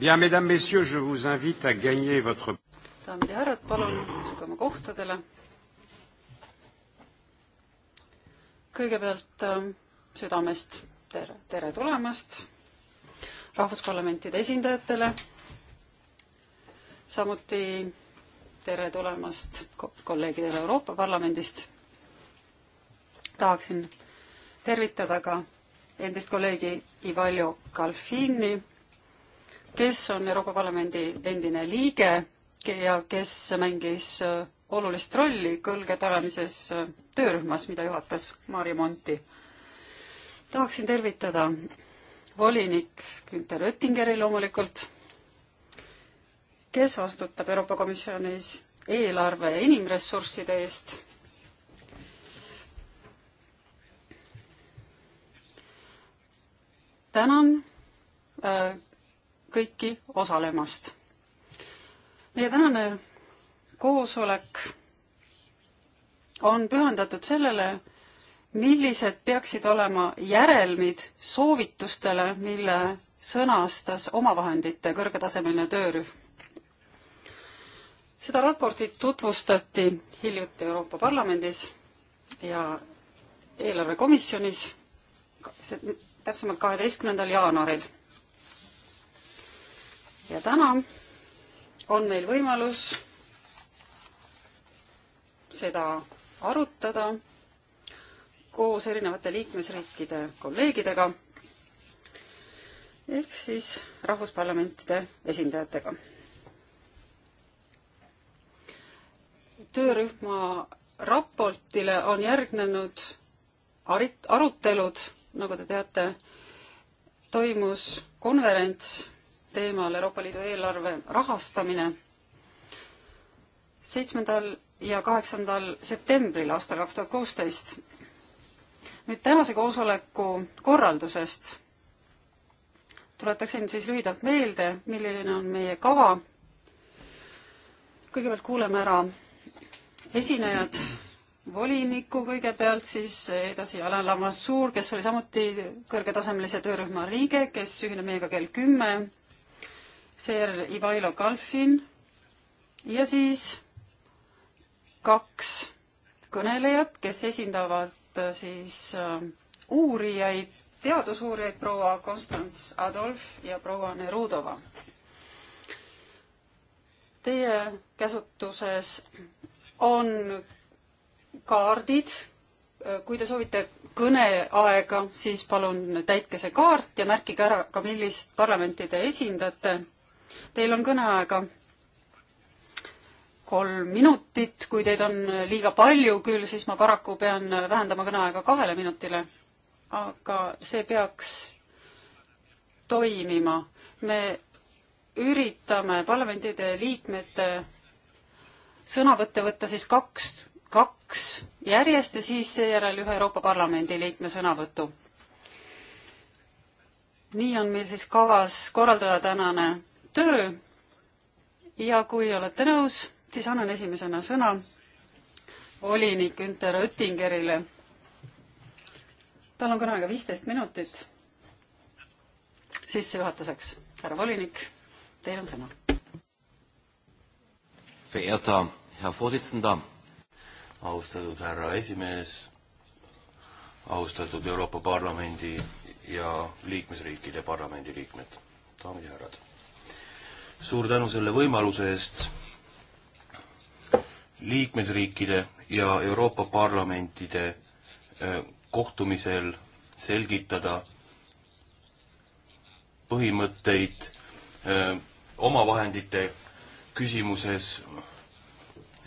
Bien, mesdames, messieurs, je vous invite à gagner votre... daamid ja härrad, palun asuge oma kohtadele. kõigepealt äh, südamest tere, tere tulemast rahvusparlamentide esindajatele. samuti tere tulemast kolleegidele Euroopa Parlamendist. tahaksin tervitada ka endist kolleegi Ivaljo Kalfini kes on Euroopa Parlamendi endine liige ja kes mängis äh, olulist rolli kõlge tagamises äh, töörühmas, mida juhatas Maarja Monti. tahaksin tervitada volinik Günter Oettingeri loomulikult, kes vastutab Euroopa Komisjonis eelarve ja inimressursside eest. tänan äh, kõiki osalemast. meie tänane koosolek on pühendatud sellele, millised peaksid olema järelmid soovitustele, mille sõnastas omavahendite kõrgetasemeline töörühm. seda raportit tutvustati hiljuti Euroopa Parlamendis ja eelarvekomisjonis, täpsemalt kaheteistkümnendal jaanuaril ja täna on meil võimalus seda arutada koos erinevate liikmesriikide kolleegidega ehk siis rahvusparlamentide esindajatega. töörühma raportile on järgnenud arit-, arutelud, nagu te teate, toimus konverents teemal Euroopa Liidu eelarve rahastamine. seitsmendal ja kaheksandal septembril aastal kaks tuhat kuusteist. nüüd tänase koosoleku korraldusest tuletaksin siis lühidalt meelde, milline on meie kava. kõigepealt kuuleme ära esinejad, voliniku kõigepealt, siis edasi Alan Lamassuur, kes oli samuti kõrgetasemelise töörühma liige, kes ühineb meiega kell kümme seejärel Ivailo Kalfin ja siis kaks kõnelejat, kes esindavad äh, siis äh, uurijaid, teadusuurijaid, proua Konstants Adolf ja proua Nerudova. Teie käsutuses on kaardid, äh, kui te soovite kõneaega, siis palun täitke see kaart ja märkige ära ka, millist parlamenti te esindate Teil on kõneaega kolm minutit, kui teid on liiga palju küll, siis ma paraku pean vähendama kõneaega kahele minutile. aga see peaks toimima. me üritame parlamendide liikmete sõnavõtte võtta siis kaks, kaks järjest ja siis seejärel ühe Euroopa Parlamendi liikme sõnavõtu. nii on meil siis kavas korraldada tänane töö. ja kui olete nõus, siis annan esimesena sõna volinik Günter Oettingerile. tal on kõneaega viisteist minutit sissejuhatuseks. härra volinik, teil on sõna. Verehrter Herr Vorsitzender, austatud härra esimees, austatud Euroopa Parlamendi ja liikmesriikide parlamendiliikmed, daamid ja härrad suur tänu selle võimaluse eest liikmesriikide ja Euroopa parlamentide äh, kohtumisel selgitada põhimõtteid äh, omavahendite küsimuses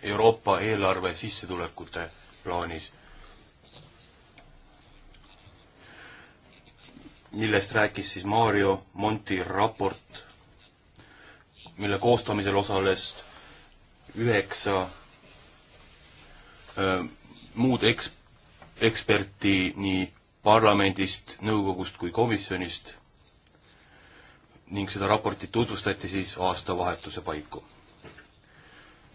Euroopa eelarve sissetulekute plaanis, millest rääkis siis Mario Monti raport mille koostamisel osales üheksa muud eks-, eksperti nii parlamendist, nõukogust kui komisjonist ning seda raportit tutvustati siis aastavahetuse paiku.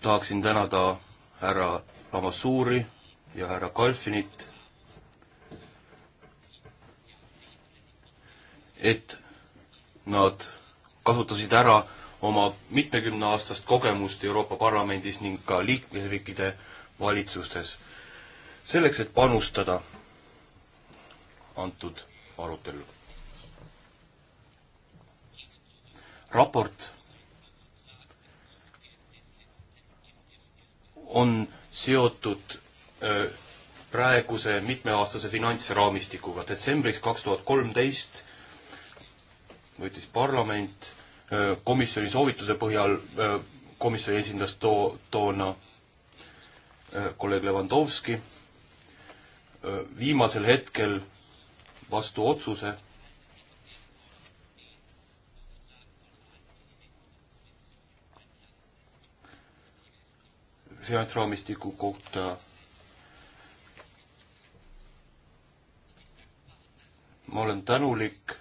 tahaksin tänada härra Lamassuuri ja härra Kalfinit, et nad kasutasid ära oma mitmekümneaastast kogemust Euroopa Parlamendis ning ka liikmesriikide valitsustes, selleks, et panustada antud arutellu. raport on seotud öö, praeguse mitmeaastase finantsraamistikuga. detsembris kaks tuhat kolmteist võttis parlament komisjoni soovituse põhjal komisjoni esindas too, toona kolleeg Levandovski viimasel hetkel vastu otsuse, finantsraamistiku kohta ma olen tänulik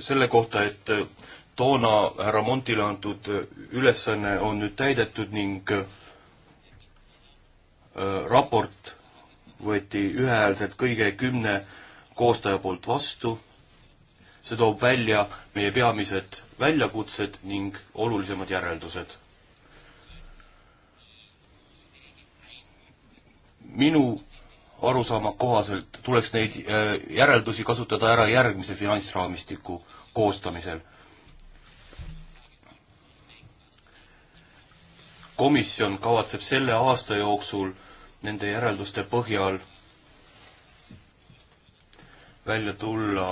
selle kohta, et toona härra Montile antud äh, ülesanne on nüüd täidetud ning äh, raport võeti ühehäälselt kõige kümne koostaja poolt vastu. see toob välja meie peamised väljakutsed ning olulisemad järeldused. minu arusaama kohaselt tuleks neid äh, järeldusi kasutada ära järgmise finantsraamistiku koostamisel komisjon kavatseb selle aasta jooksul nende järelduste põhjal välja tulla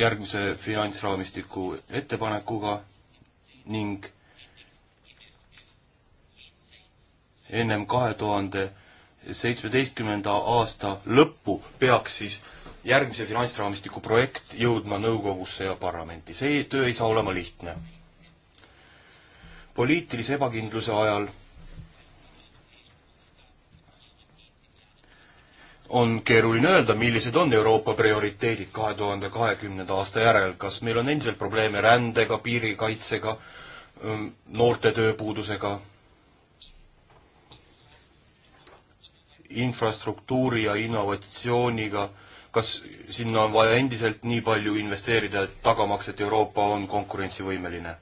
järgmise finantsraamistiku ettepanekuga ning ennem kahe tuhande seitsmeteistkümnenda aasta lõppu peaks siis järgmise finantsraamistiku projekt jõudma nõukogusse ja parlamenti. see töö ei saa olema lihtne poliitilise ebakindluse ajal on keeruline öelda, millised on Euroopa prioriteedid kahe tuhande kahekümnenda aasta järel, kas meil on endiselt probleeme rändega, piirikaitsega, noorte tööpuudusega, infrastruktuuri ja innovatsiooniga, kas sinna on vaja endiselt nii palju investeerida, et tagamaks, et Euroopa on konkurentsivõimeline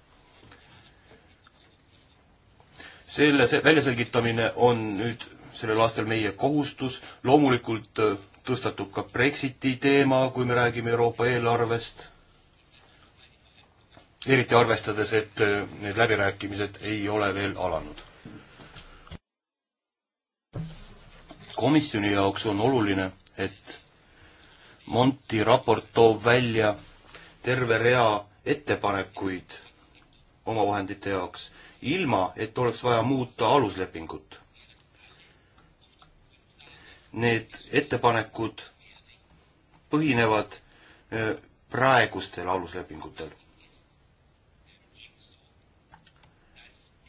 selle väljaselgitamine on nüüd sellel aastal meie kohustus, loomulikult äh, tõstatub ka Brexiti teema, kui me räägime Euroopa eelarvest, eriti arvestades, et äh, need läbirääkimised ei ole veel alanud. komisjoni jaoks on oluline, et Monti raport toob välja terve rea ettepanekuid omavahendite jaoks ilma et oleks vaja muuta aluslepingut. Need ettepanekud põhinevad äh, praegustel aluslepingutel.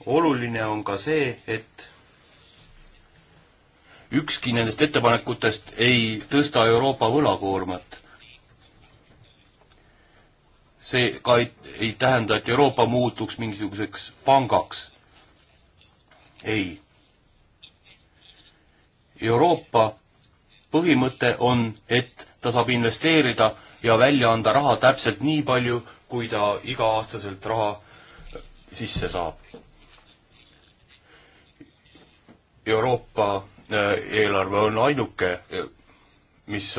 oluline on ka see, et ükski nendest ettepanekutest ei tõsta Euroopa võlakoormat see ka ei, ei tähenda, et Euroopa muutuks mingisuguseks pangaks. ei. Euroopa põhimõte on, et ta saab investeerida ja välja anda raha täpselt nii palju, kui ta iga-aastaselt raha äh, sisse saab. Euroopa äh, eelarve on ainuke, äh, mis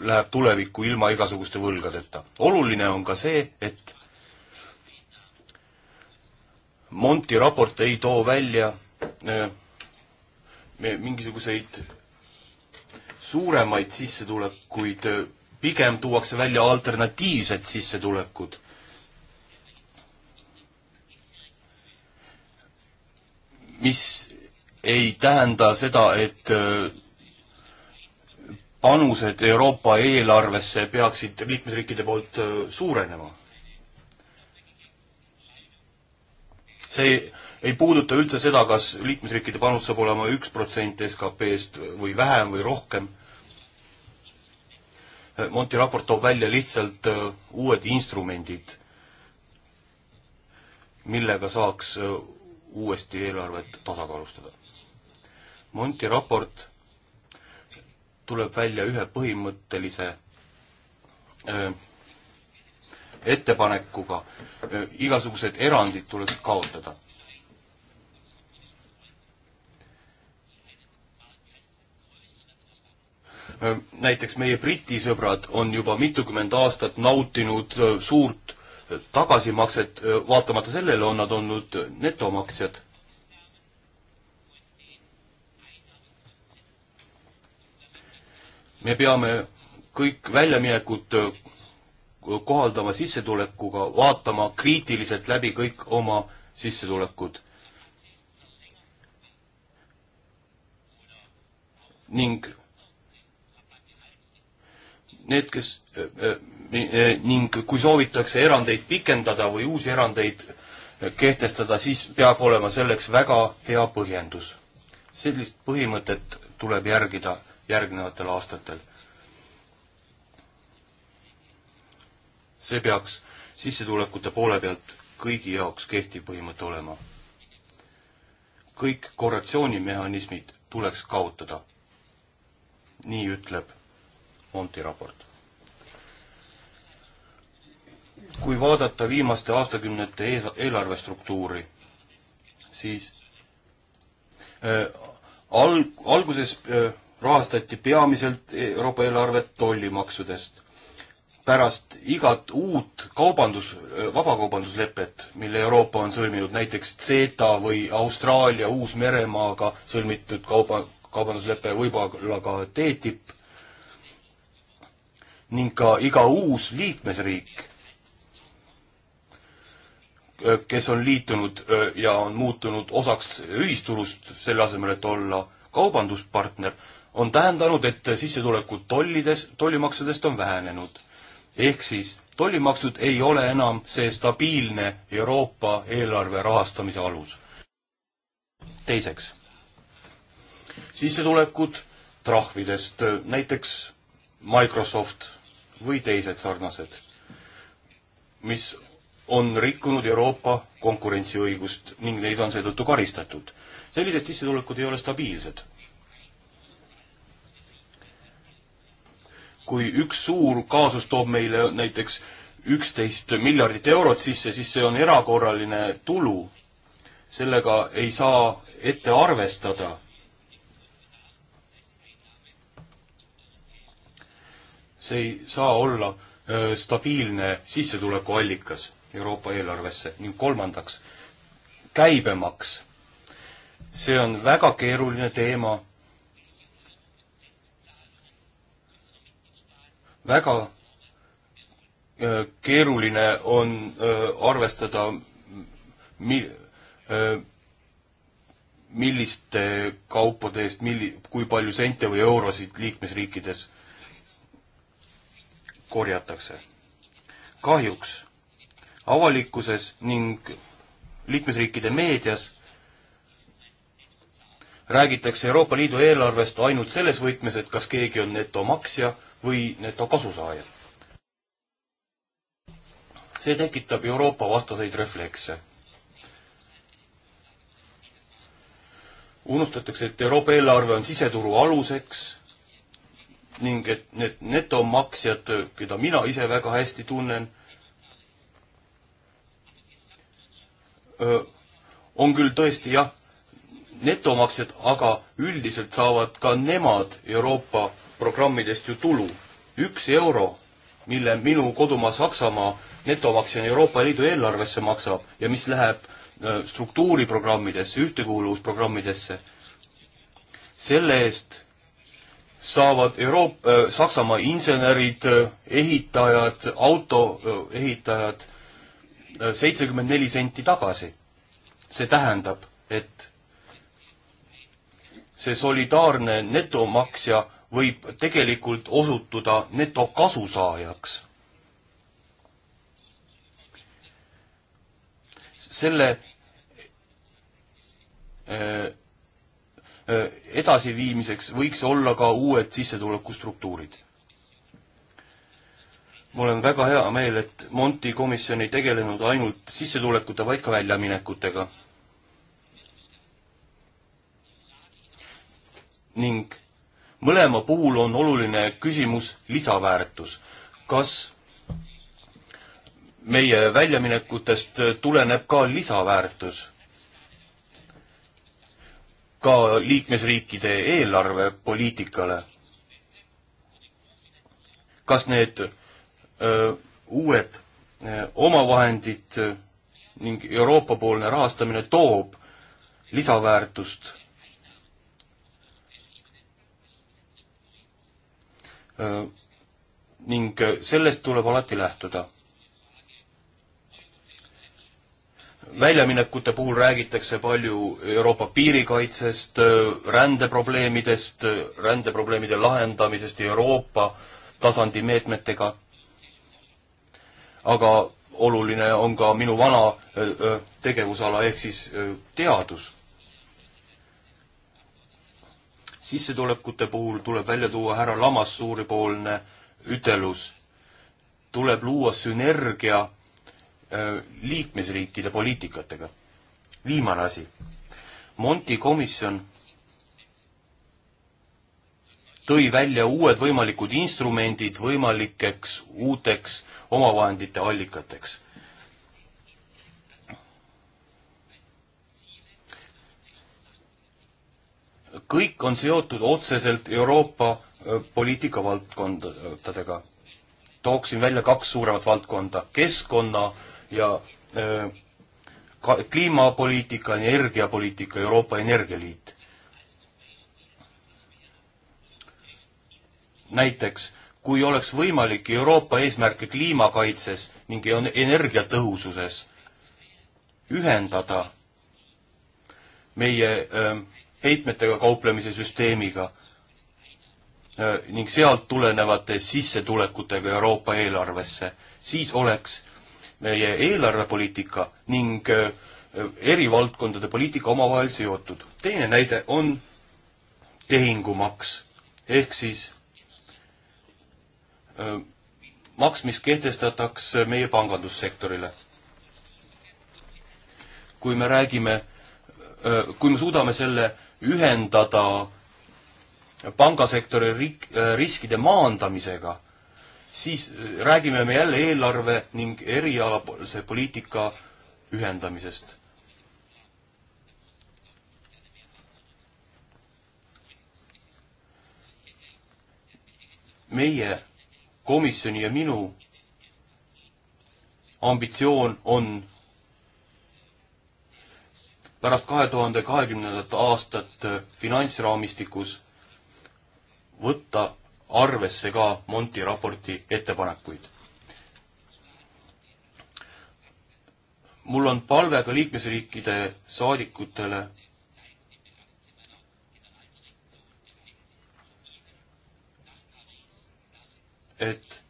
läheb tulevikku ilma igasuguste võlgadeta. oluline on ka see, et Monti raport ei too välja äh, mingisuguseid suuremaid sissetulekuid, äh, pigem tuuakse välja alternatiivsed sissetulekud. mis ei tähenda seda, et äh, panused Euroopa eelarvesse peaksid liikmesriikide poolt suurenema. see ei puuduta üldse seda, kas liikmesriikide panus saab olema üks protsent SKP-st või vähem või rohkem. Monti raport toob välja lihtsalt uued instrumendid, millega saaks uuesti eelarvet tasakaalustada. Monti raport tuleb välja ühe põhimõttelise öö, ettepanekuga, igasugused erandid tuleks kaotada. näiteks meie Briti sõbrad on juba mitukümmend aastat nautinud suurt tagasimakset, vaatamata sellele on nad olnud netomaksjad me peame kõik väljaminekud äh, kohaldama sissetulekuga, vaatama kriitiliselt läbi kõik oma sissetulekud. ning need, kes äh, äh, ning kui soovitakse erandeid pikendada või uusi erandeid kehtestada, siis peab olema selleks väga hea põhjendus. sellist põhimõtet tuleb järgida järgnevatel aastatel. see peaks sissetulekute poole pealt kõigi jaoks kehtiv põhimõte olema. kõik korrektsioonimehhanismid tuleks kaotada. nii ütleb Monti raport. kui vaadata viimaste aastakümnete eelarvestruktuuri, siis äh, alg-, alguses äh, rahastati peamiselt Euroopa eelarvet tollimaksudest. pärast igat uut kaubandus, vabakaubanduslepet, mille Euroopa on sõlminud, näiteks CETA või Austraalia Uus-Meremaaga sõlmitud kauba, kaubanduslepe, võib-olla ka TTIP, ning ka iga uus liikmesriik, kes on liitunud ja on muutunud osaks ühisturust, selle asemel, et olla kaubanduspartner, on tähendanud, et sissetulekud tollides, tollimaksudest on vähenenud. ehk siis tollimaksud ei ole enam see stabiilne Euroopa eelarve rahastamise alus. teiseks, sissetulekud trahvidest, näiteks Microsoft või teised sarnased, mis on rikkunud Euroopa konkurentsiõigust ning neid on seetõttu karistatud. sellised sissetulekud ei ole stabiilsed kui üks suur kaasus toob meile näiteks üksteist miljardit eurot sisse, siis see on erakorraline tulu. sellega ei saa ette arvestada. see ei saa olla öö, stabiilne sissetulekuallikas Euroopa eelarvesse ning kolmandaks, käibemaks. see on väga keeruline teema väga äh, keeruline on äh, arvestada, mi-, äh, milliste kaupade eest milli-, kui palju sente või eurosid liikmesriikides korjatakse. kahjuks avalikkuses ning liikmesriikide meedias räägitakse Euroopa Liidu eelarvest ainult selles võtmes, et kas keegi on netomaksja või netokasusaajad. see tekitab Euroopa vastaseid reflekse. unustatakse, et Euroopa eelarve on siseturu aluseks ning et need netomaksjad, keda mina ise väga hästi tunnen, on küll tõesti jah, netomaksjad, aga üldiselt saavad ka nemad Euroopa programmidest ju tulu. üks euro, mille minu kodumaa Saksamaa netomaksjana Euroopa Liidu eelarvesse maksab ja mis läheb äh, struktuuriprogrammidesse, ühtekuuluvusprogrammidesse, selle eest saavad Euroopa, äh, Saksamaa insenerid, äh, ehitajad, autoehitajad seitsekümmend neli senti tagasi. see tähendab, et see solidaarne netomaksja võib tegelikult osutuda netokasusaajaks. selle äh, äh, edasiviimiseks võiks olla ka uued sissetulekustruktuurid mul on väga hea meel, et Monti komisjon ei tegelenud ainult sissetulekute, vaid ka väljaminekutega. ning mõlema puhul on oluline küsimus lisaväärtus. kas meie väljaminekutest tuleneb ka lisaväärtus? ka liikmesriikide eelarvepoliitikale? kas need öö, uued öö, omavahendid öö, ning Euroopa-poolne rahastamine toob lisaväärtust Äh, ning äh, sellest tuleb alati lähtuda. väljaminekute puhul räägitakse palju Euroopa piirikaitsest, äh, rändeprobleemidest, rändeprobleemide lahendamisest Euroopa tasandi meetmetega. aga oluline on ka minu vana tegevusala ehk siis teadus sissetulekute puhul tuleb välja tuua härra Lamassuuri poolne ütelus. tuleb luua sünergia äh, liikmesriikide poliitikatega. viimane asi. Monti komisjon tõi välja uued võimalikud instrumendid võimalikeks uuteks omavahendite allikateks kõik on seotud otseselt Euroopa poliitika valdkondadega. tooksin välja kaks suuremat valdkonda, keskkonna ja öö, ka, kliimapoliitika, energiapoliitika, Euroopa Energialiit. näiteks, kui oleks võimalik Euroopa eesmärke kliimakaitses ning e-, energiatõhususes ühendada meie öö, heitmetega kauplemise süsteemiga äh, ning sealt tulenevate sissetulekutega Euroopa eelarvesse, siis oleks meie eelarvepoliitika ning äh, eri valdkondade poliitika omavahel seotud. teine näide on tehingumaks ehk siis äh, maks, mis kehtestatakse meie pangandussektorile. kui me räägime, kui me suudame selle ühendada pangasektori rik-, äh, riskide maandamisega, siis äh, räägime me jälle eelarve ning erialase poliitika ühendamisest. meie komisjoni ja minu ambitsioon on pärast kahe tuhande kahekümnendat aastat äh, finantsraamistikus võtta arvesse ka Monti raporti ettepanekuid. mul on palve ka liikmesriikide saadikutele, et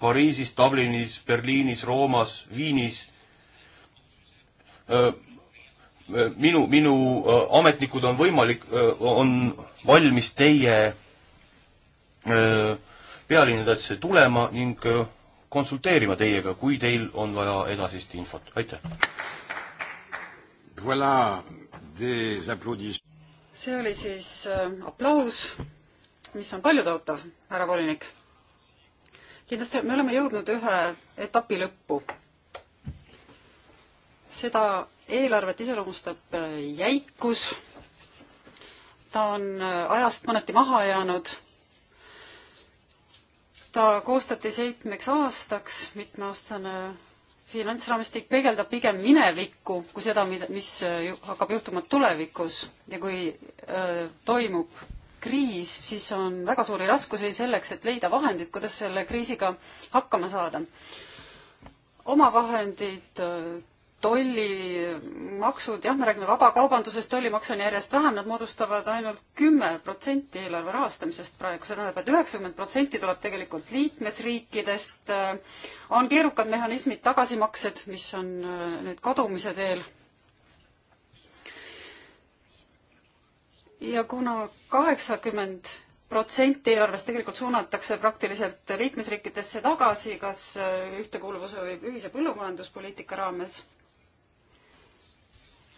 Pariisis, Dublinis, Berliinis, Roomas, Viinis öö, äh, minu, minu äh, ametnikud on võimalik, äh, on valmis teie äh, pealinnadesse tulema ning konsulteerima teiega, kui teil on vaja edasist infot, aitäh. see oli siis aplaus, mis on paljutõotav, härra volinik. kindlasti me oleme jõudnud ühe etapi lõppu. seda eelarvet iseloomustab äh, jäikus, ta on äh, ajast mõneti maha jäänud, ta koostati seitsmeks aastaks, mitmeaastane finantsraamistik peegeldab pigem minevikku kui seda, mida, mis äh, hakkab juhtuma tulevikus ja kui öö, toimub kriis, siis on väga suuri raskusi selleks, et leida vahendid, kuidas selle kriisiga hakkama saada. omavahendid tollimaksud, jah, me räägime vabakaubandusest, tollimakse on järjest vähem, nad moodustavad ainult kümme protsenti eelarve rahastamisest praegu, see tähendab et, et üheksakümmend protsenti tuleb tegelikult liikmesriikidest. on keerukad mehhanismid, tagasimaksed, mis on äh, nüüd kadumise teel. ja kuna kaheksakümmend protsenti eelarvest tegelikult suunatakse praktiliselt liikmesriikidesse tagasi, kas äh, ühtekuuluvuse või ühise põllumajanduspoliitika raames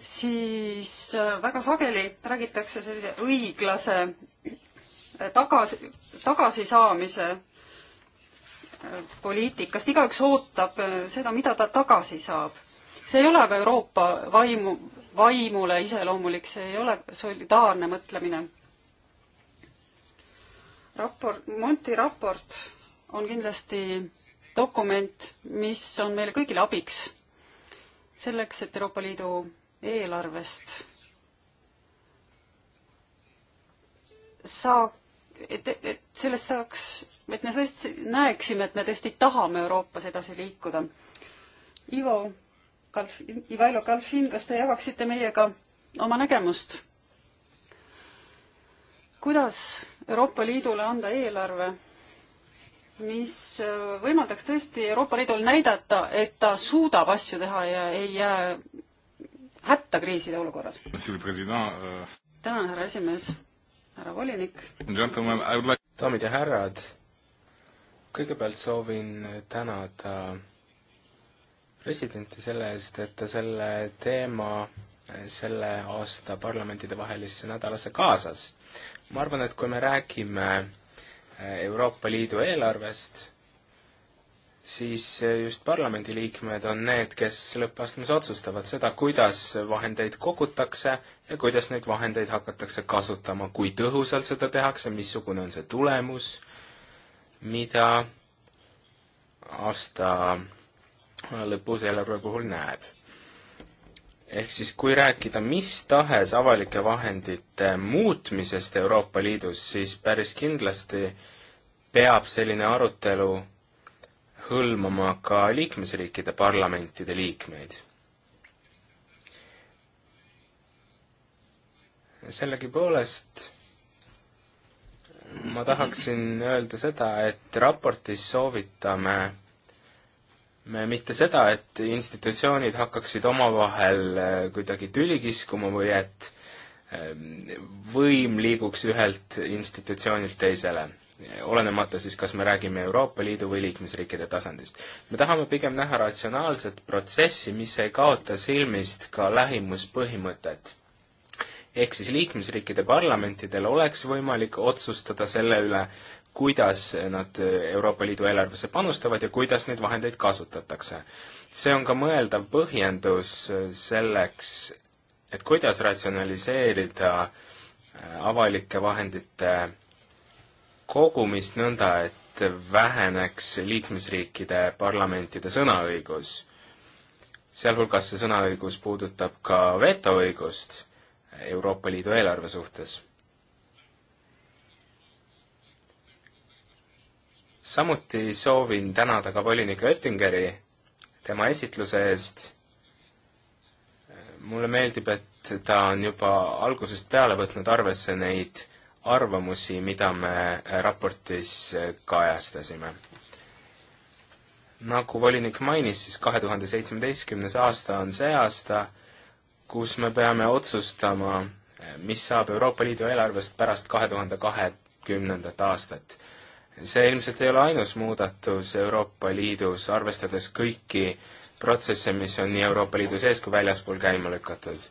siis äh, väga sageli räägitakse sellise õiglase äh, tagasi, tagasisaamise äh, poliitikast, igaüks ootab seda, mida ta tagasi saab. see ei ole aga Euroopa vaimu, vaimule iseloomulik, see ei ole solidaarne mõtlemine. raport, Monti raport on kindlasti dokument, mis on meile kõigile abiks selleks, et Euroopa Liidu eelarvest saa-, et, et sellest saaks, et me tõesti näeksime, et me tõesti tahame Euroopas edasi liikuda. Ivo Kalf-, Ivailo Kalfin, kas te jagaksite meiega oma nägemust? kuidas Euroopa Liidule anda eelarve, mis võimaldaks tõesti Euroopa Liidul näidata, et ta suudab asju teha ja ei jää hätta kriiside olukorras. Euh, tänan, härra esimees, härra volinik. daamid ja härrad, kõigepealt soovin tänada presidenti selle eest, et ta selle teema selle aasta parlamentidevahelisse nädalasse kaasas. ma arvan, et kui me räägime Euroopa Liidu eelarvest, siis just parlamendiliikmed on need, kes lõppastmes otsustavad seda, kuidas vahendeid kogutakse ja kuidas neid vahendeid hakatakse kasutama, kui tõhusalt seda tehakse, missugune on see tulemus, mida aasta lõpus eelarve puhul näeb. ehk siis, kui rääkida mis tahes avalike vahendite muutmisest Euroopa Liidus, siis päris kindlasti peab selline arutelu hõlmama ka liikmesriikide parlamentide liikmeid. sellegipoolest ma tahaksin öelda seda, et raportis soovitame me mitte seda, et institutsioonid hakkaksid omavahel äh, kuidagi tüli kiskuma või et ähm, võim liiguks ühelt institutsioonilt teisele olenemata siis, kas me räägime Euroopa Liidu või liikmesriikide tasandist. me tahame pigem näha ratsionaalset protsessi, mis ei kaota silmist ka lähimuspõhimõtet. ehk siis liikmesriikide parlamentidel oleks võimalik otsustada selle üle, kuidas nad Euroopa Liidu eelarvesse panustavad ja kuidas neid vahendeid kasutatakse. see on ka mõeldav põhjendus selleks, et kuidas ratsionaliseerida avalike vahendite kogumist nõnda, et väheneks liikmesriikide parlamentide sõnaõigus. sealhulgas see sõnaõigus puudutab ka vetoõigust Euroopa Liidu eelarve suhtes samuti soovin tänada ka volinik Oettingeri tema esitluse eest. mulle meeldib, et ta on juba algusest peale võtnud arvesse neid arvamusi, mida me äh, raportis äh, kajastasime. nagu volinik mainis, siis kahe tuhande seitsmeteistkümnes aasta on see aasta, kus me peame otsustama, äh, mis saab Euroopa Liidu eelarvest pärast kahe tuhande kahekümnendat aastat. see ilmselt ei ole ainus muudatus Euroopa Liidus, arvestades kõiki protsesse, mis on nii Euroopa Liidu sees kui väljaspool käima lükatud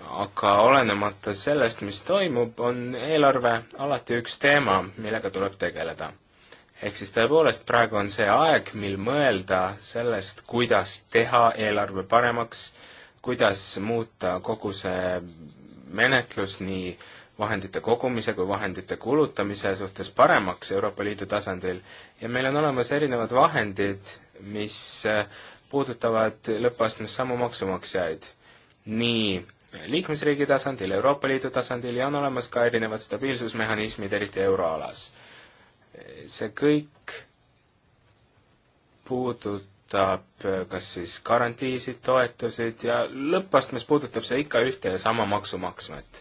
aga olenemata sellest, mis toimub, on eelarve alati üks teema, millega tuleb tegeleda. ehk siis tõepoolest, praegu on see aeg, mil mõelda sellest, kuidas teha eelarve paremaks, kuidas muuta kogu see menetlus nii vahendite kogumise kui vahendite kulutamise suhtes paremaks Euroopa Liidu tasandil ja meil on olemas erinevad vahendid, mis eh, puudutavad lõppastmes samu maksumaksjaid. nii liikmesriigi tasandil, Euroopa Liidu tasandil ja on olemas ka erinevad stabiilsusmehhanismid, eriti euroalas. see kõik puudutab kas siis garantiisid, toetusid ja lõppastmes puudutab see ikka ühte ja sama maksumaksvat.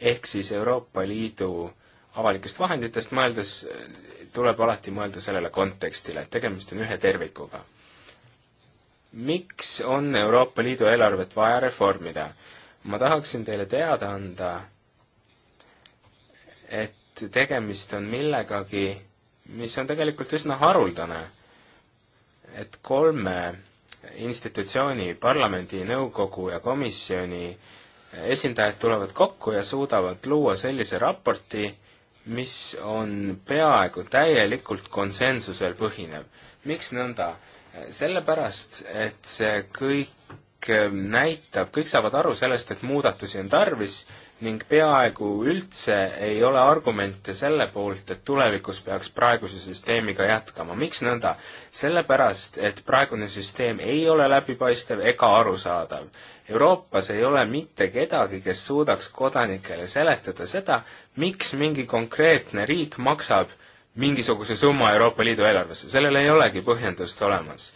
ehk siis Euroopa Liidu avalikest vahenditest mõeldes tuleb alati mõelda sellele kontekstile, et tegemist on ühe tervikuga. miks on Euroopa Liidu eelarvet vaja reformida? ma tahaksin teile teada anda, et tegemist on millegagi, mis on tegelikult üsna haruldane, et kolme institutsiooni, parlamendi, nõukogu ja komisjoni esindajad tulevad kokku ja suudavad luua sellise raporti, mis on peaaegu täielikult konsensusel põhinev. miks nõnda? sellepärast, et see kõik Eh, näitab, kõik saavad aru sellest, et muudatusi on tarvis ning peaaegu üldse ei ole argumente selle poolt, et tulevikus peaks praeguse süsteemiga jätkama. miks nõnda? sellepärast, et praegune süsteem ei ole läbipaistev ega arusaadav. Euroopas ei ole mitte kedagi, kes suudaks kodanikele seletada seda, miks mingi konkreetne riik maksab mingisuguse summa Euroopa Liidu eelarvesse, sellel ei olegi põhjendust olemas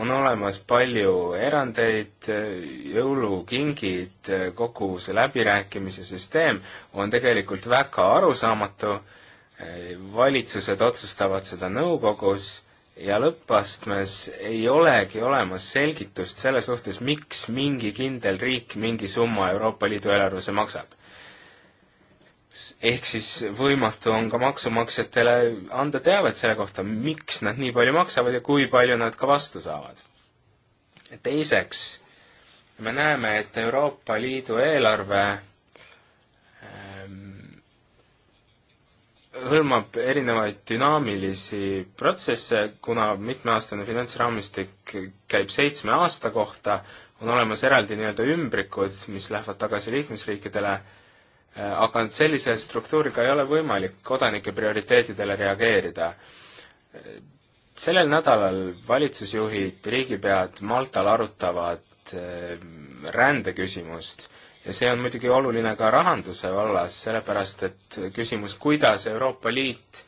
on olemas palju erandeid, jõulukingid, kogu see läbirääkimise süsteem on tegelikult väga arusaamatu, valitsused otsustavad seda nõukogus ja lõppastmes ei olegi olemas selgitust selle suhtes, miks mingi kindel riik mingi summa Euroopa Liidu eelarvesse maksab ehk siis võimatu on ka maksumaksjatele anda teavet selle kohta, miks nad nii palju maksavad ja kui palju nad ka vastu saavad. teiseks, me näeme, et Euroopa Liidu eelarve ähm, hõlmab erinevaid dünaamilisi protsesse, kuna mitmeaastane finantsraamistik käib seitsme aasta kohta, on olemas eraldi nii-öelda ümbrikud, mis lähevad tagasi liikmesriikidele äh,, Äh, aga sellise struktuuriga ei ole võimalik kodanike prioriteetidele reageerida. Äh, sellel nädalal valitsusjuhid, riigipead Maltal arutavad äh, rändeküsimust ja see on muidugi oluline ka rahanduse vallas, sellepärast et küsimus, kuidas Euroopa Liit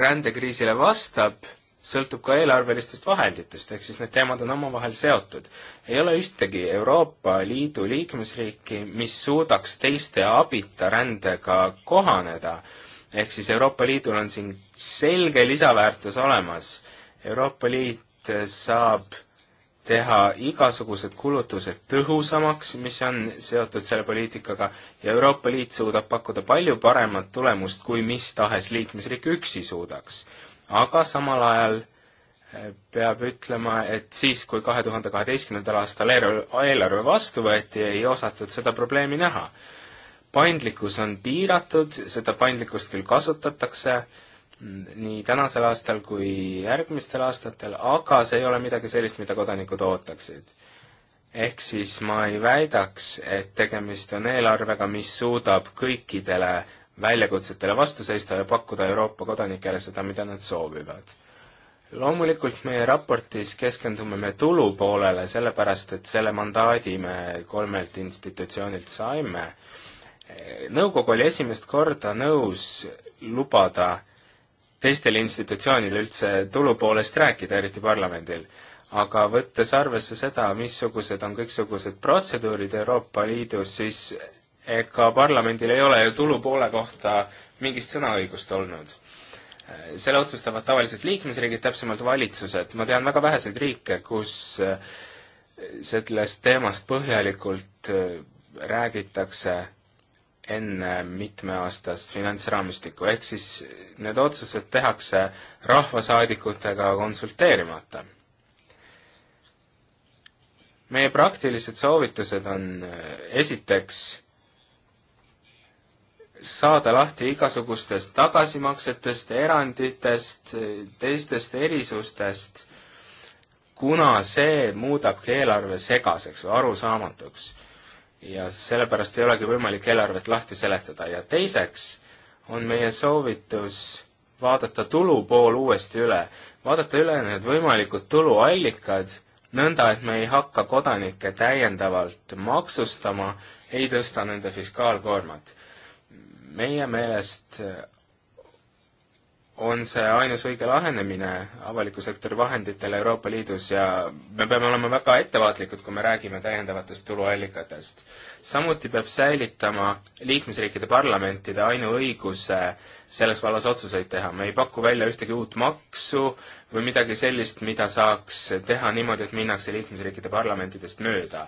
rändekriisile vastab sõltub ka eelarvelistest vahenditest, ehk siis need teemad on omavahel seotud. ei ole ühtegi Euroopa Liidu liikmesriiki, mis suudaks teiste abita rändega kohaneda. ehk siis Euroopa Liidul on siin selge lisaväärtus olemas. Euroopa Liit saab teha igasugused kulutused tõhusamaks, mis on seotud selle poliitikaga, ja Euroopa Liit suudab pakkuda palju paremat tulemust, kui mis tahes liikmesriik üksi suudaks aga samal ajal eh, peab ütlema, et siis, kui kahe tuhande kaheteistkümnendal aastal eelarve vastu võeti, ei osatud seda probleemi näha. paindlikkus on piiratud, seda paindlikkust küll kasutatakse, mm, nii tänasel aastal kui järgmistel aastatel, aga see ei ole midagi sellist, mida kodanikud ootaksid. ehk siis ma ei väidaks, et tegemist on eelarvega, mis suudab kõikidele väljakutsetele vastu seista ja pakkuda Euroopa kodanikele seda, mida nad soovivad. loomulikult meie raportis keskendume me tulupoolele, sellepärast et selle mandaadi me kolmelt institutsioonilt saime. nõukogu oli esimest korda nõus lubada teistel institutsioonil üldse tulu poolest rääkida, eriti parlamendil. aga võttes arvesse seda, missugused on kõiksugused protseduurid Euroopa Liidus, siis ega parlamendil ei ole ju tulupoole kohta mingist sõnaõigust olnud. selle otsustavad tavaliselt liikmesriigid, täpsemalt valitsused. ma tean väga väheseid riike, kus eh, sellest teemast põhjalikult eh, räägitakse enne mitmeaastast finantsraamistikku, ehk siis need otsused tehakse rahvasaadikutega konsulteerimata. meie praktilised soovitused on eh, esiteks saada lahti igasugustest tagasimaksetest, eranditest, teistest erisustest, kuna see muudabki eelarve segaseks või arusaamatuks. ja sellepärast ei olegi võimalik eelarvet lahti seletada ja teiseks on meie soovitus vaadata tulupool uuesti üle, vaadata üle need võimalikud tuluallikad, nõnda et me ei hakka kodanikke täiendavalt maksustama, ei tõsta nende fiskaalkoormat meie meelest on see ainus õige lahenemine avaliku sektori vahenditele Euroopa Liidus ja me peame olema väga ettevaatlikud, kui me räägime täiendavatest tuluallikatest. samuti peab säilitama liikmesriikide parlamentide ainuõiguse selles vallas otsuseid teha. me ei paku välja ühtegi uut maksu või midagi sellist, mida saaks teha niimoodi, et minnakse liikmesriikide parlamentidest mööda.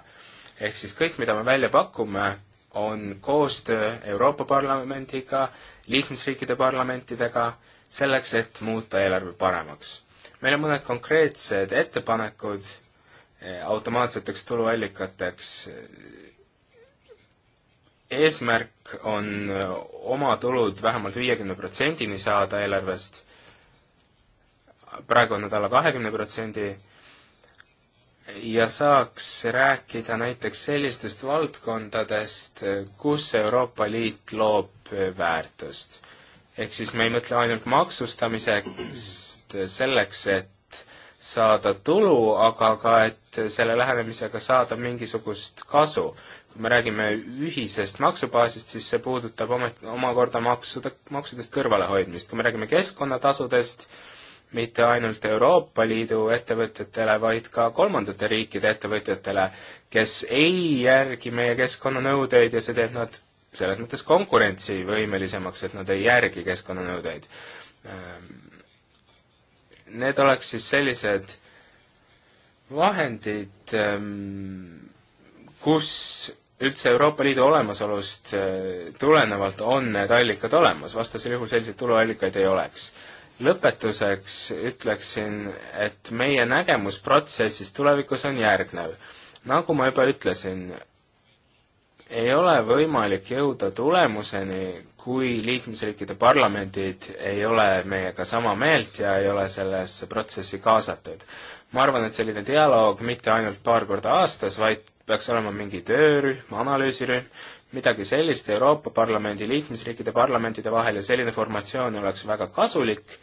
ehk siis kõik, mida me välja pakume, on koostöö Euroopa Parlamendiga, liikmesriikide parlamentidega, selleks, et muuta eelarve paremaks. meil on mõned konkreetsed ettepanekud eh, automaatseteks tuluallikateks. eesmärk on eh, oma tulud vähemalt viiekümne protsendini saada eelarvest, praegu on nad alla kahekümne protsendi ja saaks rääkida näiteks sellistest valdkondadest, kus Euroopa Liit loob väärtust. ehk siis me ei mõtle ainult maksustamisest selleks, et saada tulu, aga ka, et selle lähenemisega saada mingisugust kasu. kui me räägime ühisest maksubaasist, siis see puudutab omet-, omakorda maksude, maksudest kõrvalehoidmist. kui me räägime keskkonnatasudest, mitte ainult Euroopa Liidu ettevõtjatele, vaid ka kolmandate riikide ettevõtjatele, kes ei järgi meie keskkonnanõudeid ja see teeb nad selles mõttes konkurentsivõimelisemaks, et nad ei järgi keskkonnanõudeid. Ehm, need oleks siis sellised vahendid, ehm, kus üldse Euroopa Liidu olemasolust ehm, tulenevalt on need allikad olemas, vastasel juhul selliseid tuluallikaid ei oleks lõpetuseks ütleksin, et meie nägemus protsessis tulevikus on järgnev. nagu ma juba ütlesin, ei ole võimalik jõuda tulemuseni, kui liikmesriikide parlamendid ei ole meiega sama meelt ja ei ole sellesse protsessi kaasatud. ma arvan, et selline dialoog mitte ainult paar korda aastas, vaid peaks olema mingi töörühm, analüüsirühm, midagi sellist Euroopa Parlamendi liikmesriikide parlamentide vahel ja selline formatsioon oleks väga kasulik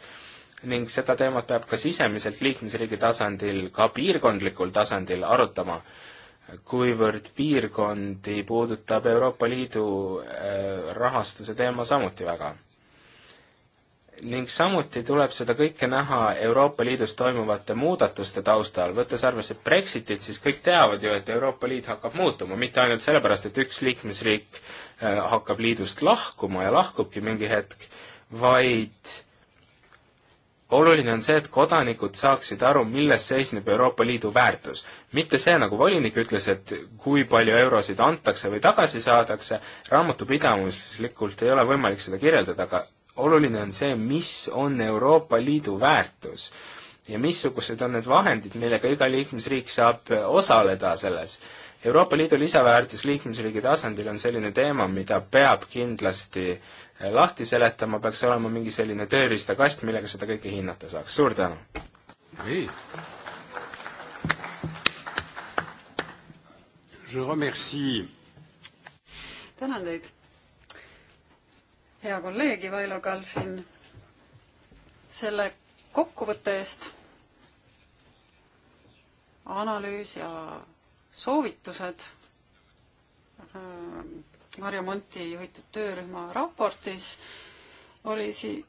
ning seda teemat peab ka sisemiselt liikmesriigi tasandil, ka piirkondlikul tasandil arutama, kuivõrd piirkondi puudutab Euroopa Liidu äh, rahastuse teema samuti väga ning samuti tuleb seda kõike näha Euroopa Liidus toimuvate muudatuste taustal, võttes arvesse Brexitit, siis kõik teavad ju, et Euroopa Liit hakkab muutuma, mitte ainult sellepärast, et üks liikmesriik äh, hakkab liidust lahkuma ja lahkubki mingi hetk, vaid oluline on see, et kodanikud saaksid aru, milles seisneb Euroopa Liidu väärtus. mitte see, nagu volinik ütles, et kui palju eurosid antakse või tagasi saadakse, raamatupidamislikult ei ole võimalik seda kirjeldada, aga oluline on see, mis on Euroopa Liidu väärtus ja missugused on need vahendid, millega iga liikmesriik saab osaleda selles. Euroopa Liidu lisaväärtus liikmesriigi tasandil on selline teema, mida peab kindlasti eh, lahti seletama, peaks olema mingi selline tööriistakast, millega seda kõike hinnata saaks, suur tänu! tänan teid! hea kolleeg Ivailo Kalfin selle kokkuvõtte eest. analüüs ja soovitused ähm, Marju Monti juhitud töörühma raportis oli si-,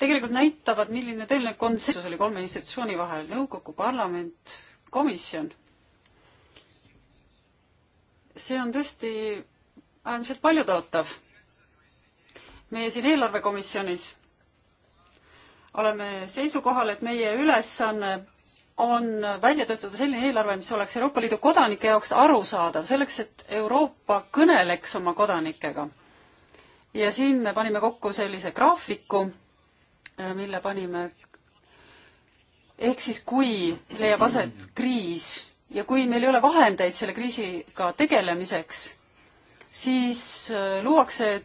tegelikult näitavad, milline tõeline konsensus oli kolme institutsiooni vahel, nõukogu, parlament, komisjon. see on tõesti äärmiselt paljutõotav meie siin eelarvekomisjonis oleme seisukohal, et meie ülesanne on välja töötada selline eelarve, mis oleks Euroopa Liidu kodanike jaoks arusaadav, selleks et Euroopa kõneleks oma kodanikega. ja siin me panime kokku sellise graafiku, äh, mille panime ehk siis, kui leiab aset kriis ja kui meil ei ole vahendeid selle kriisiga tegelemiseks, siis äh, luuakse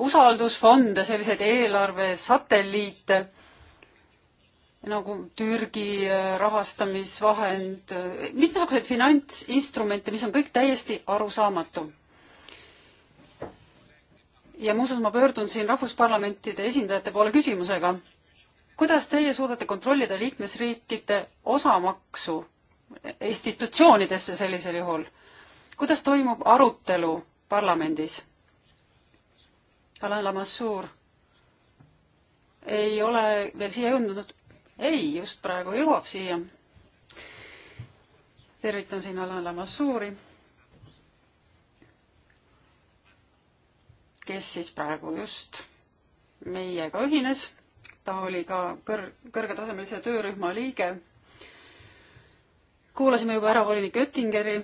usaldusfonde, selliseid eelarvesatelliite nagu Türgi äh, rahastamisvahend, äh, mitmesuguseid finantsinstrumente, mis on kõik täiesti arusaamatu. ja muuseas, ma pöördun siin rahvusparlamentide esindajate poole küsimusega. kuidas teie suudate kontrollida liikmesriikide osamaksu institutsioonidesse sellisel juhul? kuidas toimub arutelu parlamendis? Alain Lamassoor ei ole veel siia jõudnud. ei, just praegu jõuab siia. tervitan siin Alain Lamassoori, kes siis praegu just meiega ühines. ta oli ka kõr-, kõrgetasemelise töörühma liige. kuulasime juba ära volinik Oettingeri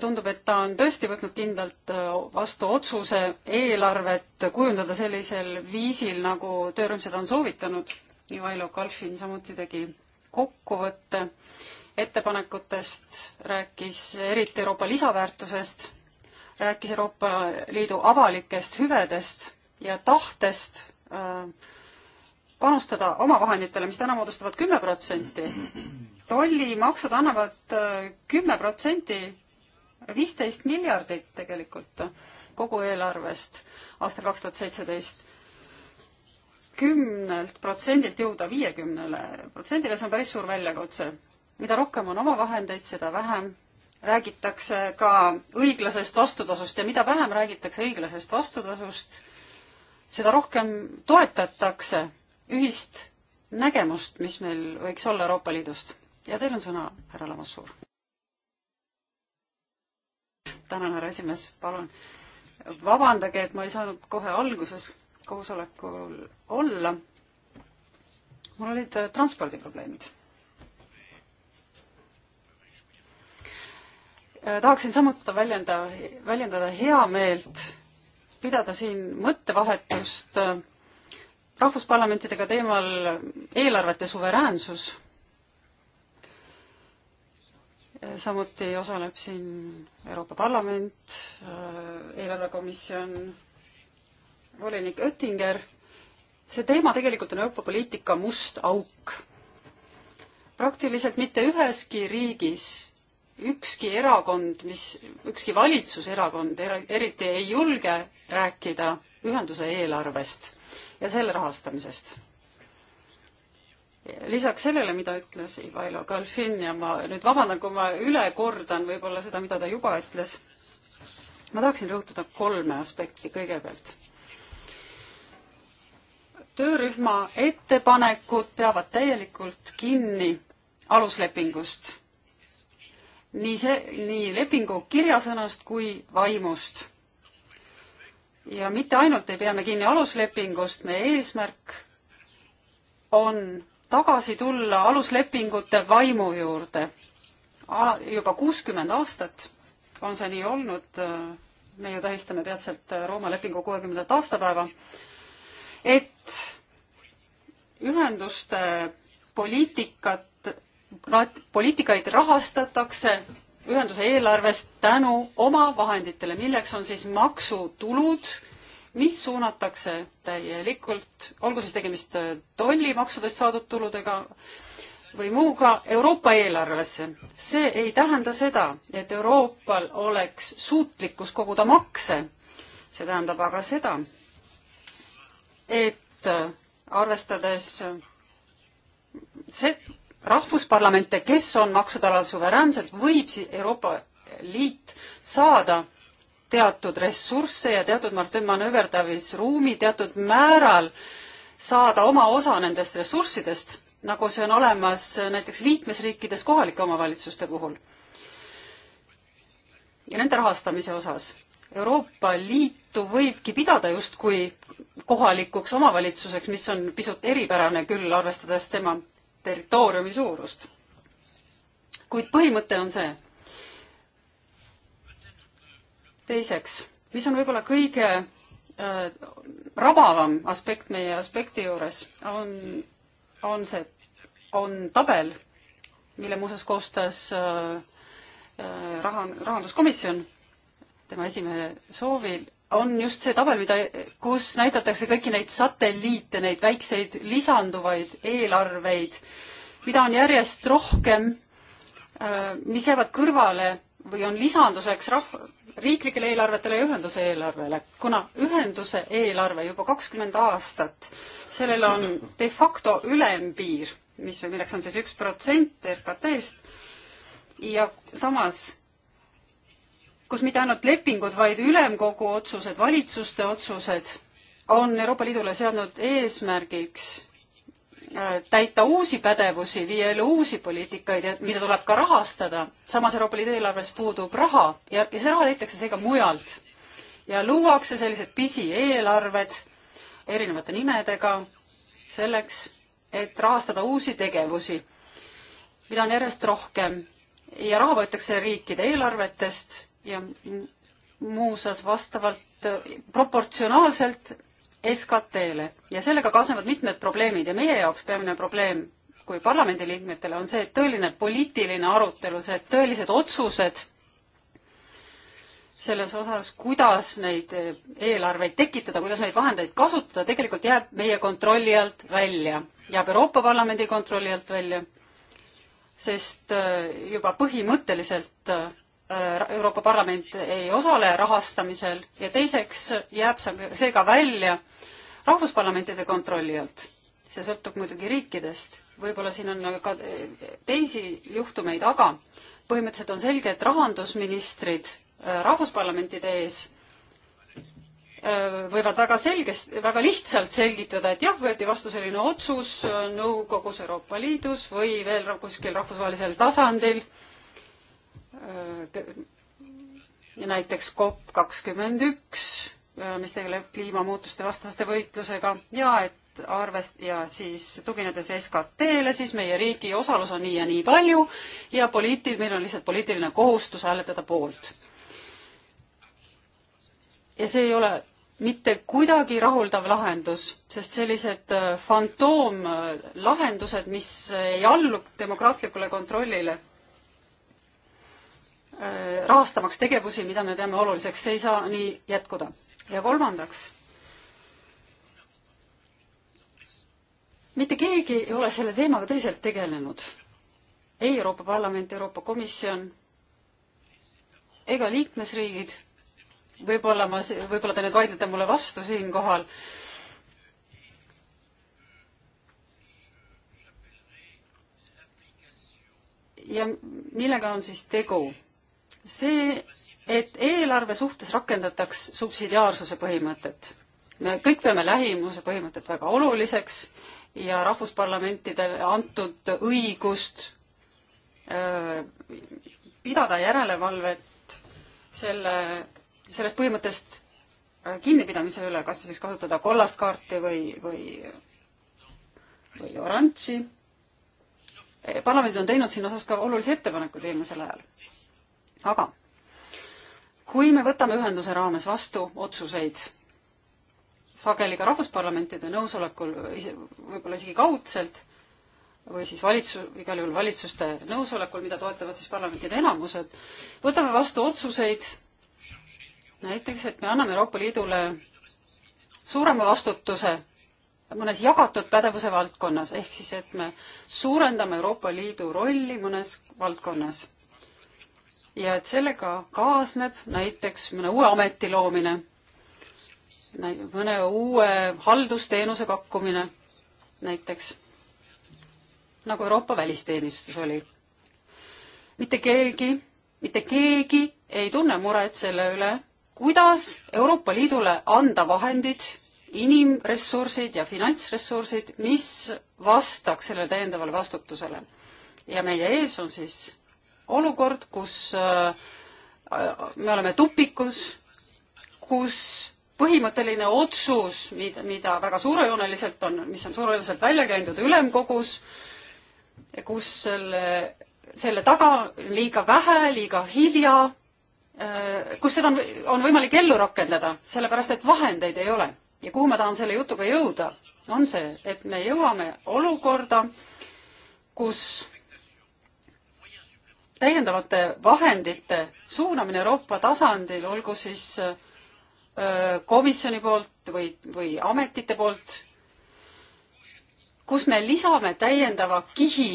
tundub, et ta on tõesti võtnud kindlalt äh, vastu otsuse eelarvet kujundada sellisel viisil, nagu töörühm seda on soovitanud. Ivailo Kalfin samuti tegi kokkuvõtte ettepanekutest, rääkis eriti Euroopa lisaväärtusest, rääkis Euroopa Liidu avalikest hüvedest ja tahtest äh, panustada omavahenditele, mis täna moodustavad kümme protsenti tollimaksud annavad äh, kümme protsenti viisteist miljardit tegelikult kogu eelarvest aastal kaks tuhat seitseteist kümnelt protsendilt jõuda viiekümnele protsendile, see on päris suur väljakutse. mida rohkem on omavahendeid, seda vähem räägitakse ka õiglasest vastutasust ja mida vähem räägitakse õiglasest vastutasust, seda rohkem toetatakse ühist nägemust, mis meil võiks olla Euroopa Liidust. ja teil on sõna, härra Lamassuur tänan, härra esimees, palun vabandage, et ma ei saanud kohe alguses koosolekul olla. mul olid äh, transpordiprobleemid. Äh, tahaksin samuti väljenda, väljendada heameelt, pidada siin mõttevahetust äh, rahvusparlamentidega teemal eelarvete suveräänsus samuti osaleb siin Euroopa Parlament, äh, eelarvekomisjon, volinik Oettinger. see teema tegelikult on Euroopa poliitika must auk. praktiliselt mitte üheski riigis ükski erakond, mis, ükski valitsuserakond er-, eriti ei julge rääkida ühenduse eelarvest ja selle rahastamisest lisaks sellele, mida ütles Ivailo Kalfin ja ma nüüd vabandan, kui ma üle kordan võib-olla seda, mida ta juba ütles, ma tahaksin rõhutada kolme aspekti kõigepealt. töörühma ettepanekud peavad täielikult kinni aluslepingust. nii see, nii lepingu kirjasõnast kui vaimust. ja mitte ainult ei pea me kinni aluslepingust, meie eesmärk on tagasi tulla aluslepingute vaimu juurde. juba kuuskümmend aastat on see nii olnud, me ju tähistame peatselt Rooma lepingu kuuekümnendat aastapäeva, et ühenduste poliitikat, poliitikaid rahastatakse ühenduse eelarvest tänu omavahenditele, milleks on siis maksutulud mis suunatakse täielikult, olgu siis tegemist äh, tollimaksudest saadud tuludega või muuga, Euroopa eelarvesse. see ei tähenda seda, et Euroopal oleks suutlikkus koguda makse. see tähendab aga seda, et äh, arvestades äh, see rahvusparlamente, kes on maksude alal suveräänsed, võib Euroopa Liit saada teatud ressursse ja teatud manööverdamisruumi teatud määral saada oma osa nendest ressurssidest, nagu see on olemas näiteks liikmesriikides kohalike omavalitsuste puhul. ja nende rahastamise osas Euroopa Liitu võibki pidada justkui kohalikuks omavalitsuseks, mis on pisut eripärane küll, arvestades tema territooriumi suurust. kuid põhimõte on see, teiseks, mis on võib-olla kõige äh, rabavam aspekt meie aspekti juures, on, on see, on tabel, mille muuseas koostas äh, äh, raha, rahanduskomisjon tema esimehe soovil, on just see tabel, mida, kus näidatakse kõiki neid satelliite, neid väikseid lisanduvaid eelarveid, mida on järjest rohkem, äh, mis jäävad kõrvale või on lisanduseks rah-, riiklikele eelarvetele ja ühenduse eelarvele, kuna ühenduse eelarve juba kakskümmend aastat, sellel on de facto ülempiir, mis, milleks on siis üks protsent RKT-st ja samas kus mitte ainult lepingud, vaid ülemkogu otsused, valitsuste otsused on Euroopa Liidule seadnud eesmärgiks Äh, täita uusi pädevusi, viia ellu uusi poliitikaid ja mida tuleb ka rahastada. samas Euroopa Liidu eelarves puudub raha ja, ja see raha leitakse seega mujalt. ja luuakse sellised pisieelarved erinevate nimedega selleks, et rahastada uusi tegevusi, mida on järjest rohkem ja raha võetakse riikide eelarvetest ja muuseas vastavalt äh, proportsionaalselt SKT-le ja sellega kaasnevad mitmed probleemid ja meie jaoks peamine probleem kui parlamendiliikmetele on see, et tõeline poliitiline arutelu, see tõelised otsused selles osas, kuidas neid eh, eelarveid tekitada, kuidas neid vahendeid kasutada, tegelikult jääb meie kontrolli alt välja, jääb Euroopa Parlamendi kontrolli alt välja, sest eh, juba põhimõtteliselt eh, Äh, Euroopa Parlament ei osale rahastamisel ja teiseks jääb seega välja rahvusparlamentide kontrolli alt. see sõltub muidugi riikidest, võib-olla siin on ka teisi juhtumeid, aga põhimõtteliselt on selge, et rahandusministrid äh, rahvusparlamentide ees äh, võivad väga selgest, väga lihtsalt selgitada, et jah, võeti vastu selline otsus nõukogus Euroopa Liidus või veel kuskil rahvusvahelisel tasandil Äh, näiteks COP kakskümmend üks, äh, mis tegeleb kliimamuutuste vastaste võitlusega ja et arvest- ja siis tuginedes SKT-le, siis meie riigi osalus on nii ja nii palju ja poliiti-, meil on lihtsalt poliitiline kohustus hääletada poolt. ja see ei ole mitte kuidagi rahuldav lahendus, sest sellised äh, fantoomlahendused, mis ei allu demokraatlikule kontrollile, Äh, rahastamaks tegevusi, mida me peame oluliseks, see ei saa nii jätkuda. ja kolmandaks, mitte keegi ei ole selle teemaga tõsiselt tegelenud. ei Euroopa Parlament, Euroopa Komisjon ega liikmesriigid. võib-olla ma, võib-olla te nüüd vaidlete mulle vastu siinkohal ja millega on siis tegu? see, et eelarve suhtes rakendataks subsidiaarsuse põhimõtet. me kõik peame lähimuse põhimõtet väga oluliseks ja rahvusparlamentidele antud õigust öö, äh, pidada järelevalvet selle, sellest põhimõttest äh, kinnipidamise üle, kas siis kasutada kollast kaarti või, või, või oranži. Äh, parlamendid on teinud siin osas ka olulisi ettepanekuid viimasel ajal aga kui me võtame ühenduse raames vastu otsuseid, sageli ka rahvusparlamentide nõusolekul, võib-olla isegi kaudselt, või siis valitsus, igal juhul valitsuste nõusolekul, mida toetavad siis parlamentide enamused, võtame vastu otsuseid, näiteks, et me anname Euroopa Liidule suurema vastutuse mõnes jagatud pädevuse valdkonnas, ehk siis, et me suurendame Euroopa Liidu rolli mõnes valdkonnas ja et sellega kaasneb näiteks mõne uue ameti loomine, mõne uue haldusteenuse pakkumine näiteks, nagu Euroopa välisteenistus oli. mitte keegi, mitte keegi ei tunne muret selle üle, kuidas Euroopa Liidule anda vahendid, inimressursid ja finantsressursid, mis vastaks sellele täiendavale vastutusele. ja meie ees on siis olukord, kus äh, me oleme tupikus, kus põhimõtteline otsus, mida, mida väga suurejooneliselt on, mis on suurejooneliselt välja käidud ülemkogus, kus selle, selle taga on liiga vähe, liiga hilja, äh, kus seda on, on võimalik ellu rakendada, sellepärast et vahendeid ei ole. ja kuhu ma tahan selle jutuga jõuda, on see, et me jõuame olukorda, kus täiendavate vahendite suunamine Euroopa tasandil, olgu siis komisjoni poolt või, või ametite poolt, kus me lisame täiendava kihi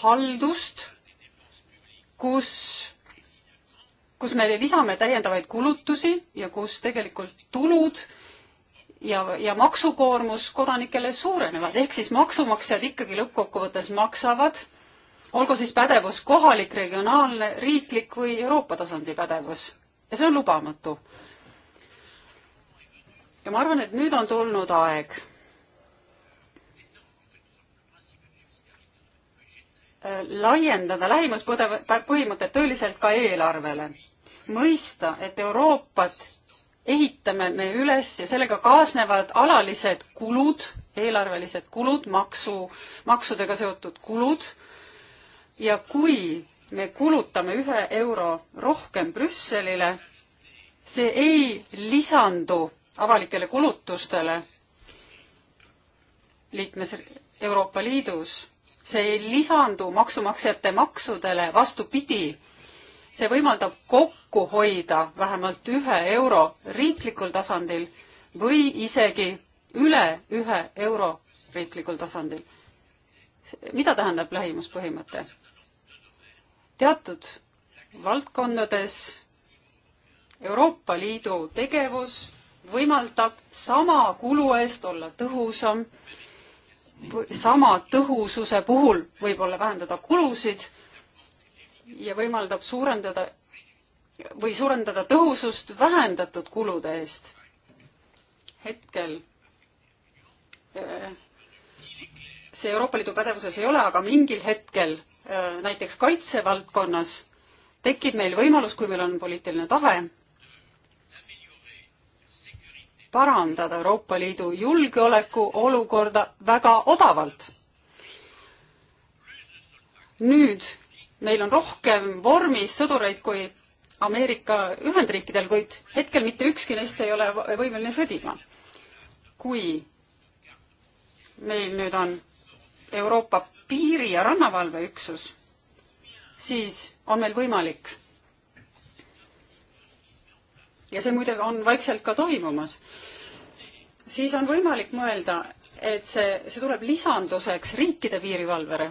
haldust, kus, kus me lisame täiendavaid kulutusi ja kus tegelikult tulud ja, ja maksukoormus kodanikele suurenevad, ehk siis maksumaksjad ikkagi lõppkokkuvõttes maksavad äh, olgu siis pädevus kohalik, regionaalne, riiklik või Euroopa tasandi pädevus ja see on lubamatu. ja ma arvan, et nüüd on tulnud aeg laiendada lähimuspõhimõtet tõeliselt ka eelarvele. mõista, et Euroopat ehitame me üles ja sellega kaasnevad alalised kulud, eelarvelised kulud, maksu, maksudega seotud kulud ja kui me kulutame ühe euro rohkem Brüsselile, see ei lisandu avalikele kulutustele liikmes Euroopa Liidus, see ei lisandu maksumaksjate maksudele, vastupidi, see võimaldab kokku hoida vähemalt ühe euro riiklikul tasandil või isegi üle ühe euro riiklikul tasandil. mida tähendab lähimuspõhimõte? teatud valdkondades Euroopa Liidu tegevus võimaldab sama kulu eest olla tõhusam, sama tõhususe puhul võib-olla vähendada kulusid ja võimaldab suurendada või suurendada tõhusust vähendatud kulude eest. hetkel eh, see Euroopa Liidu pädevuses ei ole, aga mingil hetkel Äh, näiteks kaitsevaldkonnas tekib meil võimalus, kui meil on poliitiline tahe, parandada Euroopa Liidu julgeoleku olukorda väga odavalt. nüüd meil on rohkem vormis sõdureid kui Ameerika Ühendriikidel, kuid hetkel mitte ükski neist ei ole võimeline sõdima. kui meil nüüd on Euroopa piiri- ja rannavalveüksus, siis on meil võimalik. ja see muide on vaikselt ka toimumas. siis on võimalik mõelda, et see, see tuleb lisanduseks riikide piirivalvele.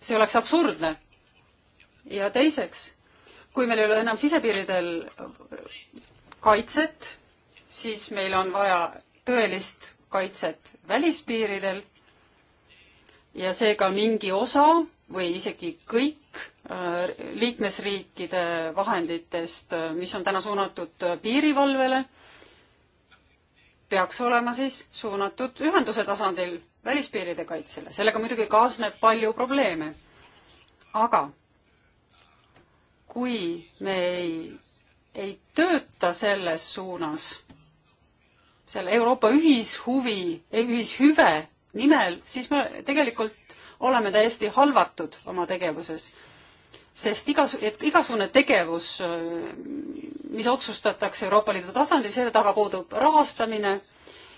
see oleks absurdne. ja teiseks, kui meil ei ole enam sisepiiridel kaitset, siis meil on vaja tõelist kaitset välispiiridel ja seega mingi osa või isegi kõik äh, liikmesriikide vahenditest, äh, mis on täna suunatud äh, piirivalvele, peaks olema siis suunatud ühenduse tasandil välispiiride kaitsele. sellega muidugi kaasneb palju probleeme. aga kui me ei, ei tööta selles suunas, selle Euroopa ühishuvi, ühishüve nimel, siis me tegelikult oleme täiesti halvatud oma tegevuses. sest igas, et igasugune tegevus, äh, mis otsustatakse Euroopa Liidu tasandil, selle taga puudub rahastamine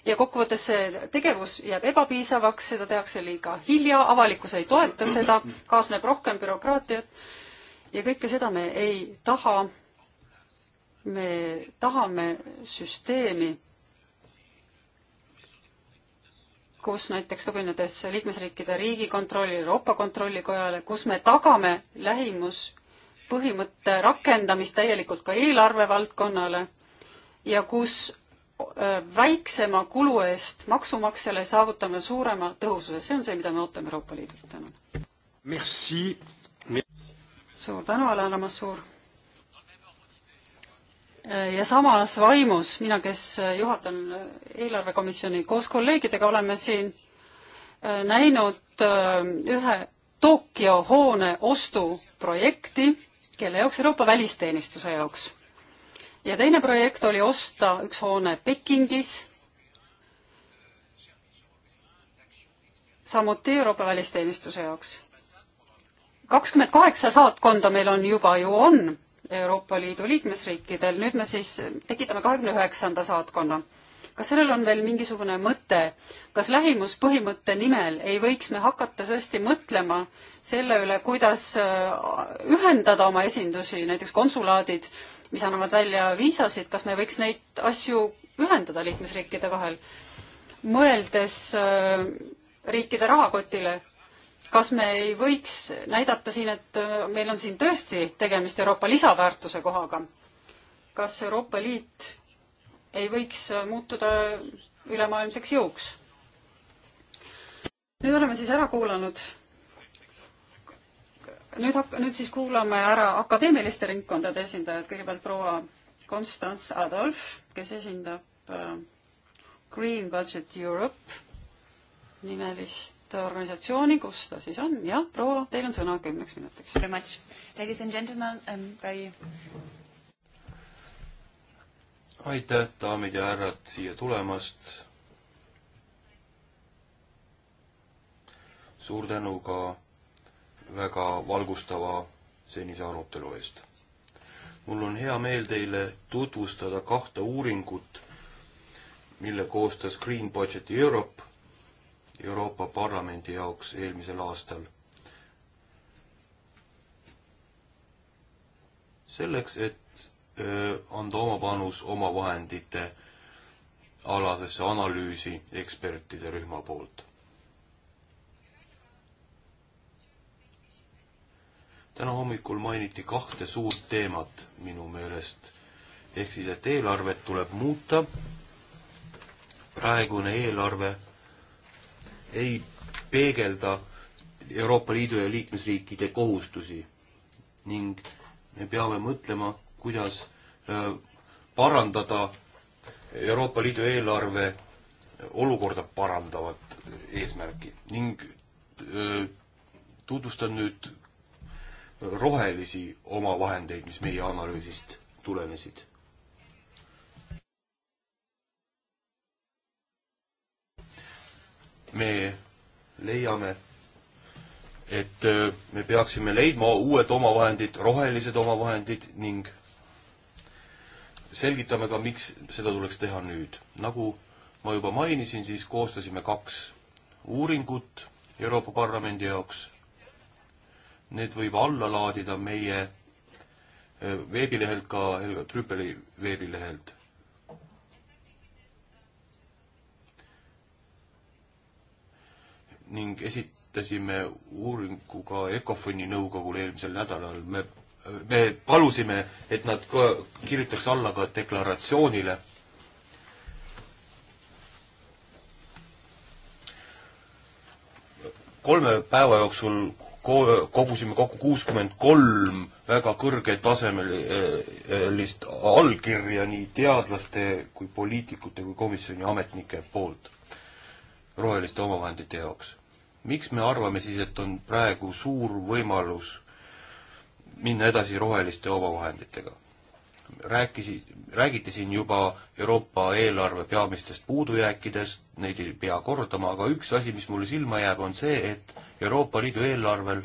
ja kokkuvõttes see tegevus jääb ebapiisavaks, seda tehakse liiga hilja, avalikkus ei toeta seda, kaasneb rohkem bürokraatiat ja kõike seda me ei taha. me tahame süsteemi kus näiteks tuginedes liikmesriikide riigikontrollile, Euroopa Kontrollikojale, kus me tagame lähimuspõhimõtte rakendamist täielikult ka eelarve valdkonnale ja kus väiksema kulu eest maksumaksjale saavutame suurema tõhususe, see on see, mida me ootame Euroopa Liidult, tänan. suur tänu, Alana Massour Äh, ja samas vaimus mina, kes äh, juhatan äh, eelarvekomisjoni koos kolleegidega, oleme siin näinud ühe Tokyo hoone ostuprojekti, kelle jaoks, Euroopa välisteenistuse jaoks. ja teine projekt oli osta üks hoone Pekingis, samuti Euroopa välisteenistuse jaoks. kakskümmend kaheksa saatkonda meil on juba ju on Euroopa Liidu liikmesriikidel, nüüd me siis tekitame kahekümne üheksanda saatkonna. kas sellel on veel mingisugune mõte, kas lähimuspõhimõtte nimel ei võiks me hakata tõesti mõtlema selle üle, kuidas äh, ühendada oma esindusi, näiteks konsulaadid, mis annavad välja viisasid, kas me võiks neid asju ühendada liikmesriikide vahel, mõeldes äh, riikide rahakotile kas me ei võiks näidata siin, et äh, meil on siin tõesti tegemist Euroopa lisaväärtuse kohaga? kas Euroopa Liit ei võiks äh, muutuda ülemaailmseks jõuks? nüüd oleme siis ära kuulanud, nüüd hak-, nüüd siis kuulame ära akadeemiliste ringkondade esindajad, kõigepealt proua Konstants Adolf, kes esindab äh, Green Budget Europe nimelist vastavat organisatsiooni, kus ta siis on. jah, proua, teil on sõna kümneks minutiks. Very much. Ladies and gentlemen um,, very aitäh, daamid ja härrad, siia tulemast. suur tänu ka väga valgustava senise arutelu eest. mul on hea meel teile tutvustada kahte uuringut, mille koostas Green Budget Europe Euroopa Parlamendi jaoks eelmisel aastal. selleks, et anda oma panus oma vahendite alasesse analüüsi ekspertide rühma poolt. täna hommikul mainiti kahte suurt teemat minu meelest, ehk siis, et eelarvet tuleb muuta, praegune eelarve ei peegelda Euroopa Liidu ja liikmesriikide kohustusi ning me peame mõtlema, kuidas parandada Euroopa Liidu eelarve olukorda parandavat eesmärki ning tutvustan nüüd rohelisi omavahendeid, mis meie analüüsist tulenesid me leiame, et äh, me peaksime leidma uued omavahendid, rohelised omavahendid ning selgitame ka, miks seda tuleks teha nüüd. nagu ma juba mainisin, siis koostasime kaks uuringut Euroopa Parlamendi jaoks. Need võib alla laadida meie äh, veebilehelt, ka Helga Trüppeli veebilehelt. ning esitasime uuringu ka Ecofoni nõukogule eelmisel nädalal. me, me palusime, et nad kirjutaks alla ka deklaratsioonile kolme päeva jooksul ko-, kogusime kokku kuuskümmend kolm väga kõrgetasemelist allkirja nii teadlaste kui poliitikute kui komisjoni ametnike poolt roheliste omavahendite jaoks miks me arvame siis, et on praegu suur võimalus minna edasi roheliste omavahenditega? rääkisid, räägiti siin juba Euroopa eelarve peamistest puudujääkidest, neid ei pea kordama, aga üks asi, mis mulle silma jääb, on see, et Euroopa Liidu eelarvel,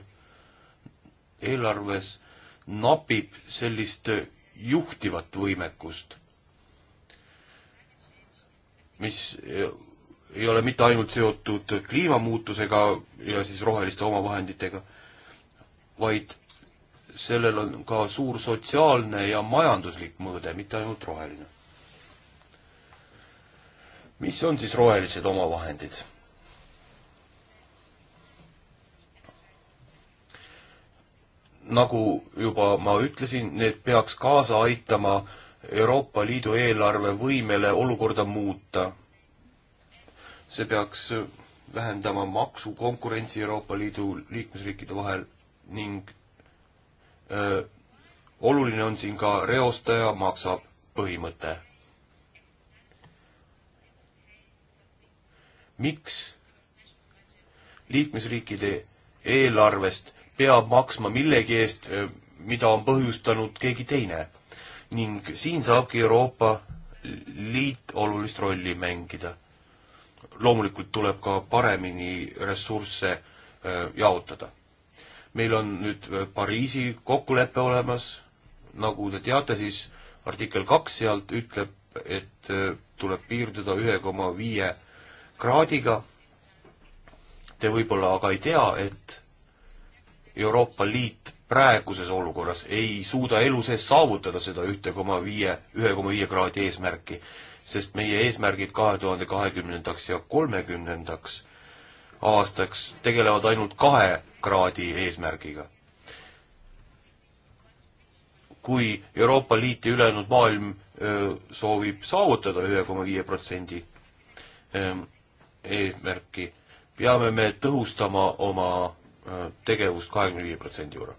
eelarves napib sellist juhtivat võimekust, mis ei ole mitte ainult seotud kliimamuutusega ja siis roheliste omavahenditega, vaid sellel on ka suur sotsiaalne ja majanduslik mõõde, mitte ainult roheline. mis on siis rohelised omavahendid? nagu juba ma ütlesin, need peaks kaasa aitama Euroopa Liidu eelarve võimele olukorda muuta see peaks vähendama maksukonkurentsi Euroopa Liidu liikmesriikide vahel ning öö, oluline on siin ka reostaja maksab põhimõte. miks liikmesriikide eelarvest peab maksma millegi eest, mida on põhjustanud keegi teine? ning siin saabki Euroopa Liit olulist rolli mängida loomulikult tuleb ka paremini ressursse äh, jaotada. meil on nüüd äh, Pariisi kokkulepe olemas, nagu te teate, siis artikkel kaks sealt ütleb, et äh, tuleb piirduda ühe koma viie kraadiga. Te võib-olla aga ei tea, et Euroopa Liit praeguses olukorras ei suuda elu sees saavutada seda ühte koma viie, ühe koma viie kraadi eesmärki sest meie eesmärgid kahe tuhande kahekümnendaks ja kolmekümnendaks aastaks tegelevad ainult kahe kraadi eesmärgiga. kui Euroopa Liit ja ülejäänud maailm öö, soovib saavutada ühe koma viie protsendi eesmärki, peame me tõhustama oma öö, tegevust kahekümne viie protsendi võrra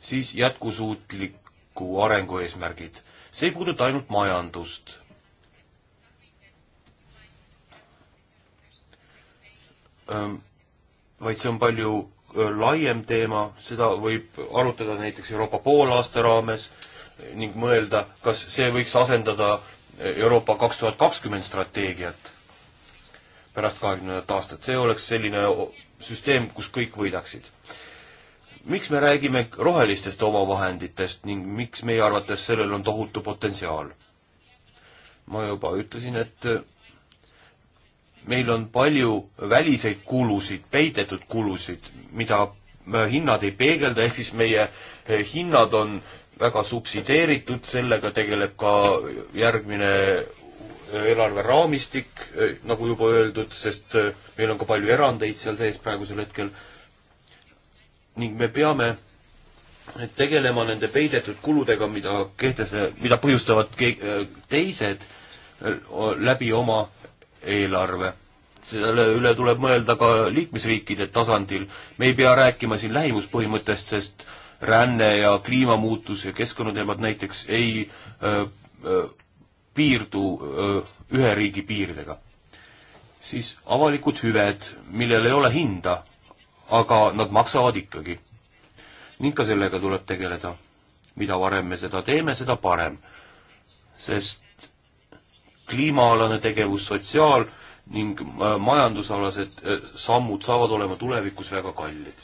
siis jätkusuutliku arengu eesmärgid see ei puuduta ainult majandust. vaid see on palju laiem teema, seda võib arutada näiteks Euroopa poolaasta raames ning mõelda, kas see võiks asendada Euroopa kaks tuhat kakskümmend strateegiat pärast kahekümnendat aastat, see oleks selline süsteem, kus kõik võidaksid miks me räägime rohelistest omavahenditest ning miks meie arvates sellel on tohutu potentsiaal? ma juba ütlesin, et äh, meil on palju väliseid kulusid, peidetud kulusid, mida äh, hinnad ei peegelda, ehk siis meie äh, hinnad on väga subsideeritud, sellega tegeleb ka järgmine eelarveraamistik, nagu juba öeldud, sest meil on ka palju erandeid seal sees praegusel hetkel ning me peame tegelema nende peidetud kuludega, mida kehtest-, mida põhjustavad teised läbi oma eelarve. selle üle tuleb mõelda ka liikmesriikide tasandil. me ei pea rääkima siin lähimuspõhimõttest, sest ränne ja kliimamuutus ja keskkonnateemad näiteks ei öö, öö, piirdu öö, ühe riigi piiridega. siis avalikud hüved, millel ei ole hinda aga nad maksavad ikkagi. ning ka sellega tuleb tegeleda. mida varem me seda teeme, seda parem. sest kliimaalane tegevus, sotsiaal- ning äh, majandusalased äh, sammud saavad olema tulevikus väga kallid.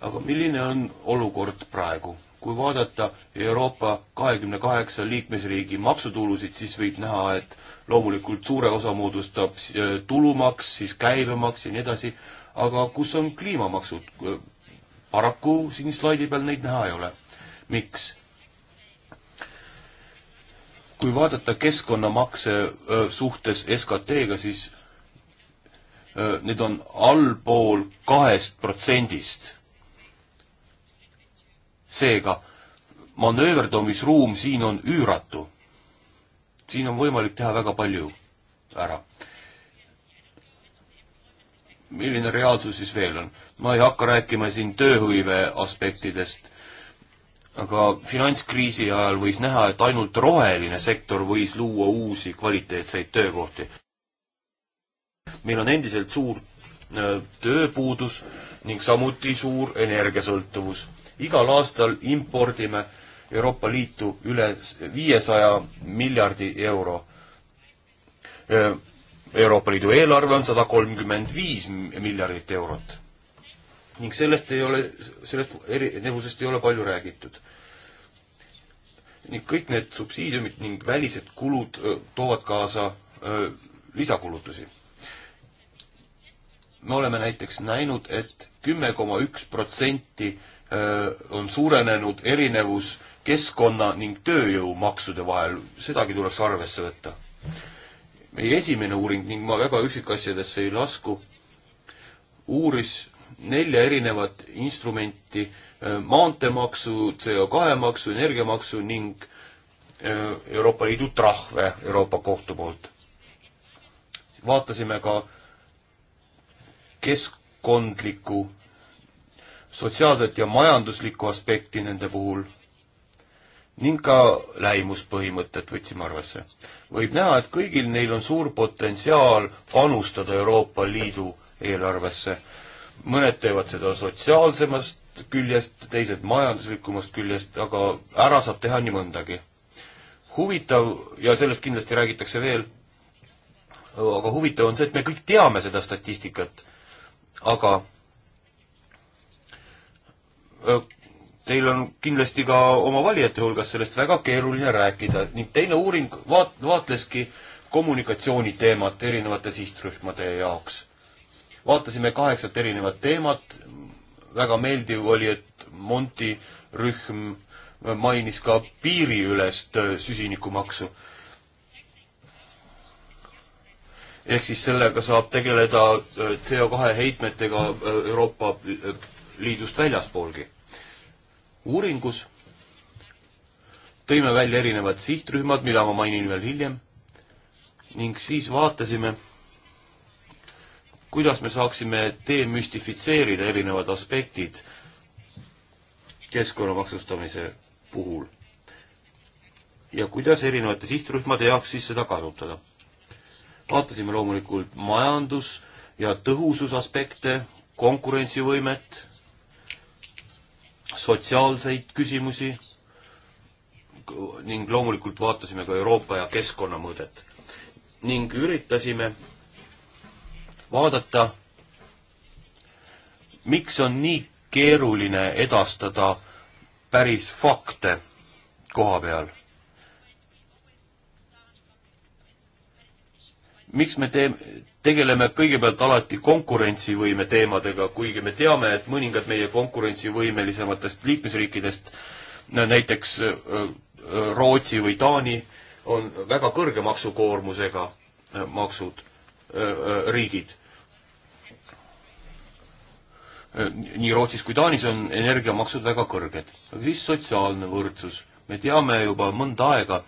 aga milline on olukord praegu? kui vaadata Euroopa kahekümne kaheksa liikmesriigi maksutulusid, siis võib näha, et loomulikult suure osa moodustab äh, tulumaks, siis käibemaks ja nii edasi, aga kus on kliimamaksud? paraku siin slaidi peal neid näha ei ole. miks? kui vaadata keskkonnamakse suhtes SKT-ga, siis need on allpool kahest protsendist. seega manööverdumisruum siin on üüratu. siin on võimalik teha väga palju ära milline reaalsus siis veel on? ma ei hakka rääkima siin tööhõive aspektidest, aga finantskriisi ajal võis näha, et ainult roheline sektor võis luua uusi kvaliteetseid töökohti. meil on endiselt suur äh, tööpuudus ning samuti suur energiasõltuvus. igal aastal impordime Euroopa Liitu üle viiesaja miljardi euro äh, Euroopa Liidu eelarve on sada kolmkümmend viis miljardit eurot. ning sellest ei ole, sellest erinevusest ei ole palju räägitud. ning kõik need subsiidiumid ning välised kulud toovad kaasa öö, lisakulutusi. me oleme näiteks näinud et, et kümme koma üks protsenti on suurenenud erinevus keskkonna ning tööjõumaksude vahel, sedagi tuleks arvesse võtta meie esimene uuring ning ma väga üksikasjadesse ei lasku, uuris nelja erinevat instrumenti, äh, maanteemaksu, CO2 maksu, energiamaksu ning äh, Euroopa Liidu trahve Euroopa Kohtu poolt. vaatasime ka keskkondlikku, sotsiaalset ja majanduslikku aspekti nende puhul ning ka lähimuspõhimõtet võtsime arvesse võib näha, et kõigil neil on suur potentsiaal panustada Euroopa Liidu eelarvesse. mõned teevad seda sotsiaalsemast küljest, teised majanduslikumast küljest, aga ära saab teha nii mõndagi. huvitav, ja sellest kindlasti räägitakse veel, aga huvitav on see, et me kõik teame seda statistikat, aga Teil on kindlasti ka oma valijate hulgas sellest väga keeruline rääkida ning teine uuring vaat-, vaatleski kommunikatsiooniteemat erinevate sihtrühmade jaoks. vaatasime kaheksat erinevat teemat, väga meeldiv oli, et Monti rühm mainis ka piiriülest süsinikumaksu. ehk siis sellega saab tegeleda äh, CO2 heitmetega äh, Euroopa äh, Liidust väljaspoolgi uuringus tõime välja erinevad sihtrühmad, mida ma mainin veel hiljem, ning siis vaatasime, kuidas me saaksime demüstifitseerida erinevad aspektid keskkonna maksustamise puhul ja kuidas erinevate sihtrühmade jaoks siis seda kasutada. vaatasime loomulikult majandus- ja tõhususaspekte, konkurentsivõimet sotsiaalseid küsimusi ning loomulikult vaatasime ka Euroopa ja keskkonnamõõdet ning üritasime vaadata, miks on nii keeruline edastada päris fakte koha peal miks me teeme, tegeleme kõigepealt alati konkurentsivõime teemadega, kuigi me teame, et mõningad meie konkurentsivõimelisematest liikmesriikidest, näiteks äh, äh, Rootsi või Taani, on väga kõrge maksukoormusega äh, maksud, riigid. nii Rootsis kui Taanis on energiamaksud väga kõrged. aga siis sotsiaalne võrdsus. me teame juba mõnda aega,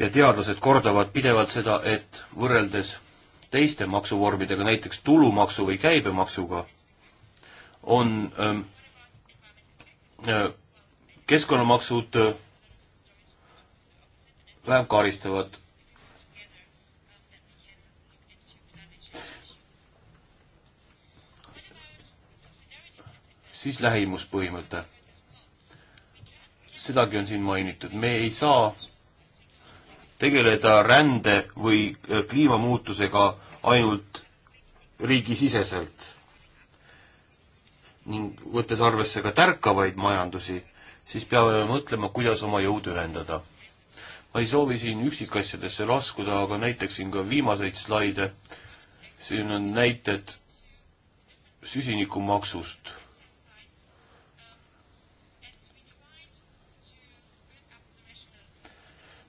ja teadlased kordavad pidevalt seda, et võrreldes teiste maksuvormidega, näiteks tulumaksu või käibemaksuga, on öö, ähm, äh, keskkonnamaksud öö, äh, vähem karistavad. siis lähimuspõhimõte. sedagi on siin mainitud, me ei saa tegeleda rände või äh, kliimamuutusega ainult riigisiseselt ning võttes arvesse ka tärkavaid majandusi, siis peame mõtlema, kuidas oma jõud ühendada. ma ei soovi siin üksikasjadesse laskuda, aga näitaksin ka viimaseid slaide. siin on näited süsinikumaksust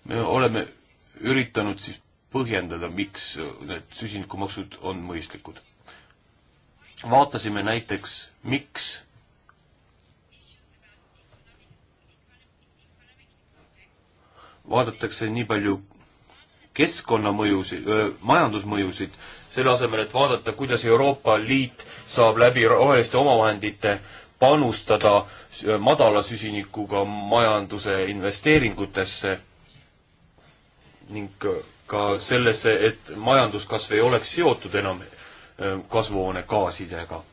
me oleme üritanud siis põhjendada, miks need süsinikumaksud on mõistlikud. vaatasime näiteks, miks vaadatakse nii palju keskkonnamõjusid, majandusmõjusid, selle asemel, et vaadata, kuidas Euroopa Liit saab läbi roheliste omavahendite panustada madala süsinikuga majanduse investeeringutesse ning ka sellesse, et majanduskasv ei oleks seotud enam äh, kasvuhoonegaasidega.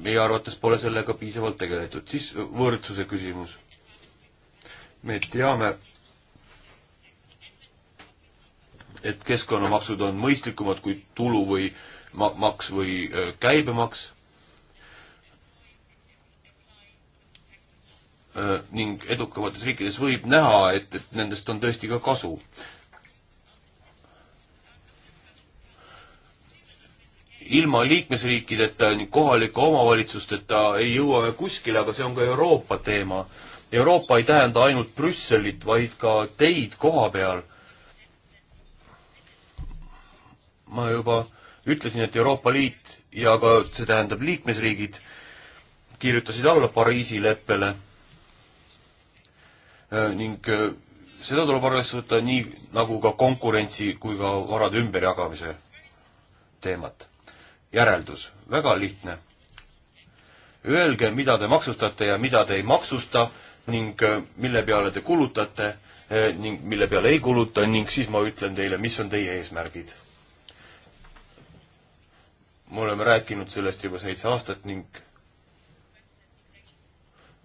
meie arvates pole sellega piisavalt tegeletud. siis võrdsuse küsimus. me teame, et keskkonnamaksud on mõistlikumad kui tulu või ma-, maks või äh, käibemaks Äh, ning edukamates riikides võib näha, et, et nendest on tõesti ka kasu. ilma liikmesriikideta ning kohalike omavalitsusteta ei jõua me kuskile, aga see on ka Euroopa teema. Euroopa ei tähenda ainult Brüsselit, vaid ka teid koha peal. ma juba ütlesin, et Euroopa Liit ja ka see tähendab liikmesriigid kirjutasid alla Pariisi leppele Äh, ning äh, seda tuleb arvesse võtta nii, nagu ka konkurentsi kui ka varade ümberjagamise teemat. järeldus, väga lihtne. Öelge, mida te maksustate ja mida te ei maksusta ning äh, mille peale te kulutate ning mille peale ei kuluta ning siis ma ütlen teile, mis on teie eesmärgid. me oleme rääkinud sellest juba seitse aastat ning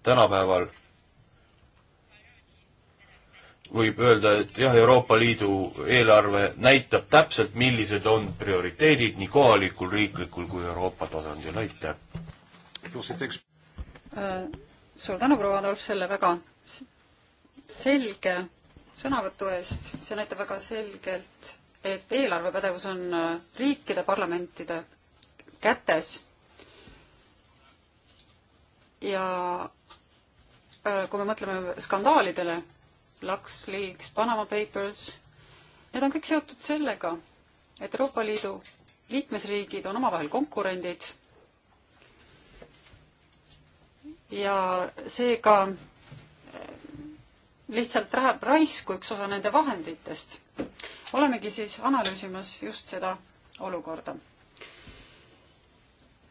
tänapäeval võib öelda, et jah, Euroopa Liidu eelarve näitab täpselt, millised on prioriteedid nii kohalikul, riiklikul kui Euroopa tasandil, aitäh! Äh, suur tänu, proua Adolf, selle väga selge sõnavõtu eest, see näitab väga selgelt, et eelarvepädevus on äh, riikide parlamentide kätes ja äh, kui me mõtleme skandaalidele, LuxLeaks, Panama Papers, need on kõik seotud sellega, et Euroopa Liidu liikmesriigid on omavahel konkurendid ja seega eh, lihtsalt läheb raisku üks osa nende vahenditest. olemegi siis analüüsimas just seda olukorda.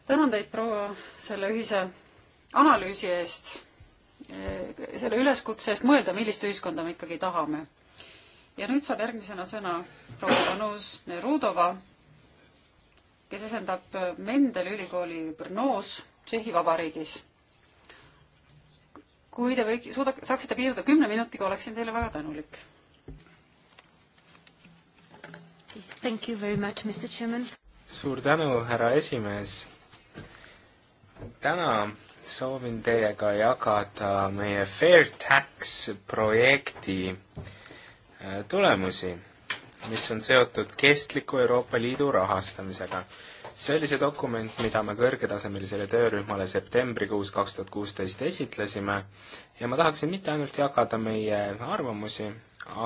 tänan teid, proua, selle ühise analüüsi eest Eh, selle üleskutse eest mõelda, millist ühiskonda me ikkagi tahame. ja nüüd saab järgmisena sõna proua Vanus Nerudova, kes esindab Mendeli ülikooli Brnoos Tšehhi Vabariigis. kui te võik-, suuda-, saaksite piirduda kümne minutiga, oleksin teile väga tänulik. Thank you very much, Mr Chairman. suur tänu, härra esimees. täna soovin teiega jagada meie Fair Tax projekti äh, tulemusi, mis on seotud kestliku Euroopa Liidu rahastamisega. see oli see dokument, mida me kõrgetasemelisele töörühmale septembrikuus kaks tuhat kuusteist esitlesime ja ma tahaksin mitte ainult jagada meie arvamusi,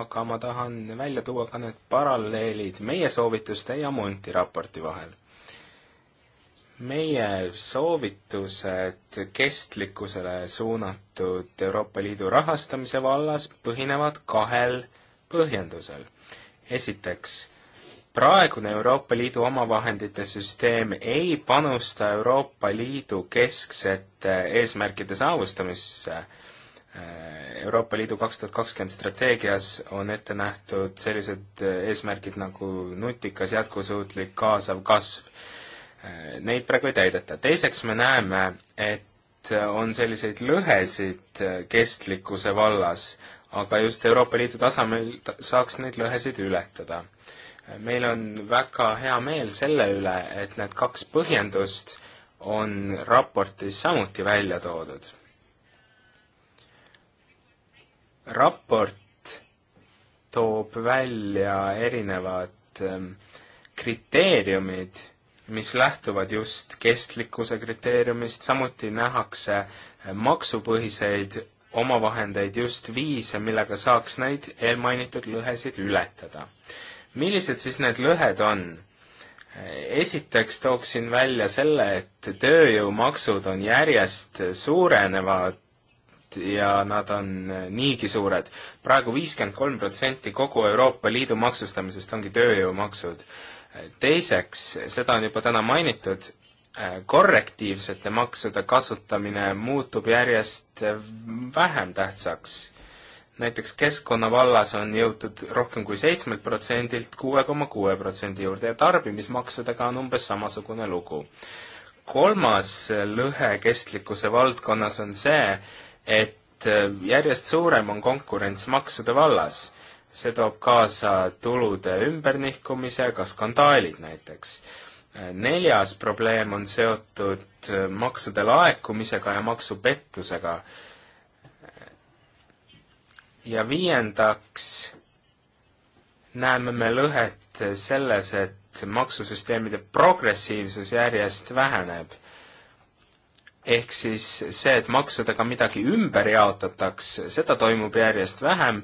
aga ma tahan välja tuua ka need paralleelid meie soovituste ja Monti raporti vahel meie soovitused kestlikkusele suunatud Euroopa Liidu rahastamise vallas põhinevad kahel põhjendusel. esiteks, praegune Euroopa Liidu omavahendite süsteem ei panusta Euroopa Liidu kesksete eesmärkide saavutamisse. Euroopa Liidu kaks tuhat kakskümmend strateegias on ette nähtud sellised eesmärgid nagu nutikas, jätkusuutlik, kaasav kasv Äh, neid praegu ei täideta. teiseks me näeme, et on selliseid lõhesid äh, kestlikkuse vallas, aga just Euroopa Liidu tasemel saaks neid lõhesid ületada. Äh, meil on väga hea meel selle üle, et need kaks põhjendust on raportis samuti välja toodud. raport toob välja erinevad ähm, kriteeriumid mis lähtuvad just kestlikkuse kriteeriumist, samuti nähakse maksupõhiseid omavahendeid just viise, millega saaks neid eelmainitud lõhesid ületada. millised siis need lõhed on? esiteks tooksin välja selle, et tööjõumaksud on järjest suurenevad ja nad on niigi suured praegu. praegu viiskümmend kolm protsenti kogu Euroopa Liidu maksustamisest ongi tööjõumaksud teiseks, seda on juba täna mainitud, äh, korrektiivsete maksude kasutamine muutub järjest äh, vähem tähtsaks. näiteks keskkonna vallas on jõutud rohkem kui seitsmelt protsendilt kuue koma kuue protsendi juurde ja tarbimismaksudega on umbes samasugune lugu. kolmas lõhe kestlikkuse valdkonnas on see, et äh, järjest suurem on konkurents maksude vallas see toob kaasa tulude ümbernihkumise, ka skandaalid näiteks. neljas probleem on seotud maksude laekumisega ja maksupettusega. ja viiendaks näeme me lõhet selles, et maksusüsteemide progressiivsus järjest väheneb ehk siis see, et maksudega midagi ümber jaotataks, seda toimub järjest vähem,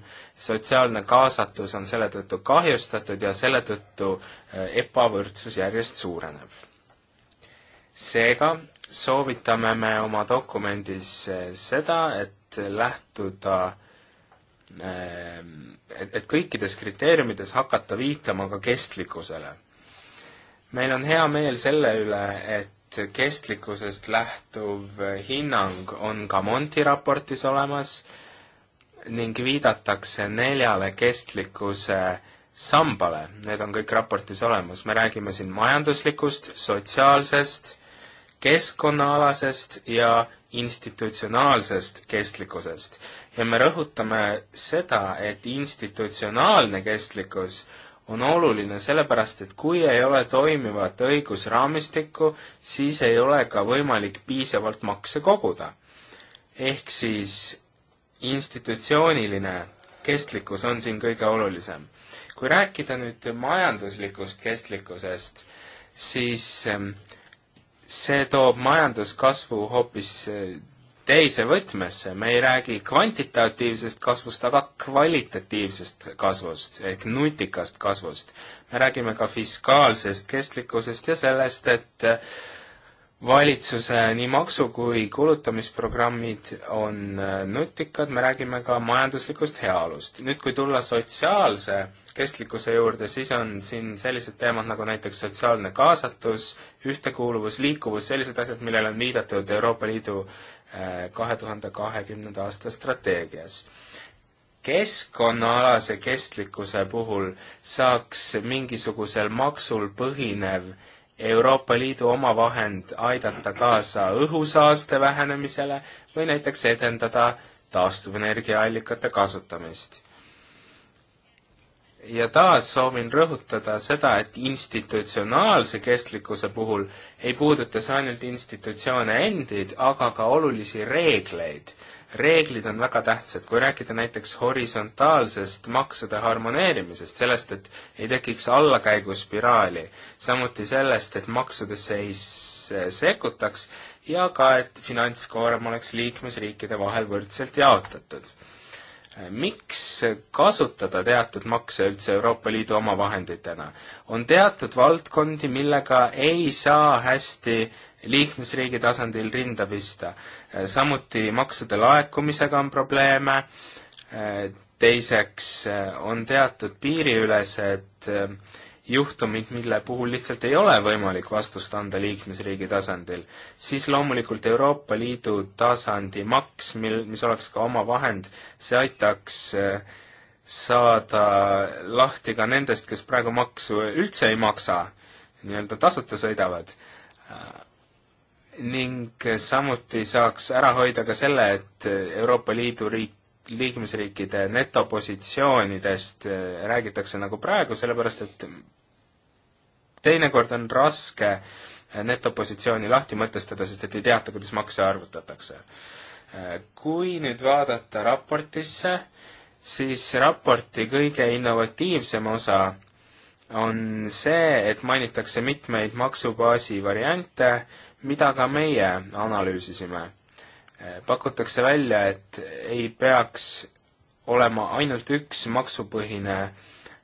sotsiaalne kaasatus on selle tõttu kahjustatud ja selle tõttu äh, ebavõrdsus järjest suureneb. seega soovitame me oma dokumendis äh, seda, et lähtuda äh, et, et kõikides kriteeriumides hakata viitama ka kestlikkusele. meil on hea meel selle üle, et kestlikkusest lähtuv hinnang on ka Monti raportis olemas ning viidatakse neljale kestlikkuse sambale, need on kõik raportis olemas, me räägime siin majanduslikust, sotsiaalsest, keskkonnaalasest ja institutsionaalsest kestlikkusest. ja me rõhutame seda, et institutsionaalne kestlikkus on oluline sellepärast, et kui ei ole toimivat õigusraamistikku, siis ei ole ka võimalik piisavalt makse koguda. ehk siis institutsiooniline kestlikkus on siin kõige olulisem. kui rääkida nüüd majanduslikust kestlikkusest, siis ehm, see toob majanduskasvu hoopis ehm, teise võtmesse, me ei räägi kvantitatiivsest kasvust, aga kvalitatiivsest kasvust ehk nutikast kasvust. me räägime ka fiskaalsest kestlikkusest ja sellest, et valitsuse nii maksu- kui kulutamisprogrammid on nutikad, me räägime ka majanduslikust heaolust. nüüd, kui tulla sotsiaalse kestlikkuse juurde, siis on siin sellised teemad nagu näiteks sotsiaalne kaasatus, ühtekuuluvus, liikuvus, sellised asjad, millele on viidatud Euroopa Liidu kahe tuhande kahekümnenda aasta strateegias. keskkonnaalase kestlikkuse puhul saaks mingisugusel maksul põhinev Euroopa Liidu omavahend aidata kaasa õhusaaste vähenemisele või näiteks edendada taastuvenergiaallikate kasutamist ja taas soovin rõhutada seda, et institutsionaalse kestlikkuse puhul ei puuduta see ainult institutsioone endid, aga ka olulisi reegleid. reeglid on väga tähtsad, kui rääkida näiteks horisontaalsest maksude harmoneerimisest, sellest, et ei tekiks allakäiguspiraali, samuti sellest, et maksudesse ei sekkutaks ja ka, et finantskoorem oleks liikmesriikide vahel võrdselt jaotatud miks kasutada teatud makse üldse Euroopa Liidu omavahenditena? on teatud valdkondi, millega ei saa hästi liikmesriigi tasandil rinda pista. samuti maksude laekumisega on probleeme, teiseks on teatud piiriülesed juhtumid, mille puhul lihtsalt ei ole võimalik vastust anda liikmesriigi tasandil, siis loomulikult Euroopa Liidu tasandi maks, mil, mis oleks ka oma vahend, see aitaks eh, saada lahti ka nendest, kes praegu maksu üldse ei maksa, nii-öelda tasuta sõidavad. ning samuti saaks ära hoida ka selle, et Euroopa Liidu riik, liikmesriikide netopositsioonidest eh, räägitakse nagu praegu, sellepärast et teinekord on raske netopositsiooni lahti mõtestada, sest et ei teata, kuidas makse arvutatakse. kui nüüd vaadata raportisse, siis raporti kõige innovatiivsem osa on see, et mainitakse mitmeid maksubaasi variante, mida ka meie analüüsisime. pakutakse välja, et ei peaks olema ainult üks maksupõhine äh,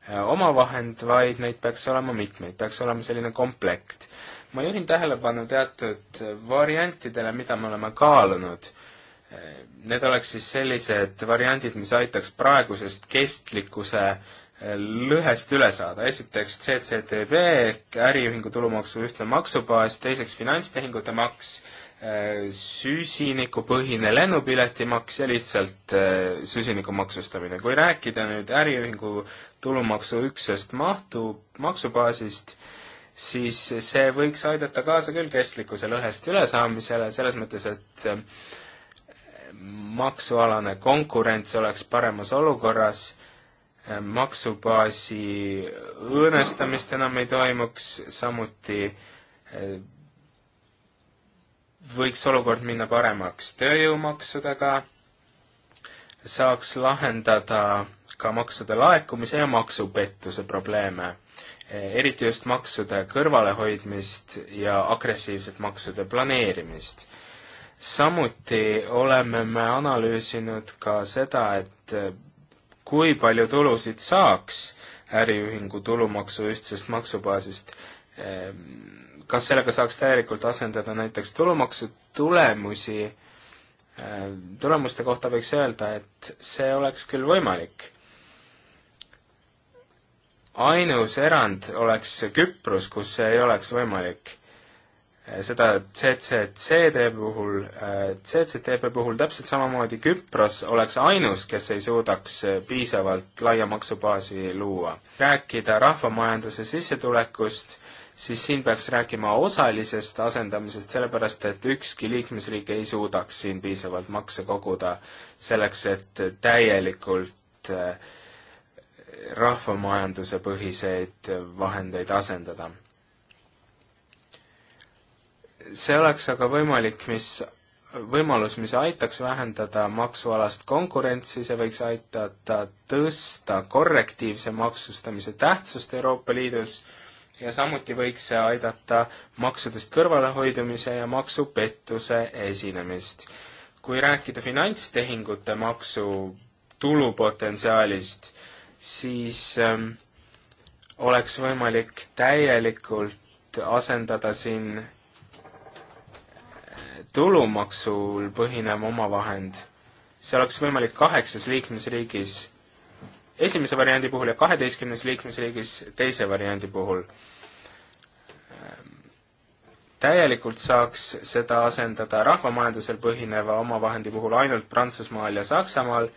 Äh, omavahend, vaid neid peaks olema mitmeid, peaks olema selline komplekt. ma juhin tähelepanu teatud äh, variantidele, mida me oleme kaalunud. Äh, need oleks siis sellised variandid, mis aitaks praegusest kestlikkuse lõhest üle saada. esiteks CCTB ehk äriühingu tulumaksu ühtne maksubaas, teiseks finantstehingute maks, süsinikupõhine lennupiletimaks ja lihtsalt süsiniku maksustamine. kui rääkida nüüd äriühingu tulumaksuüksest mahtu, maksubaasist, siis see võiks aidata kaasa küll kestlikkuse lõhest ülesaamisele, selles mõttes, et eh, maksualane konkurents oleks paremas olukorras, eh, maksubaasi õõnestamist enam ei toimuks, samuti eh, võiks olukord minna paremaks tööjõumaksudega, saaks lahendada äh, ka maksude laekumise ja maksupettuse probleeme, eriti just maksude kõrvalehoidmist ja agressiivset maksude planeerimist. samuti oleme me analüüsinud ka seda, et kui palju tulusid saaks äriühingu tulumaksu ühtsest maksubaasist, kas sellega saaks täielikult asendada näiteks tulumaksu tulemusi tulemuste kohta võiks öelda, et see oleks küll võimalik ainus erand oleks Küpros, kus see ei oleks võimalik. seda CCCD puhul, CCTP puhul täpselt samamoodi Küpros oleks ainus, kes ei suudaks piisavalt laia maksubaasi luua. rääkida rahvamajanduse sissetulekust, siis siin peaks rääkima osalisest asendamisest, sellepärast et ükski liikmesriik ei suudaks siin piisavalt makse koguda selleks, et täielikult äh, rahvamajanduse põhiseid vahendeid asendada. see oleks aga võimalik, mis, võimalus, mis aitaks vähendada maksualast konkurentsi, see võiks aidata tõsta korrektiivse maksustamise tähtsust Euroopa Liidus ja samuti võiks see aidata maksudest kõrvalehoidumise ja maksupettuse esinemist. kui rääkida finantstehingute maksu tulupotentsiaalist, siis ähm, oleks võimalik täielikult asendada siin äh, tulumaksul põhinev omavahend. see oleks võimalik kaheksas liikmesriigis, esimese variandi puhul ja kaheteistkümnes liikmesriigis teise variandi puhul ähm, täielikult saaks seda asendada rahvamajandusel põhineva omavahendi puhul ainult Prantsusmaal ja Saksamaal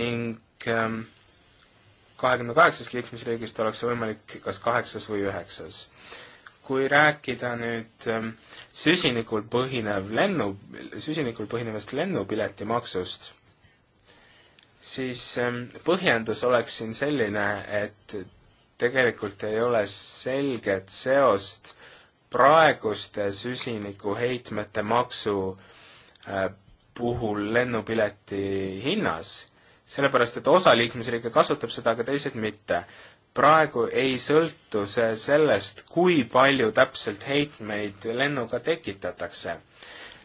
ning Ähm, kahekümne kaheksast liikmesriigist oleks see võimalik kas kaheksas või üheksas. kui rääkida nüüd ähm, süsinikul põhinev lennu, süsinikul põhinevast lennupiletimaksust, siis ähm, põhjendus oleks siin selline, et tegelikult ei ole selget seost praeguste süsinikuheitmete maksu äh, puhul lennupileti hinnas sellepärast, et osa liikmesriike kasutab seda, aga teised mitte. praegu ei sõltu see sellest, kui palju täpselt heitmeid lennuga tekitatakse.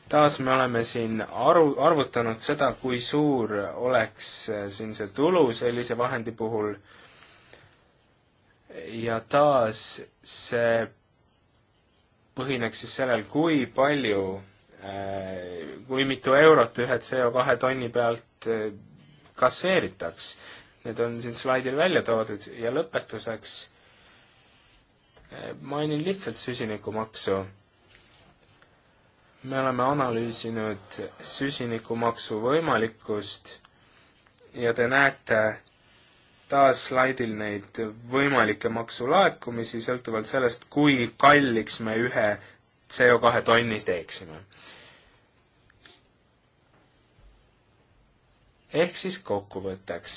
taas me oleme siin aru, arvutanud seda, kui suur oleks äh, siin see tulu sellise vahendi puhul ja taas see põhineks siis sellel, kui palju, äh, kui mitu eurot ühe CO2 tonni pealt äh, kasseeritaks. Need on siin slaidil välja toodud ja lõpetuseks eh, mainin lihtsalt süsinikumaksu. me oleme analüüsinud süsinikumaksu võimalikkust ja te näete taas slaidil neid võimalikke maksulaekumisi, sõltuvalt sellest, kui kalliks me ühe CO2 tonni teeksime ehk siis kokkuvõtteks.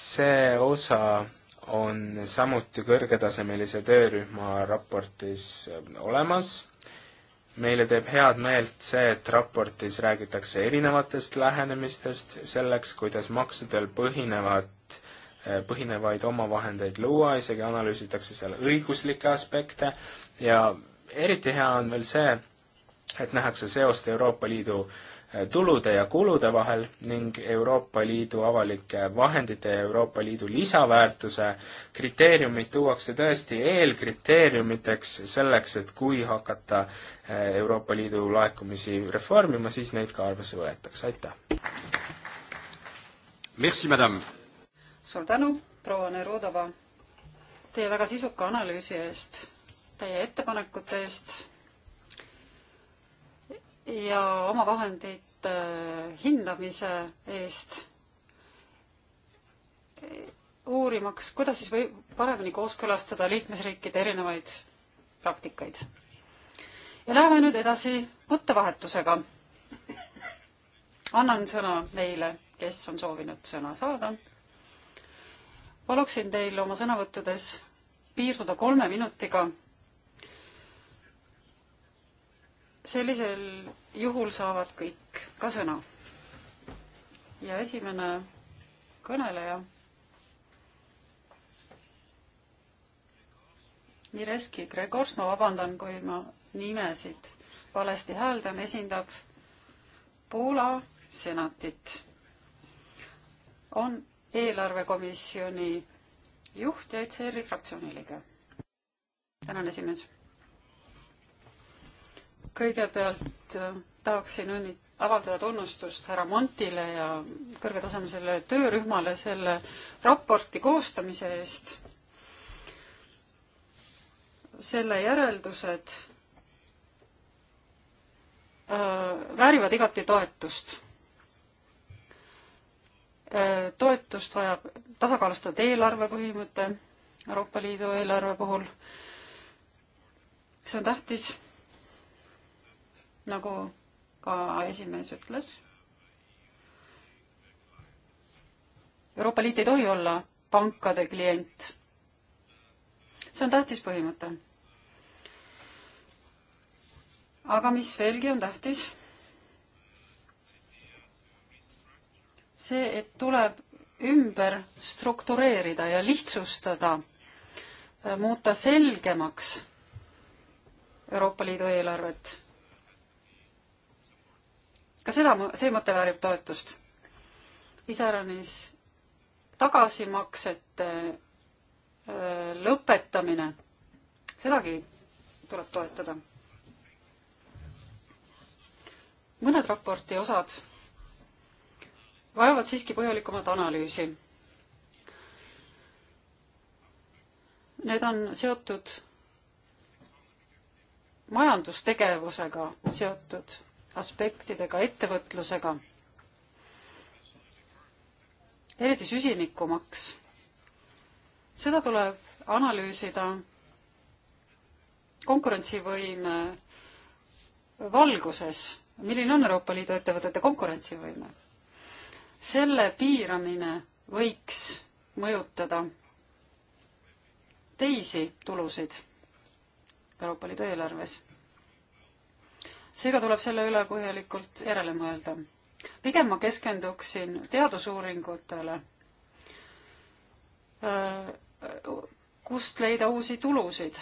see osa on samuti kõrgetasemelise töörühma raportis olemas. meile teeb head meelt see, et raportis räägitakse erinevatest lähenemistest selleks, kuidas maksudel põhinevat, eh, põhinevaid omavahendeid luua, isegi analüüsitakse seal õiguslikke aspekte ja eriti hea on veel see, et nähakse seost Euroopa Liidu äh, tulude ja kulude vahel ning Euroopa Liidu avalike vahendite ja Euroopa Liidu lisaväärtuse kriteeriumid tuuakse tõesti eelkriteeriumiteks selleks, et kui hakata eh, Euroopa Liidu laekumisi reformima, siis neid ka arvesse võetakse, aitäh! Merci, madame! suur tänu, proua Nerudova, teie väga sisuka analüüsi eest, teie ettepanekute eest ja omavahendite äh, hindamise eest äh, uurimaks, kuidas siis või paremini kooskõlastada liikmesriikide erinevaid praktikaid. ja läheme nüüd edasi mõttevahetusega. annan sõna neile, kes on soovinud sõna saada. paluksin teil oma sõnavõttudes piirduda kolme minutiga sellisel juhul saavad kõik ka sõna. ja esimene kõneleja. Mireski Gregors, ma vabandan, kui ma nimesid valesti hääldan, esindab Poola senatit. on eelarvekomisjoni juht ja ECR-i fraktsiooni liige. tänan, esimees kõigepealt äh, tahaksin õnnit-, avaldada tunnustust härra Montile ja kõrgetasemelisele töörühmale selle raporti koostamise eest. selle järeldused äh, väärivad igati toetust. Äh, toetust vajab tasakaalustatud eelarve põhimõte Euroopa Liidu eelarve puhul. see on tähtis nagu ka esimees ütles. Euroopa Liit ei tohi olla pankade klient. see on tähtis põhimõte. aga mis veelgi on tähtis? see, et tuleb ümber struktureerida ja lihtsustada, muuta selgemaks Euroopa Liidu eelarvet ka seda, see mõte väärib toetust. iseäranis tagasimaksete lõpetamine, sedagi tuleb toetada. mõned raporti osad vajavad siiski põhjalikumat analüüsi. Need on seotud majandustegevusega seotud aspektidega, ettevõtlusega. eriti süsinikumaks. seda tuleb analüüsida konkurentsivõime valguses, milline on Euroopa Liidu ettevõtete konkurentsivõime. selle piiramine võiks mõjutada teisi tulusid Euroopa Liidu eelarves seega tuleb selle üle põhjalikult järele mõelda. pigem ma keskenduksin teadusuuringutele, äh, kust leida uusi tulusid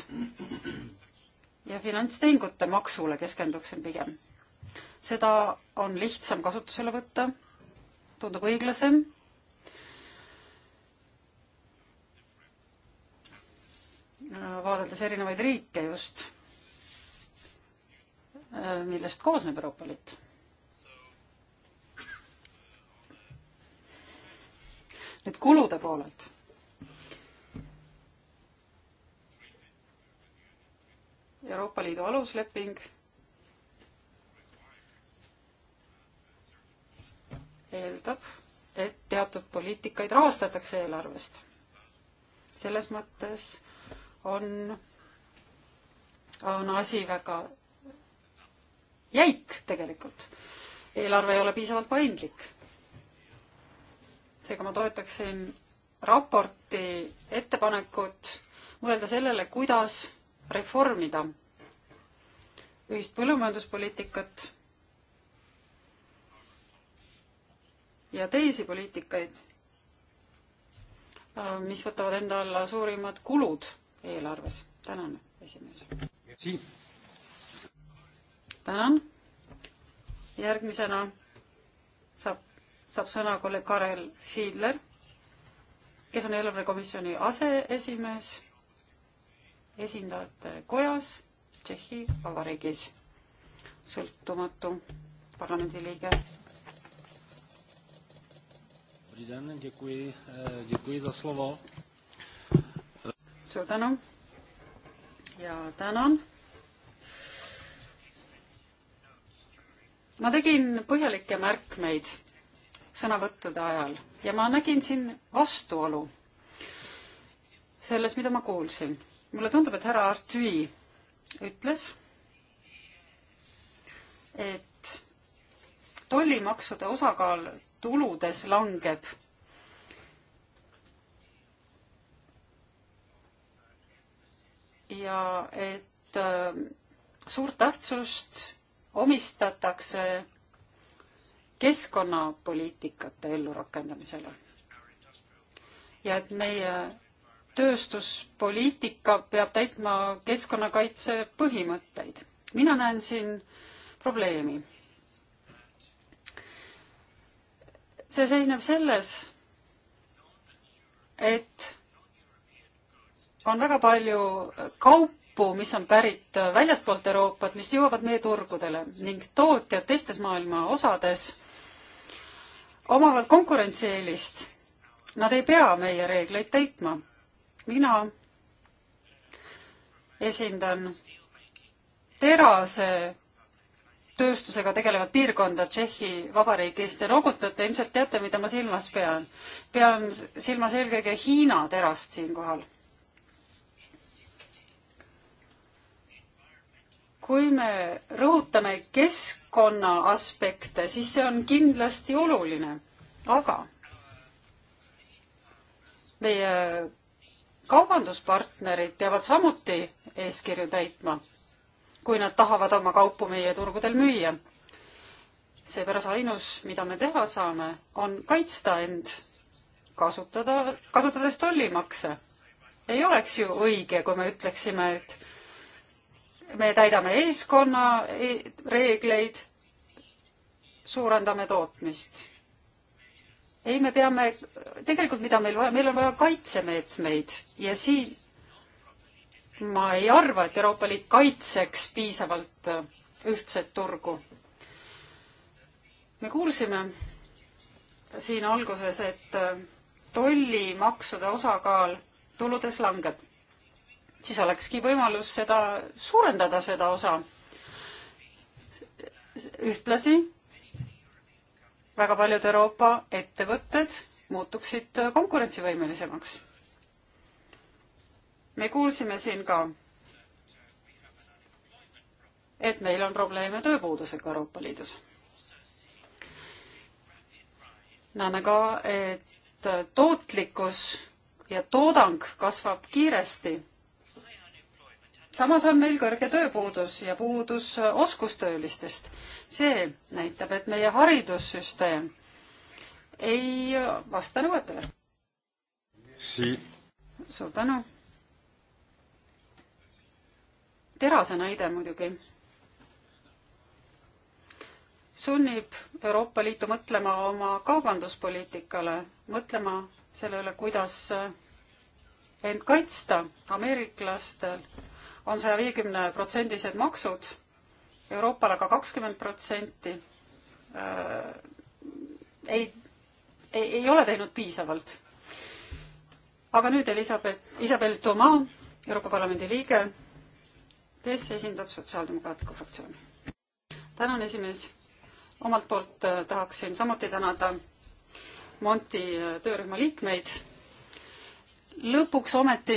ja finantstehingute maksule keskenduksin pigem. seda on lihtsam kasutusele võtta, tundub õiglasem äh, vaadeldes erinevaid riike just Äh, millest koosneb Euroopa Liit. nüüd kulude poolelt. Euroopa Liidu alusleping eeldab, et teatud poliitikaid rahastatakse eelarvest. selles mõttes on, on asi väga jäik tegelikult. eelarve ei ole piisavalt paindlik. seega ma toetaksin raporti ettepanekut mõelda sellele, kuidas reformida ühist põllumajanduspoliitikat ja teisi poliitikaid, äh, mis võtavad enda alla suurimad kulud eelarves. tänan, esimees tänan. järgmisena saab, saab sõna kolleeg Karel Fiedler, kes on eelarvekomisjoni aseesimees esindajate kojas Tšehhi Vabariigis, sõltumatu parlamendiliige. Eh, suur tänu ja tänan ma tegin põhjalikke märkmeid sõnavõttude ajal ja ma nägin siin vastuolu selles, mida ma kuulsin. mulle tundub, et härra Artüi ütles, et tollimaksude osakaal tuludes langeb ja et äh, suurt tähtsust omistatakse keskkonnapoliitikate ellurakendamisele. ja et meie tööstuspoliitika peab täitma keskkonnakaitse põhimõtteid. mina näen siin probleemi. see seisneb selles, et on väga palju kaup, kaupu, mis on pärit väljastpoolt Euroopat, mis jõuavad meie turgudele ning tootjad teistes maailma osades omavad konkurentsieelist. Nad ei pea meie reegleid täitma. mina esindan terase tööstusega tegelevat piirkonda Tšehhi Vabariigist ja noogutate, ilmselt teate, mida ma silmas pean. pean silmas eelkõige Hiina terast siinkohal kui me rõhutame keskkonna aspekte, siis see on kindlasti oluline, aga meie kaubanduspartnerid peavad samuti eeskirju täitma, kui nad tahavad oma kaupu meie turgudel müüa. seepärast ainus, mida me teha saame, on kaitsta end, kasutada, kasutades tollimakse. ei oleks ju õige, kui me ütleksime, et me täidame eeskonna e-, reegleid, suurendame tootmist. ei, me peame, tegelikult mida meil vaja, meil on vaja kaitsemeetmeid ja siin ma ei arva, et Euroopa Liit kaitseks piisavalt äh, ühtset turgu. me kuulsime siin alguses, et äh, tollimaksude osakaal tuludes langeb siis olekski võimalus seda, suurendada seda osa. ühtlasi väga paljud Euroopa ettevõtted muutuksid konkurentsivõimelisemaks. me kuulsime siin ka, et meil on probleeme tööpuudusega Euroopa Liidus. näeme ka, et tootlikkus ja toodang kasvab kiiresti samas on meil kõrge tööpuudus ja puudus oskustöölistest. see näitab, et meie haridussüsteem ei vasta nõuetele si.. suur tänu. terase näide muidugi sunnib Euroopa Liitu mõtlema oma kaubanduspoliitikale, mõtlema selle üle, kuidas end kaitsta ameeriklastel on saja viiekümne protsendised maksud, Euroopal aga kakskümmend protsenti äh, ei, ei, ei ole teinud piisavalt. aga nüüd Elizabeth, Isabel Toma, Euroopa Parlamendi liige, kes esindab Sotsiaaldemokraatlikku fraktsiooni. tänan, esimees. omalt poolt äh, tahaksin samuti tänada Monti äh, töörühma liikmeid lõpuks ometi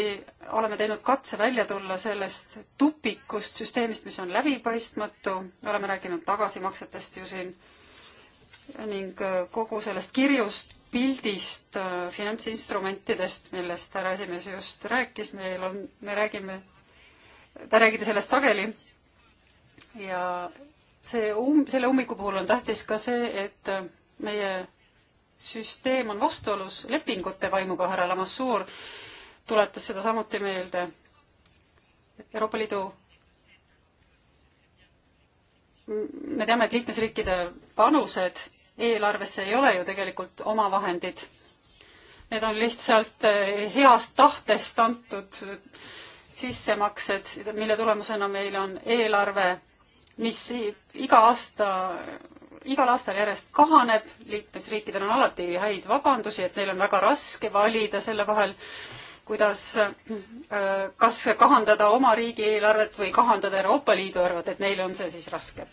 oleme teinud katse välja tulla sellest tupikust süsteemist, mis on läbipaistmatu, oleme rääkinud tagasimaksetest ju siin ning äh, kogu sellest kirjust pildist äh, finantsinstrumentidest, millest härra esimees just rääkis, meil on, me räägime, te räägite sellest sageli ja see um-, selle ummiku puhul on tähtis ka see, et äh, meie süsteem on vastuolus lepingute vaimuga, härra Lamassuur tuletas seda samuti meelde. Euroopa Liidu me teame, et liikmesriikide panused eelarvesse ei ole ju tegelikult omavahendid. Need on lihtsalt eh, heast tahtest antud sissemaksed, mille tulemusena meil on eelarve, mis iga aasta igal aastal järjest kahaneb, liikmesriikidel on alati häid vabandusi, et neil on väga raske valida selle vahel, kuidas, äh, kas kahandada oma riigieelarvet või kahandada Euroopa Liidu eelarvet, et neil on see siis raske.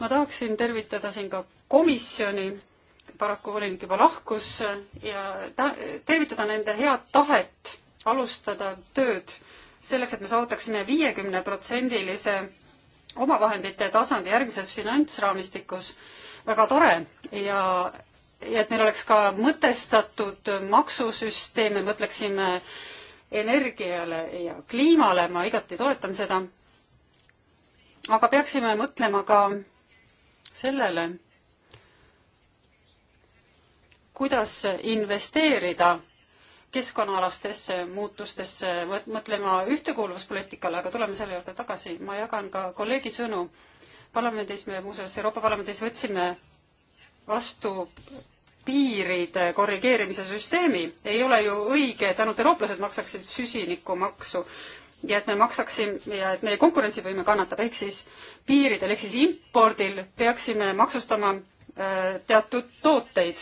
ma tahaksin tervitada siin ka komisjoni, paraku volinik juba lahkus, ja ta-, tervitada nende head tahet alustada tööd selleks, et me saavutaksime viiekümneprotsendilise omavahendite tasandi järgmises finantsraamistikus väga tore ja, ja et meil oleks ka mõtestatud maksusüsteem, me mõtleksime energiale ja kliimale, ma igati toetan seda. aga peaksime mõtlema ka sellele, kuidas investeerida keskkonnaalastesse muutustesse, mõtlema ühtekuuluvuspoliitikale, aga tuleme selle juurde tagasi. ma jagan ka kolleegi sõnu. parlamendis me muuseas, Euroopa Parlamendis võtsime vastu piiride korrigeerimise süsteemi. ei ole ju õige, et ainult eurooplased maksaksid süsinikumaksu ja et me maksaksime ja et meie konkurentsivõime kannatab, ehk siis piiridel ehk siis impordil peaksime maksustama äh, teatud tooteid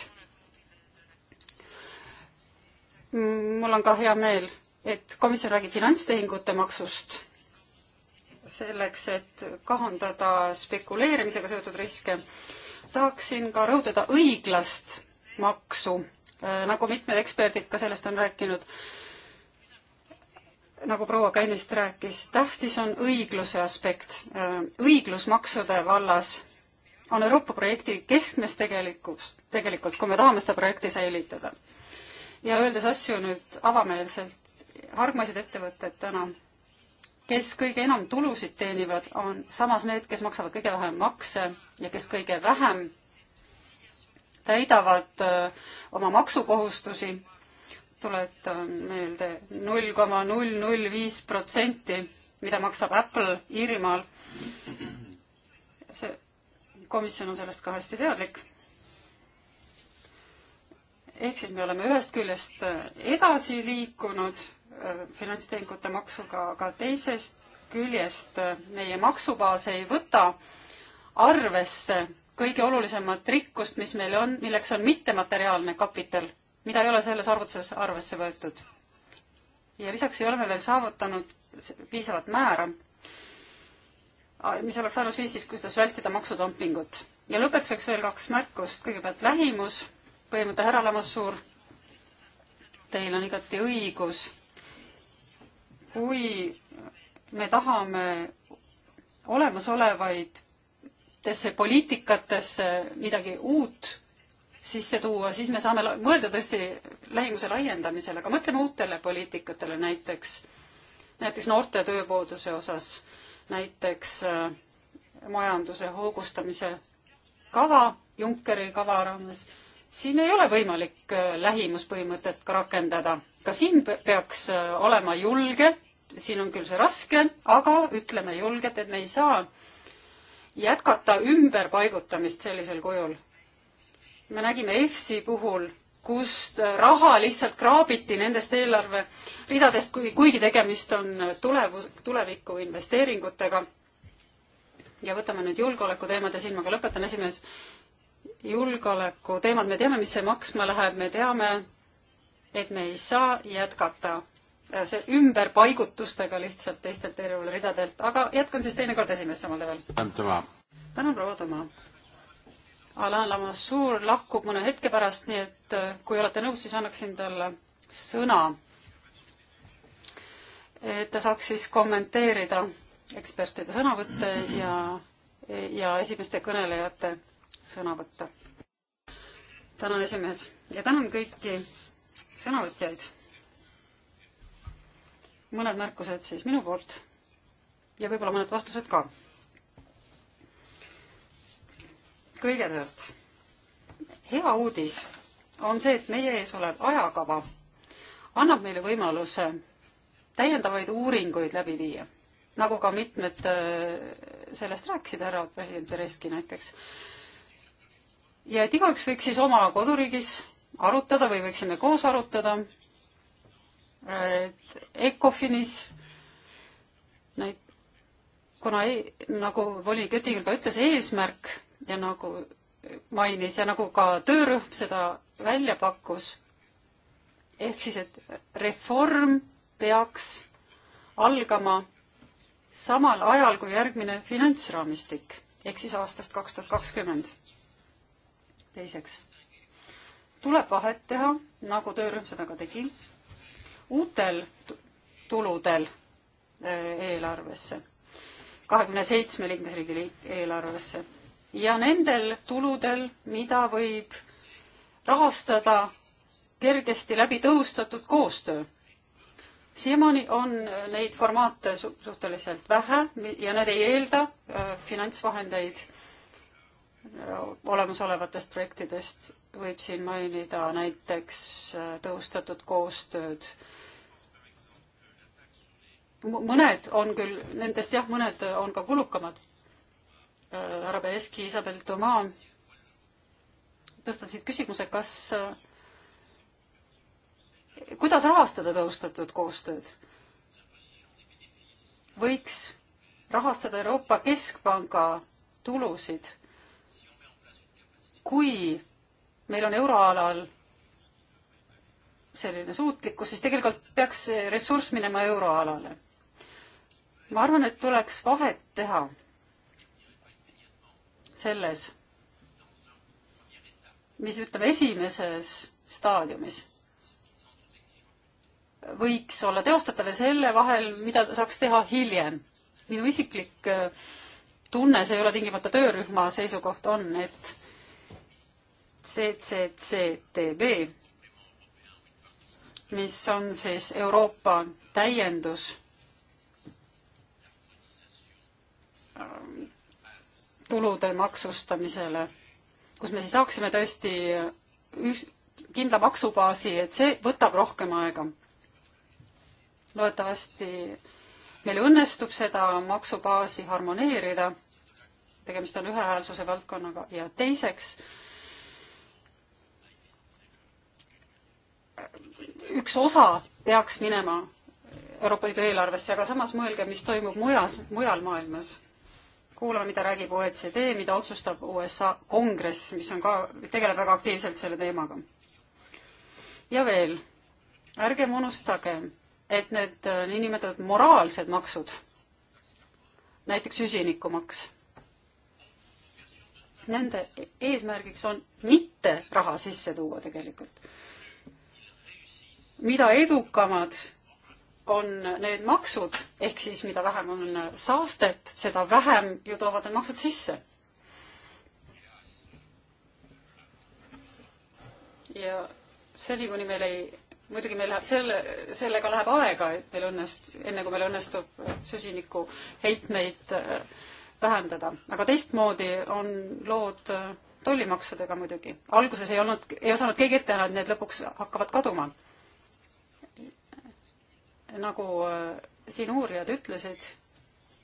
Mm, mul on ka hea meel, et komisjon räägib finantstehingute maksust selleks, et kahandada spekuleerimisega seotud riske. tahaksin ka rõhutada õiglast maksu, äh, nagu mitmed eksperdid ka sellest on rääkinud, nagu proua ka ennist rääkis, tähtis on õigluse aspekt. Äh, õiglus maksude vallas on Euroopa projekti keskmes tegelikuks, tegelikult, kui me tahame seda projekti säilitada ja öeldes asju nüüd avameelselt, hargmaised ettevõtted täna, kes kõige enam tulusid teenivad, on samas need, kes maksavad kõige vähem makse ja kes kõige vähem täidavad äh, oma maksukohustusi. tuletan meelde null koma null null viis protsenti, mida maksab Apple Iirimaal. see komisjon on sellest ka hästi teadlik ehk siis me oleme ühest küljest äh, edasi liikunud äh, finantstehingute maksuga, aga teisest küljest äh, meie maksubaas ei võta arvesse kõige olulisemat rikkust, mis meil on, milleks on mittemateriaalne kapital, mida ei ole selles arvutuses arvesse võetud. ja lisaks ei ole me veel saavutanud piisavat määra, mis oleks ainus viis siis, kuidas vältida maksudumpingut. ja lõpetuseks veel kaks märkust, kõigepealt lähimus põhimõte, härra Lamassuur, teil on igati õigus. kui me tahame olemasolevatesse poliitikatesse midagi uut sisse tuua, siis me saame mõelda tõesti lähimuse laiendamisele, aga mõtleme uutele poliitikatele näiteks, näiteks noorte tööpuuduse osas, näiteks äh, majanduse hoogustamise kava, Junckeri kava raames siin ei ole võimalik äh, lähimuspõhimõtet ka rakendada. ka siin peaks äh, olema julge, siin on küll see raske, aga ütleme julgelt, et me ei saa jätkata ümberpaigutamist sellisel kujul. me nägime EFSi puhul, kus äh, raha lihtsalt kraabiti nendest eelarveridadest, kui, kuigi tegemist on tulevus, tuleviku investeeringutega. ja võtame nüüd julgeoleku teemade silmaga, lõpetan esimees julgeoleku teemad, me teame, mis see maksma läheb, me teame, et me ei saa jätkata äh, see ümberpaigutustega lihtsalt teistelt erialaridadelt, aga jätkan siis teinekord esimest samal level. tänan, proua Toma. Alain Lamassoor lahkub mõne hetke pärast, nii et äh, kui olete nõus, siis annaksin talle sõna. et ta saaks siis kommenteerida ekspertide sõnavõtte ja, ja esimeste kõnelejate sõna võtta. tänan, esimees, ja tänan kõiki sõnavõtjaid. mõned märkused siis minu poolt ja võib-olla mõned vastused ka. kõigepealt, hea uudis on see, et meie ees olev ajakava annab meile võimaluse täiendavaid uuringuid läbi viia, nagu ka mitmed äh, sellest rääkisid, härra president Tereski näiteks ja et igaüks võiks siis oma koduriigis arutada või võiksime koos arutada, et ECOFINis näit-, kuna ei, nagu volinik Jüttinger ka ütles, eesmärk ja nagu mainis ja nagu ka töörühm seda välja pakkus, ehk siis, et reform peaks algama samal ajal kui järgmine finantsraamistik ehk siis aastast kaks tuhat kakskümmend teiseks, tuleb vahet teha, nagu töörühm seda ka tegi, uutel tuludel eh, eelarvesse, kahekümne seitsme liikmesriigi eelarvesse ja nendel tuludel, mida võib rahastada kergesti läbi tõhustatud koostöö. siiamaani on neid formaate suhteliselt vähe ja need ei eelda äh, finantsvahendeid olemasolevatest projektidest võib siin mainida näiteks äh, tõhustatud koostööd. mõned on küll, nendest jah, mõned on ka kulukamad. Äh, härra Bereski, Isabel Toma tõstatasid küsimuse, kas, äh, kuidas rahastada tõhustatud koostööd? võiks rahastada Euroopa Keskpanga tulusid kui meil on euroalal selline suutlikkus, siis tegelikult peaks see ressurss minema euroalale. ma arvan, et tuleks vahet teha selles, mis ütleme, esimeses staadiumis võiks olla teostatav ja selle vahel, mida saaks teha hiljem. minu isiklik äh, tunne, see ei ole tingimata töörühma seisukoht, on, et CCCTB, mis on siis Euroopa täiendus ähm, tulude maksustamisele, kus me siis saaksime tõesti äh, üh-, kindla maksubaasi, et see võtab rohkem aega. loodetavasti meil õnnestub seda maksubaasi harmoneerida, tegemist on ühehäälsuse valdkonnaga, ja teiseks, üks osa peaks minema Euroopa Liidu eelarvesse, aga samas mõelge, mis toimub mujas, mujal maailmas. kuulame, mida räägib OECD, mida otsustab USA kongress, mis on ka, tegeleb väga aktiivselt selle teemaga. ja veel, ärgem unustagem, et need äh, niinimetatud moraalsed maksud, näiteks süsinikumaks, nende e-, eesmärgiks on mitte raha sisse tuua tegelikult mida edukamad on need maksud, ehk siis mida vähem on saastet, seda vähem ju toovad need maksud sisse. ja seni, kuni meil ei, muidugi meil läheb selle, sellega läheb aega, et meil õnnest-, enne kui meil õnnestub süsinikuheitmeid äh, vähendada, aga teistmoodi on lood äh, tollimaksudega muidugi. alguses ei olnud, ei osanud keegi ette näha, et need lõpuks hakkavad kaduma nagu äh, siin uurijad ütlesid,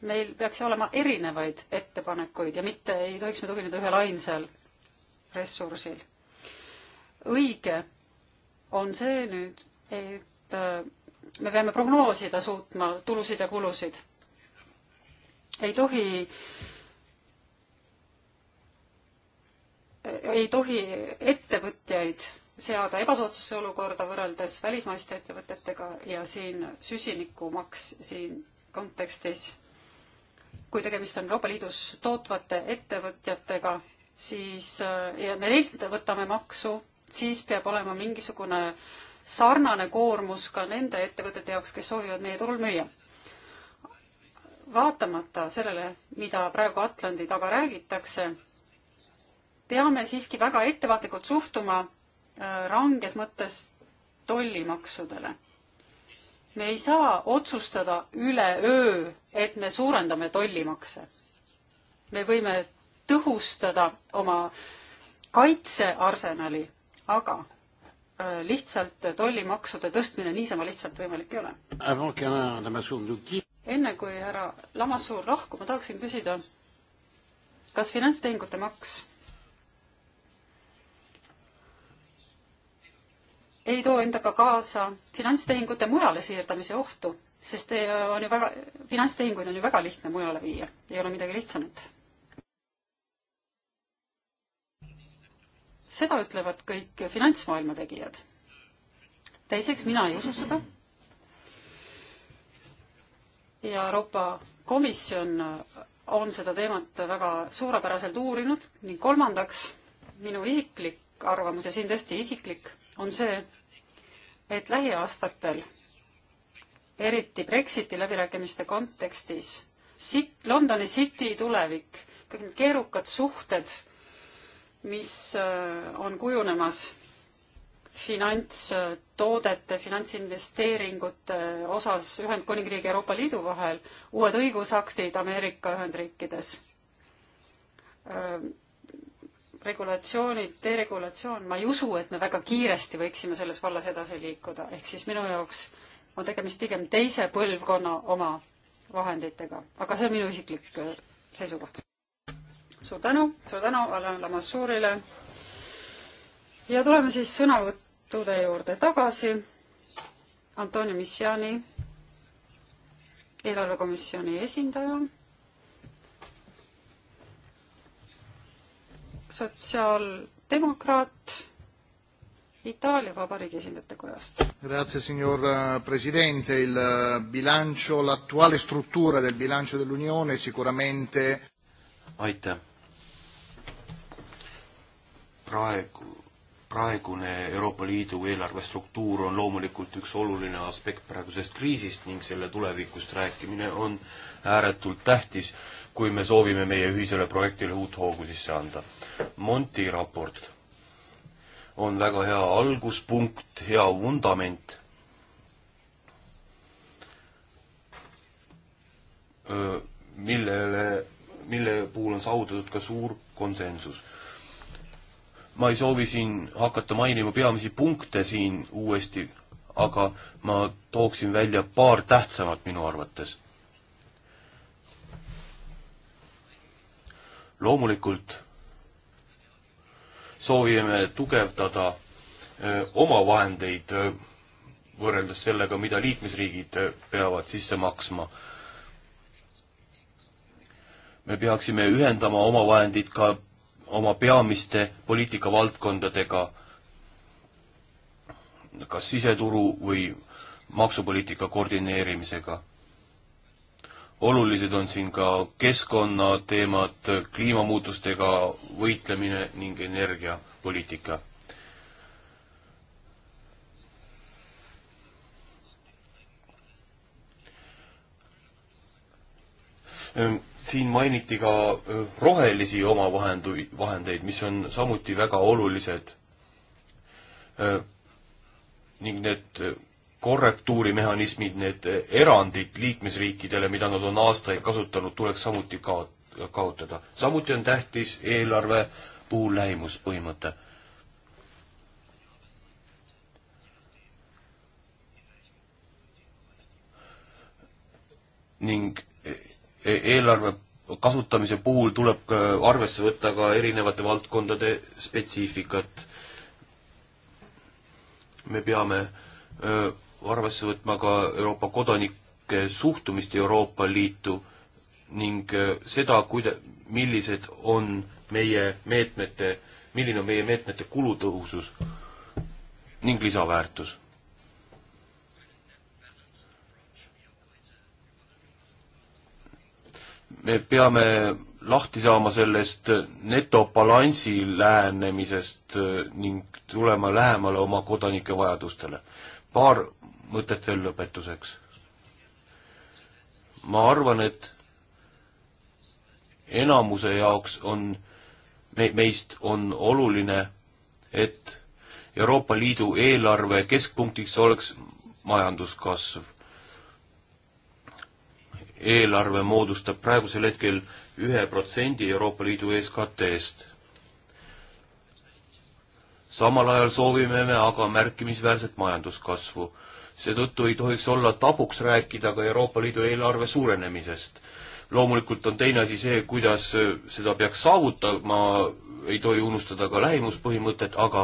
meil peaks olema erinevaid ettepanekuid ja mitte ei tohiks me tugineda ühel ainsal ressursil. õige on see nüüd, et äh, me peame prognoosida suutma tulusid ja kulusid. ei tohi, ei tohi ettevõtjaid seada ebasoodsasse olukorda võrreldes välismaiste ettevõtetega ja siin süsinikumaks siin kontekstis, kui tegemist on Euroopa Liidus tootvate ettevõtjatega, siis äh, ja neilt võtame maksu, siis peab olema mingisugune sarnane koormus ka nende ettevõtete jaoks, kes soovivad meie turul müüa. vaatamata sellele, mida praegu Atlandi taga räägitakse, peame siiski väga ettevaatlikult suhtuma Äh, ranges mõttes tollimaksudele. me ei saa otsustada üleöö, et me suurendame tollimakse. me võime tõhustada oma kaitsearsenali, aga äh, lihtsalt tollimaksude tõstmine niisama lihtsalt võimalik ei ole. enne kui härra Lamassuur lahkub, ma tahaksin küsida, kas finantstehingute maks ei too endaga kaasa finantstehingute mujale siirdamise ohtu, sest eh, on ju väga, finantstehinguid on ju väga lihtne mujale viia, ei ole midagi lihtsamat. seda ütlevad kõik finantsmaailma tegijad. teiseks, mina ei usu seda. ja Euroopa Komisjon on seda teemat väga suurepäraselt uurinud ning kolmandaks, minu isiklik arvamus ja siin tõesti isiklik, on see, et lähiaastatel, eriti Brexiti läbirääkimiste kontekstis, sit-, Londoni City tulevik, kõik need keerukad suhted, mis äh, on kujunemas finantstoodete, finantsinvesteeringute äh, osas Ühendkuningriigi ja Euroopa Liidu vahel, uued õigusaktid Ameerika Ühendriikides äh, regulatsioonid, deregulatsioon, ma ei usu, et me väga kiiresti võiksime selles vallas edasi liikuda, ehk siis minu jaoks on tegemist pigem teise põlvkonna oma vahenditega, aga see on minu isiklik äh, seisukoht. suur tänu, suur tänu Alain Lamassuurile. ja tuleme siis sõnavõttude juurde tagasi. Antonio Missiani, eelarvekomisjoni esindaja sotsiaaldemokraat Itaalia Vabariigi esindajate kojast. Grazie signor eh, Presidente, il eh, bilancio, l'attuale struttura del bilancio dell'Unione sicuramente aitäh! praegu, praegune Euroopa Liidu eelarve struktuur on loomulikult üks oluline aspekt praegusest kriisist ning selle tulevikust rääkimine on ääretult tähtis, kui me soovime meie ühisele projektile uut hoogu sisse anda Monti raport on väga hea alguspunkt, hea vundament. millele, mille puhul on saavutatud ka suur konsensus. ma ei soovi siin hakata mainima peamisi punkte siin uuesti, aga ma tooksin välja paar tähtsamat minu arvates. loomulikult soovime tugevdada oma vahendeid võrreldes sellega, mida liikmesriigid peavad sisse maksma. me peaksime ühendama oma vahendid ka oma peamiste poliitikavaldkondadega, kas siseturu või maksupoliitika koordineerimisega olulised on siin ka keskkonnateemad, kliimamuutustega võitlemine ning energiapoliitika. Ehm, siin mainiti ka ehm, rohelisi omavahendu-, vahendeid, mis on samuti väga olulised. Ehm, ning need korrektuurimehhanismid, need erandid liikmesriikidele, mida nad on aastaid kasutanud, tuleks samuti ka-, kaotada. samuti on tähtis eelarve puhul lähimuspõhimõte. ning e-, eelarve kasutamise puhul tuleb äh, arvesse võtta ka erinevate valdkondade spetsiifikat. me peame öö, äh, arvesse võtma ka Euroopa kodanike suhtumist Euroopa Liitu ning äh, seda, kuida-, millised on meie meetmete, milline on meie meetmete kulutõhusus ning lisaväärtus. me peame lahti saama sellest netobalansi lähenemisest äh, ning tulema lähemale oma kodanike vajadustele. paar mõtet veel lõpetuseks. ma arvan, et enamuse jaoks on, meist on oluline, et Euroopa Liidu eelarve keskpunktiks oleks majanduskasv. eelarve moodustab praegusel hetkel ühe protsendi Euroopa Liidu SKT-st. samal ajal soovime me aga märkimisväärset majanduskasvu seetõttu ei tohiks olla tabuks rääkida ka Euroopa Liidu eelarve suurenemisest. loomulikult on teine asi see, kuidas äh, seda peaks saavutama, ei tohi unustada ka lähimuspõhimõtet, aga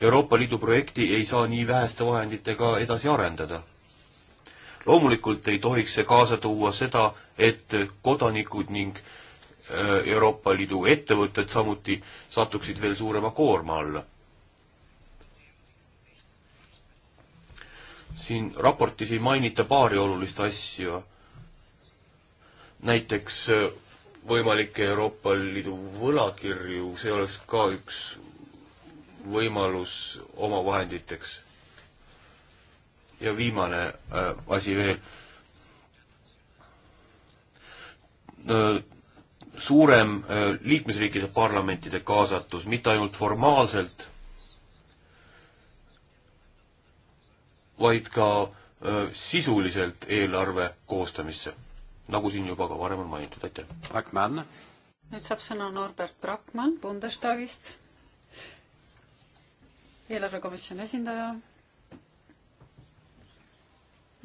Euroopa Liidu projekti ei saa nii väheste vahenditega edasi arendada. loomulikult ei tohiks see kaasa tuua seda, et kodanikud ning äh, Euroopa Liidu ettevõtted samuti satuksid veel suurema koorma alla siin raportis ei mainita paari olulist asja. näiteks äh, võimalikke Euroopa Liidu võlakirju, see oleks ka üks võimalus omavahenditeks. ja viimane äh, asi veel äh,. suurem äh, liikmesriikide parlamentide kaasatus, mitte ainult formaalselt vaid ka öö, sisuliselt eelarve koostamisse, nagu siin juba ka varem on mainitud, aitäh. Brackmann. nüüd saab sõna Norbert Brackmann Bundestagist, eelarvekomisjoni esindaja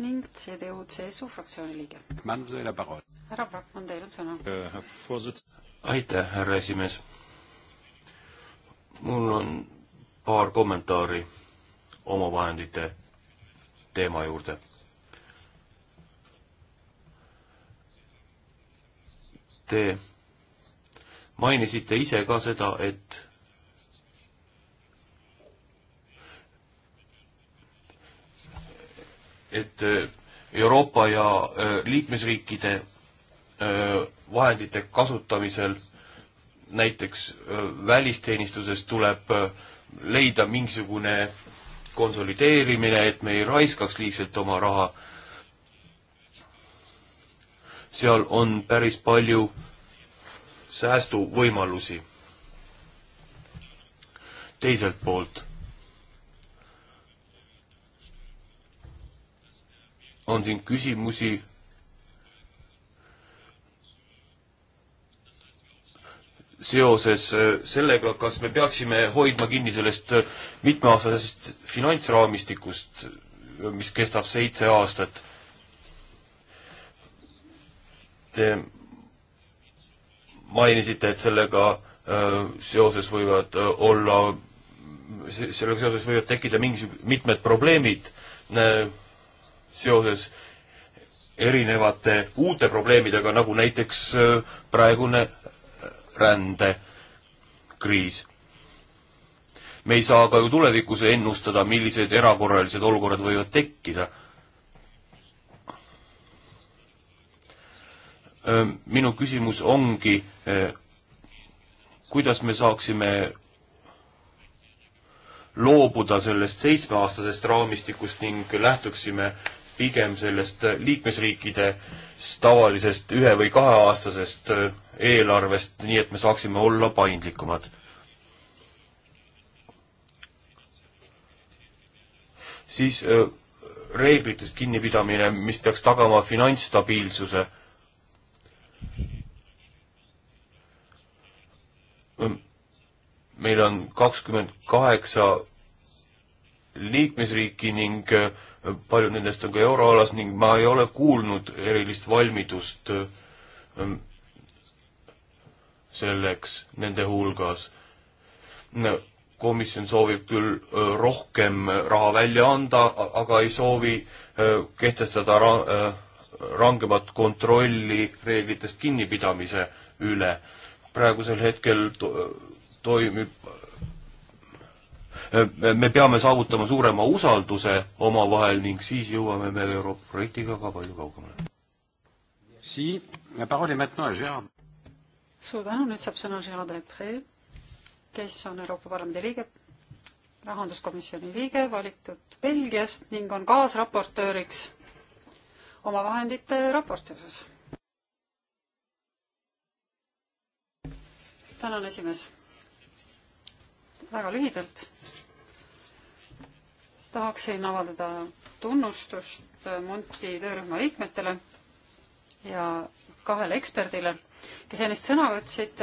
ning CDU-CSU fraktsiooni liige. härra Brackmann, teil on sõna. Äh, aitäh, härra esimees. mul on paar kommentaari omavahendite teema juurde. Te mainisite ise ka seda, et et äh, Euroopa ja äh, liikmesriikide äh, vahendite kasutamisel näiteks välisteenistuses tuleb leida mingisugune konsolideerimine, et me ei raiskaks liigselt oma raha. seal on päris palju säästuvõimalusi. teiselt poolt on siin küsimusi seoses äh, sellega, kas me peaksime hoidma kinni sellest äh, mitmeaastasest finantsraamistikust, äh, mis kestab seitse aastat. Te mainisite, et sellega seoses võivad olla, sellega seoses võivad tekkida mingi, mitmed probleemid seoses erinevate uute probleemidega, nagu näiteks praegune rändekriis. me ei saa ka ju tulevikus ennustada, millised erakorralised olukorrad võivad tekkida. minu küsimus ongi, kuidas me saaksime loobuda sellest seitsmeaastasest raamistikust ning lähtuksime pigem sellest liikmesriikides tavalisest ühe- või kaheaastasest eelarvest, nii et me saaksime olla paindlikumad. siis äh, reeglitest kinnipidamine, mis peaks tagama finantsstabiilsuse. meil on kakskümmend kaheksa liikmesriiki ning äh, paljud nendest on ka euroalas ning ma ei ole kuulnud erilist valmidust äh, selleks nende hulgas no,. komisjon soovib küll rohkem raha välja anda, aga ei soovi kehtestada ra-, rangemat kontrolli reeglitest kinnipidamise üle. praegusel hetkel to-, toimib me peame saavutama suurema usalduse omavahel ning siis jõuame me Euroopa projektiga ka palju kaugemale. Si, la parole est maintenant à Gérard suur tänu, nüüd saab sõna Jean Depre, kes on Euroopa Parlamendi liige, rahanduskomisjoni liige, valitud Belgiast ning on kaasraportööriks omavahendite raporti osas. tänan, esimees. väga lühidalt tahaksin avaldada tunnustust Monti töörühma liikmetele ja kahele eksperdile kes ennast sõna võtsid.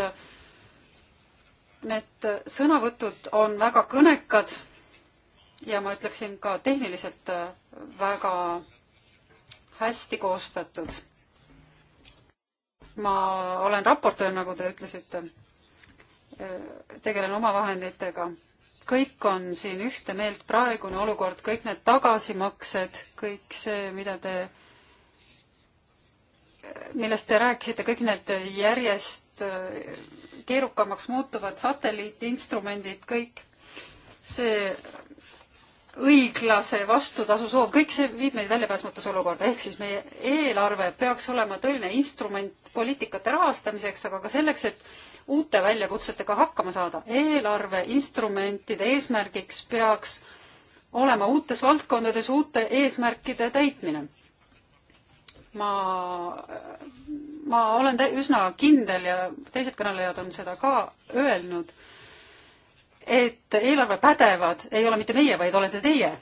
Need sõnavõtud on väga kõnekad ja ma ütleksin ka tehniliselt väga hästi koostatud. ma olen raportöör, nagu te ütlesite, tegelen omavahenditega. kõik on siin ühte meelt, praegune olukord, kõik need tagasimaksed, kõik see, mida te millest te rääkisite, kõik need järjest äh, keerukamaks muutuvad satelliitinstrumendid, kõik see õiglase vastutasu soov, kõik see viib meid väljapääsmatus olukorda, ehk siis meie eelarve peaks olema tõeline instrument poliitikate rahastamiseks, aga ka selleks, et uute väljakutsetega hakkama saada. eelarve instrumentide eesmärgiks peaks olema uutes valdkondades uute eesmärkide täitmine ma, ma olen üsna kindel ja teised kõnelejad on seda ka öelnud, et eelarvepädevad ei ole mitte meie, vaid olete teie,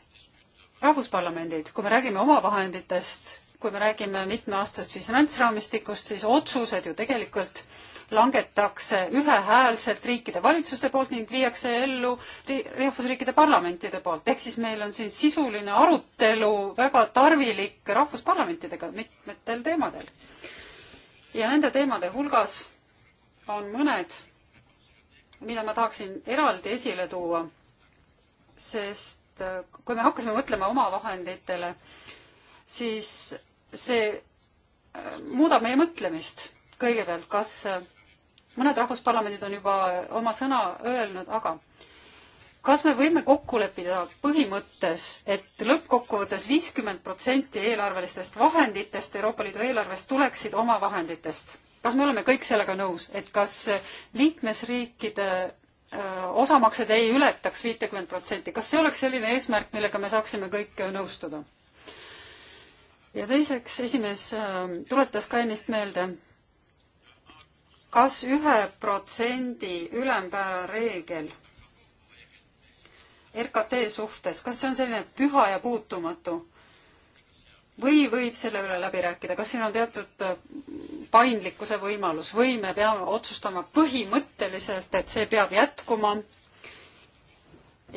rahvusparlamendid. kui me räägime omavahenditest, kui me räägime mitmeaastasest finantsraamistikust, siis otsused ju tegelikult äh, langetakse ühehäälselt riikide valitsuste poolt ning viiakse ellu rahvusriikide parlamentide poolt. ehk siis meil on siin sisuline arutelu väga tarvilik rahvusparlamentidega mitmetel teemadel. ja nende teemade hulgas on mõned, mida ma tahaksin eraldi esile tuua, sest äh, kui me hakkasime mõtlema omavahenditele, siis see äh, muudab meie mõtlemist kõigepealt, kas äh, mõned rahvusparlamendid on juba oma sõna öelnud, aga kas me võime kokku leppida põhimõttes, et lõppkokkuvõttes viiskümmend protsenti eelarvelistest vahenditest Euroopa Liidu eelarvest tuleksid omavahenditest? kas me oleme kõik sellega nõus, et kas liikmesriikide osamaksed ei ületaks viitekümmet protsenti, kas see oleks selline eesmärk, millega me saaksime kõik nõustuda? ja teiseks, esimees tuletas ka ennist meelde, kas ühe protsendi ülempäära reegel RKT suhtes, kas see on selline püha ja puutumatu või võib selle üle läbi rääkida, kas siin on teatud äh, paindlikkuse võimalus või me peame otsustama põhimõtteliselt, et see peab jätkuma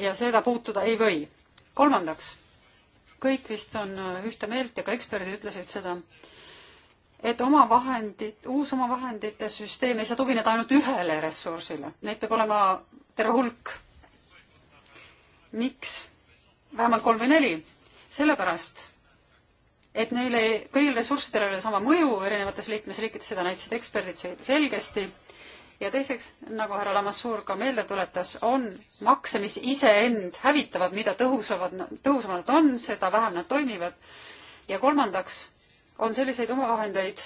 ja seda puutuda ei või. kolmandaks, kõik vist on äh, ühte meelt ja ka eksperdid ütlesid seda et omavahendid, uus omavahendite süsteem ei saa tugineda ainult ühele ressursile, neid peab olema terve hulk. miks? vähemalt kolm või neli. sellepärast, et neile, kõigil ressurssidel ei ole sama mõju erinevates liikmesriikides, seda näitasid eksperdid selgesti ja teiseks, nagu härra Lamassuur ka meelde tuletas, on makse, mis iseend hävitavad, mida tõhusamad, tõhusamad nad on, seda vähem nad toimivad. ja kolmandaks, on selliseid vahendeid,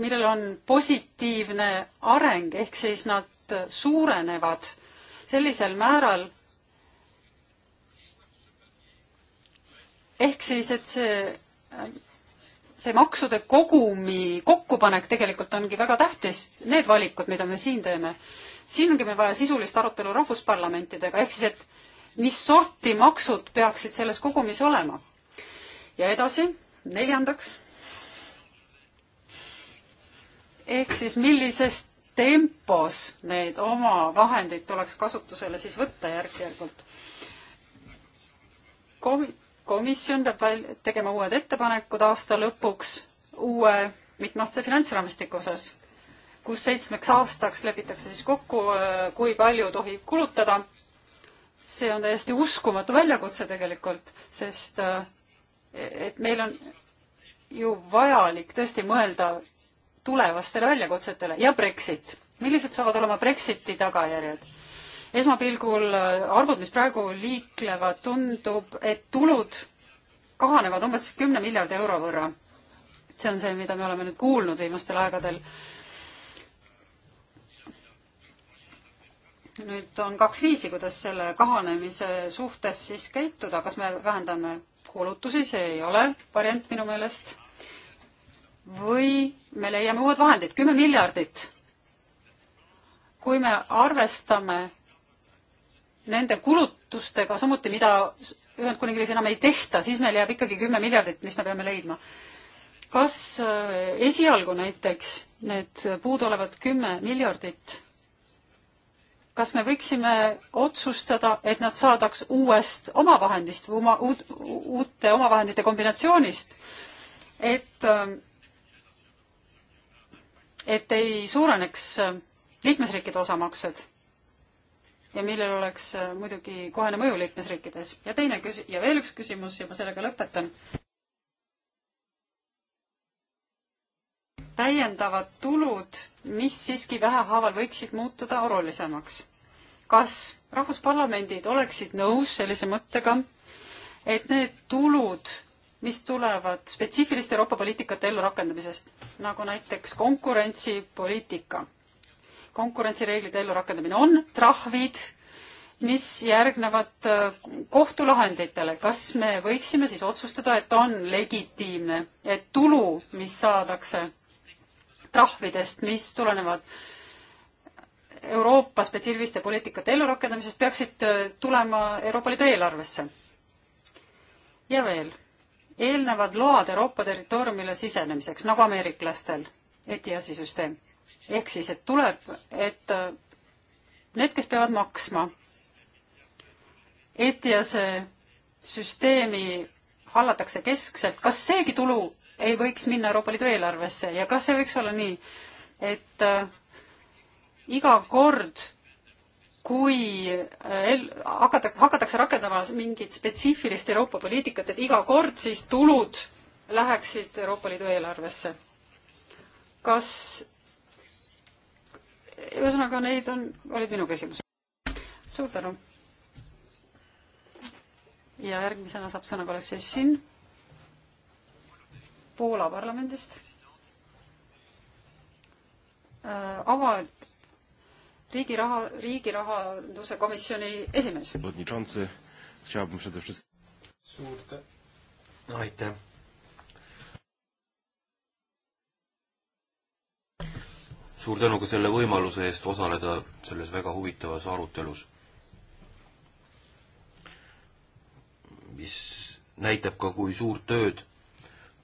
millel on positiivne areng, ehk siis nad suurenevad sellisel määral, ehk siis, et see, see maksude kogumi kokkupanek tegelikult ongi väga tähtis, need valikud, mida me siin teeme. siin ongi meil vaja sisulist arutelu rahvusparlamentidega, ehk siis, et mis sorti maksud peaksid selles kogumis olema. ja edasi neljandaks. ehk siis millises tempos need oma vahendid tuleks kasutusele siis võtta järk-järgult Kom. komisjon peab tegema uued ettepanekud aasta lõpuks uue mitmeaastase finantsraamistiku osas, kus seitsmeks aastaks lepitakse siis kokku, kui palju tohib kulutada see on täiesti uskumatu väljakutse tegelikult, sest et meil on ju vajalik tõesti mõelda tulevastele väljakutsetele ja Brexit. millised saavad olema Brexiti tagajärjed? esmapilgul äh, arvud, mis praegu liiklevad, tundub, et tulud kahanevad umbes kümne miljardi euro võrra. see on see, mida me oleme nüüd kuulnud viimastel aegadel. nüüd on kaks viisi, kuidas selle kahanemise suhtes siis käituda, kas me vähendame kulutusi, see ei ole variant minu meelest. või me leiame uued vahendid, kümme miljardit. kui me arvestame nende kulutustega samuti, mida Ühendkuningriigis enam ei tehta, siis meil jääb ikkagi kümme miljardit, mis me peame leidma. kas äh, esialgu näiteks need puuduolevad kümme miljardit kas me võiksime otsustada, et nad saadaks uuest omavahendist või oma, uut, uute omavahendite kombinatsioonist, et, et ei suureneks liikmesriikide osamaksed ja millel oleks muidugi kohene mõju liikmesriikides. ja teine küs-, ja veel üks küsimus ja ma sellega lõpetan täiendavad tulud, mis siiski vähehaaval võiksid muutuda olulisemaks. kas rahvusparlamendid oleksid nõus sellise mõttega, et need tulud, mis tulevad spetsiifiliste Euroopa poliitikate ellurakendamisest, nagu näiteks konkurentsipoliitika, konkurentsireeglite ellurakendamine, on trahvid, mis järgnevad äh, kohtulahenditele, kas me võiksime siis otsustada, et on legitiimne, et tulu, mis saadakse trahvidest, mis tulenevad Euroopa spetsiifiliste poliitikate ellurakendamisest, peaksid äh, tulema Euroopa Liidu eelarvesse. ja veel, eelnevad load Euroopa territooriumile sisenemiseks, nagu ameeriklastel, ETIAS-i süsteem. ehk siis, et tuleb, et äh, need, kes peavad maksma ETIAS-e süsteemi hallatakse keskselt, kas seegi tulu ei võiks minna Euroopa Liidu eelarvesse ja kas see võiks olla nii, et äh, iga kord, kui äh, el-, hakata, hakatakse rakendama mingit spetsiifilist Euroopa poliitikat, et iga kord siis tulud läheksid Euroopa Liidu eelarvesse. kas, ühesõnaga neid on, olid minu küsimused. suur tänu. ja järgmisena saab sõna kolleeg Sessin Poola parlamendist äh,. ava-, riigi raha, riigi rahanduse komisjoni esimees. suur tä-, aitäh. suur tänu ka selle võimaluse eest osaleda selles väga huvitavas arutelus, mis näitab ka, kui suurt tööd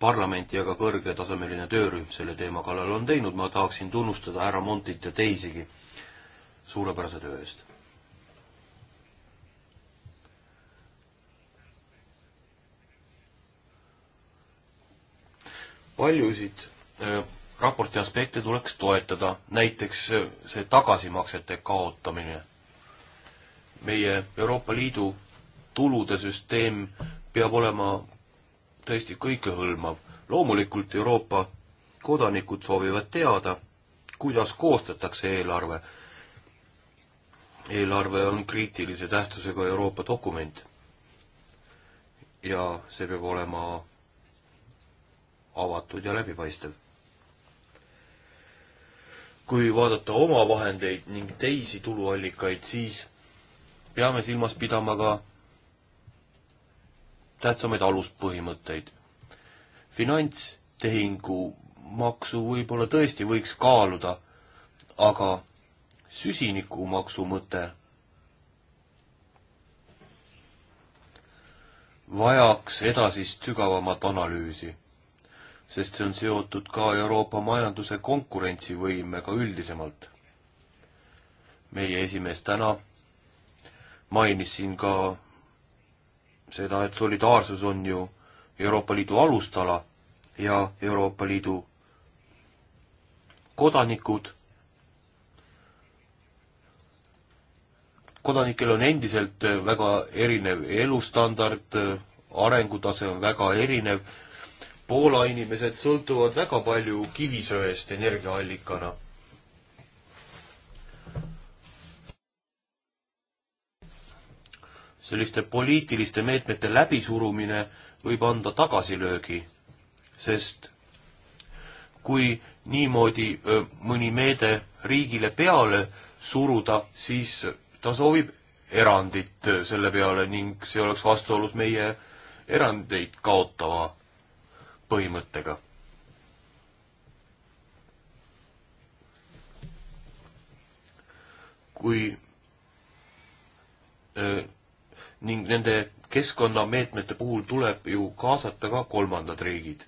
parlament ja ka kõrgetasemeline töörühm selle teema kallal on teinud, ma tahaksin tunnustada härra Montit ja teisigi suurepärase töö eest. paljusid äh, raporti aspekte tuleks toetada, näiteks äh, see tagasimaksete kaotamine. meie Euroopa Liidu tulude süsteem peab olema tõesti kõikehõlmav. loomulikult Euroopa kodanikud soovivad teada, kuidas koostatakse eelarve. eelarve on kriitilise tähtsusega Euroopa dokument. ja see peab olema avatud ja läbipaistev. kui vaadata omavahendeid ning teisi tuluallikaid, siis peame silmas pidama ka tähtsamaid aluspõhimõtteid. finantstehingu maksu võib-olla tõesti võiks kaaluda, aga süsinikumaksu mõte vajaks edasist sügavamat analüüsi, sest see on seotud ka Euroopa majanduse konkurentsivõimega üldisemalt. meie esimees täna mainis siin ka seda, et solidaarsus on ju Euroopa Liidu alustala ja Euroopa Liidu kodanikud, kodanikel on endiselt väga erinev elustandard, arengutase on väga erinev, Poola inimesed sõltuvad väga palju kivisöest energiaallikana selliste poliitiliste meetmete läbisurumine võib anda tagasilöögi, sest kui niimoodi mõni meede riigile peale suruda, siis ta soovib erandit selle peale ning see oleks vastuolus meie erandeid kaotava põhimõttega. kui ning nende keskkonnameetmete puhul tuleb ju kaasata ka kolmandad riigid.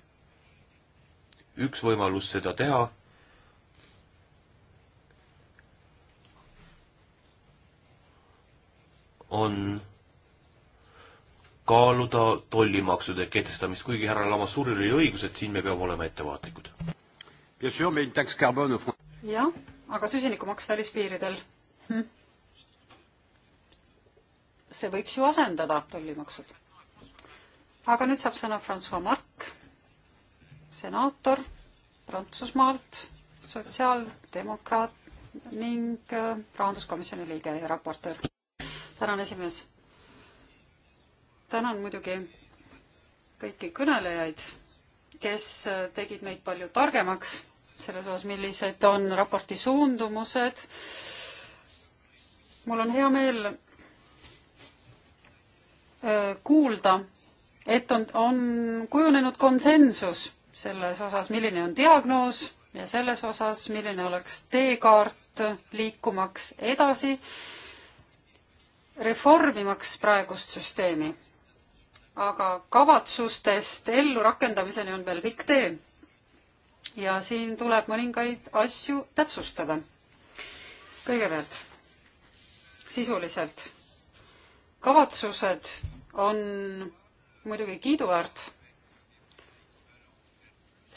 üks võimalus seda teha on kaaluda tollimaksude kehtestamist, kuigi härra Lamassuril oli õigus, et siin me peame olema ettevaatlikud. jah, aga süsinikumaks välispiiridel hm.? see võiks ju asendada tollimaksud. aga nüüd saab sõna Francois Marc, senaator Prantsusmaalt, sotsiaaldemokraat ning äh, rahanduskomisjoni liige ja raportöör. tänan, esimees. tänan muidugi kõiki kõnelejaid, kes äh, tegid meid palju targemaks selles osas, millised on raporti suundumused. mul on hea meel Äh, kuulda, et on, on kujunenud konsensus selles osas, milline on diagnoos ja selles osas, milline oleks teekaart liikumaks edasi, reformimaks praegust süsteemi. aga kavatsustest ellurakendamiseni on veel pikk tee. ja siin tuleb mõningaid asju täpsustada. kõigepealt sisuliselt kavatsused on muidugi kiiduväärt,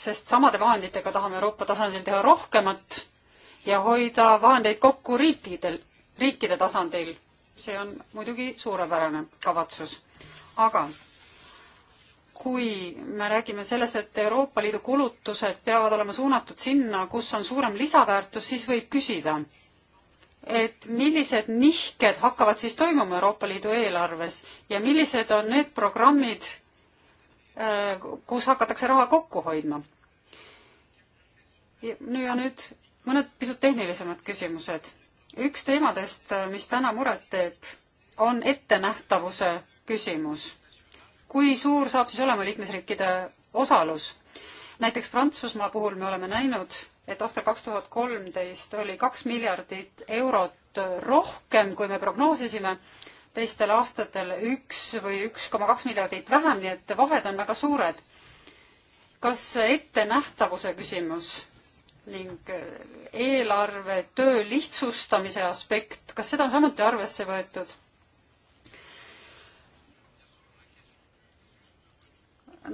sest samade vahenditega tahame Euroopa tasandil teha rohkemat ja hoida vahendeid kokku riikidel, riikide tasandil. see on muidugi suurepärane kavatsus. aga kui me räägime sellest, et Euroopa Liidu kulutused peavad olema suunatud sinna, kus on suurem lisaväärtus, siis võib küsida et millised nihked hakkavad siis toimuma Euroopa Liidu eelarves ja millised on need programmid, äh, kus hakatakse raha kokku hoidma. ja nüüd mõned pisut tehnilisemad küsimused. üks teemadest, äh, mis täna muret teeb, on ettenähtavuse küsimus. kui suur saab siis olema liikmesriikide osalus? näiteks Prantsusmaa puhul me oleme näinud, et aastal kaks tuhat kolmteist oli kaks miljardit eurot rohkem, kui me prognoosisime, teistel aastatel üks või üks koma kaks miljardit vähem, nii et vahed on väga suured. kas ettenähtavuse küsimus ning eelarve töö lihtsustamise aspekt, kas seda on samuti arvesse võetud?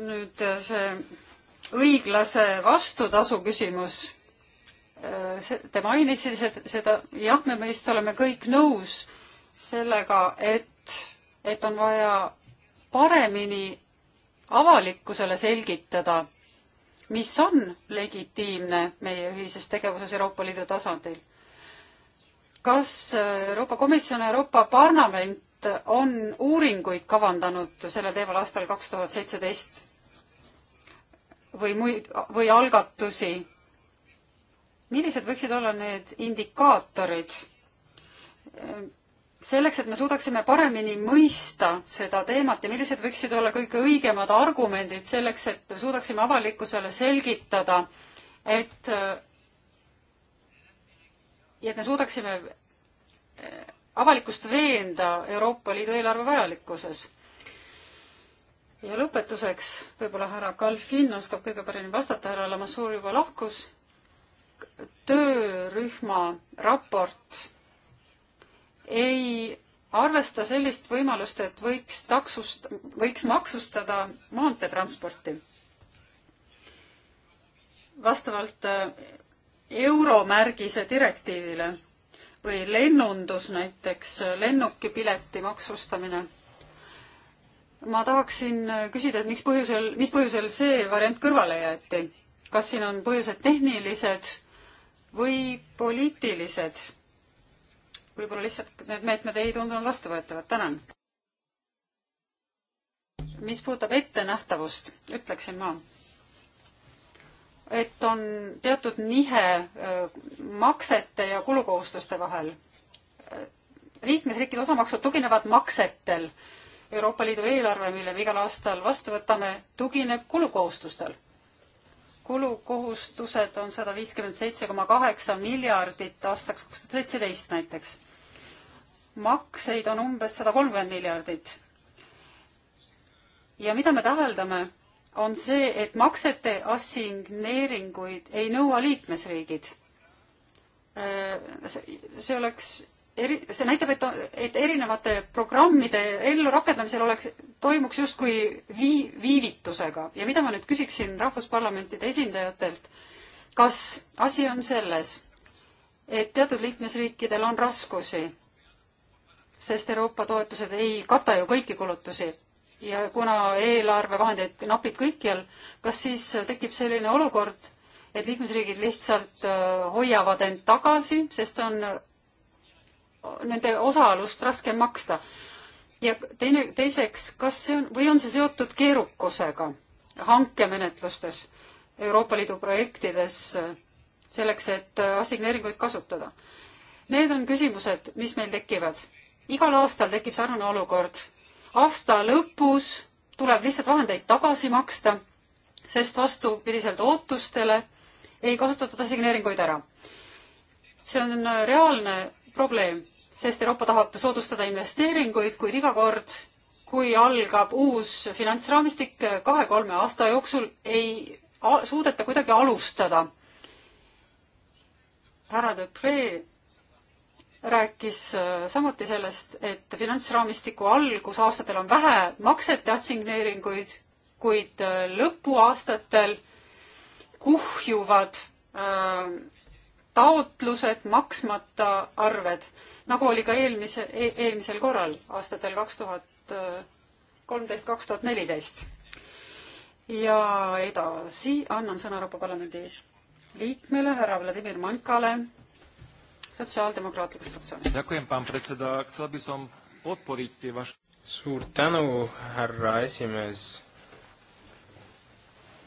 nüüd see õiglase vastutasu küsimus Äh, te mainisite seda, jah, me vist oleme kõik nõus sellega, et, et on vaja paremini avalikkusele selgitada, mis on legitiimne meie ühises tegevuses Euroopa Liidu tasandil. kas äh, Euroopa Komisjon ja Euroopa Parlament on uuringuid kavandanud sellel teemal aastal kaks tuhat seitseteist või muid, või algatusi millised võiksid olla need indikaatorid ehm, selleks, et me suudaksime paremini mõista seda teemat ja millised võiksid olla kõige õigemad argumendid selleks, et suudaksime avalikkusele selgitada, et ehm, ja et me suudaksime ehm, avalikkust veenda Euroopa Liidu eelarve vajalikkuses. ja lõpetuseks võib-olla härra Kalfin oskab kõige paremini vastata, härra Lamassoor juba lahkus töörühma raport ei arvesta sellist võimalust, et võiks taksust, võiks maksustada maanteetransporti. vastavalt äh, euromärgise direktiivile või lennundus näiteks, lennukipileti maksustamine. ma tahaksin äh, küsida, et miks põhjusel, mis põhjusel see variant kõrvale jäeti? kas siin on põhjused tehnilised või poliitilised. võib-olla lihtsalt need meetmed ei tundunud vastuvõetavad, tänan. mis puudutab ettenähtavust, ütleksin ma, et on teatud nihe äh, maksete ja kulukohustuste vahel. Äh, liikmesriikide osamaksud tuginevad maksetel Euroopa Liidu eelarve, mille me igal aastal vastu võtame, tugineb kulukohustustel kulukohustused on sada viiskümmend seitse koma kaheksa miljardit aastaks kaks tuhat seitseteist näiteks. makseid on umbes sada kolmkümmend miljardit. ja mida me täheldame, on see, et maksete assigneeringuid ei nõua liikmesriigid. Äh, see oleks eri, see näitab, et, et erinevate programmide ellurakendamisel oleks, toimuks justkui vii-, viivitusega ja mida ma nüüd küsiksin rahvusparlamentide esindajatelt, kas asi on selles, et teatud liikmesriikidel on raskusi, sest Euroopa toetused ei kata ju kõiki kulutusi ja kuna eelarvevahendeid napib kõikjal, kas siis tekib selline olukord, et liikmesriigid lihtsalt äh, hoiavad end tagasi, sest on nende osalust raske maksta. ja teine, teiseks, kas see on, või on see seotud keerukusega hankemenetlustes Euroopa Liidu projektides selleks, et assigneeringuid kasutada? Need on küsimused, mis meil tekivad. igal aastal tekib sarnane olukord. aasta lõpus tuleb lihtsalt vahendeid tagasi maksta, sest vastupidiselt ootustele ei kasutatud assigneeringuid ära. see on reaalne probleem sest Euroopa tahab soodustada investeeringuid, kuid iga kord, kui algab uus finantsraamistik kahe-kolme aasta jooksul, ei suudeta kuidagi alustada. härra Depree rääkis äh, samuti sellest, et finantsraamistiku algusaastatel on vähe maksete assigneeringuid, kuid äh, lõpuaastatel kuhjuvad äh, taotlused, maksmata arved nagu oli ka eelmise e, eelmisel korral aastatel kaks tuhat kolmteist, kaks tuhat neliteist. ja edasi annan sõna Euroopa Parlamendi liikmele, härra Vladimir Mankale, Sotsiaaldemokraatlikust fraktsioonist. suur tänu, härra esimees.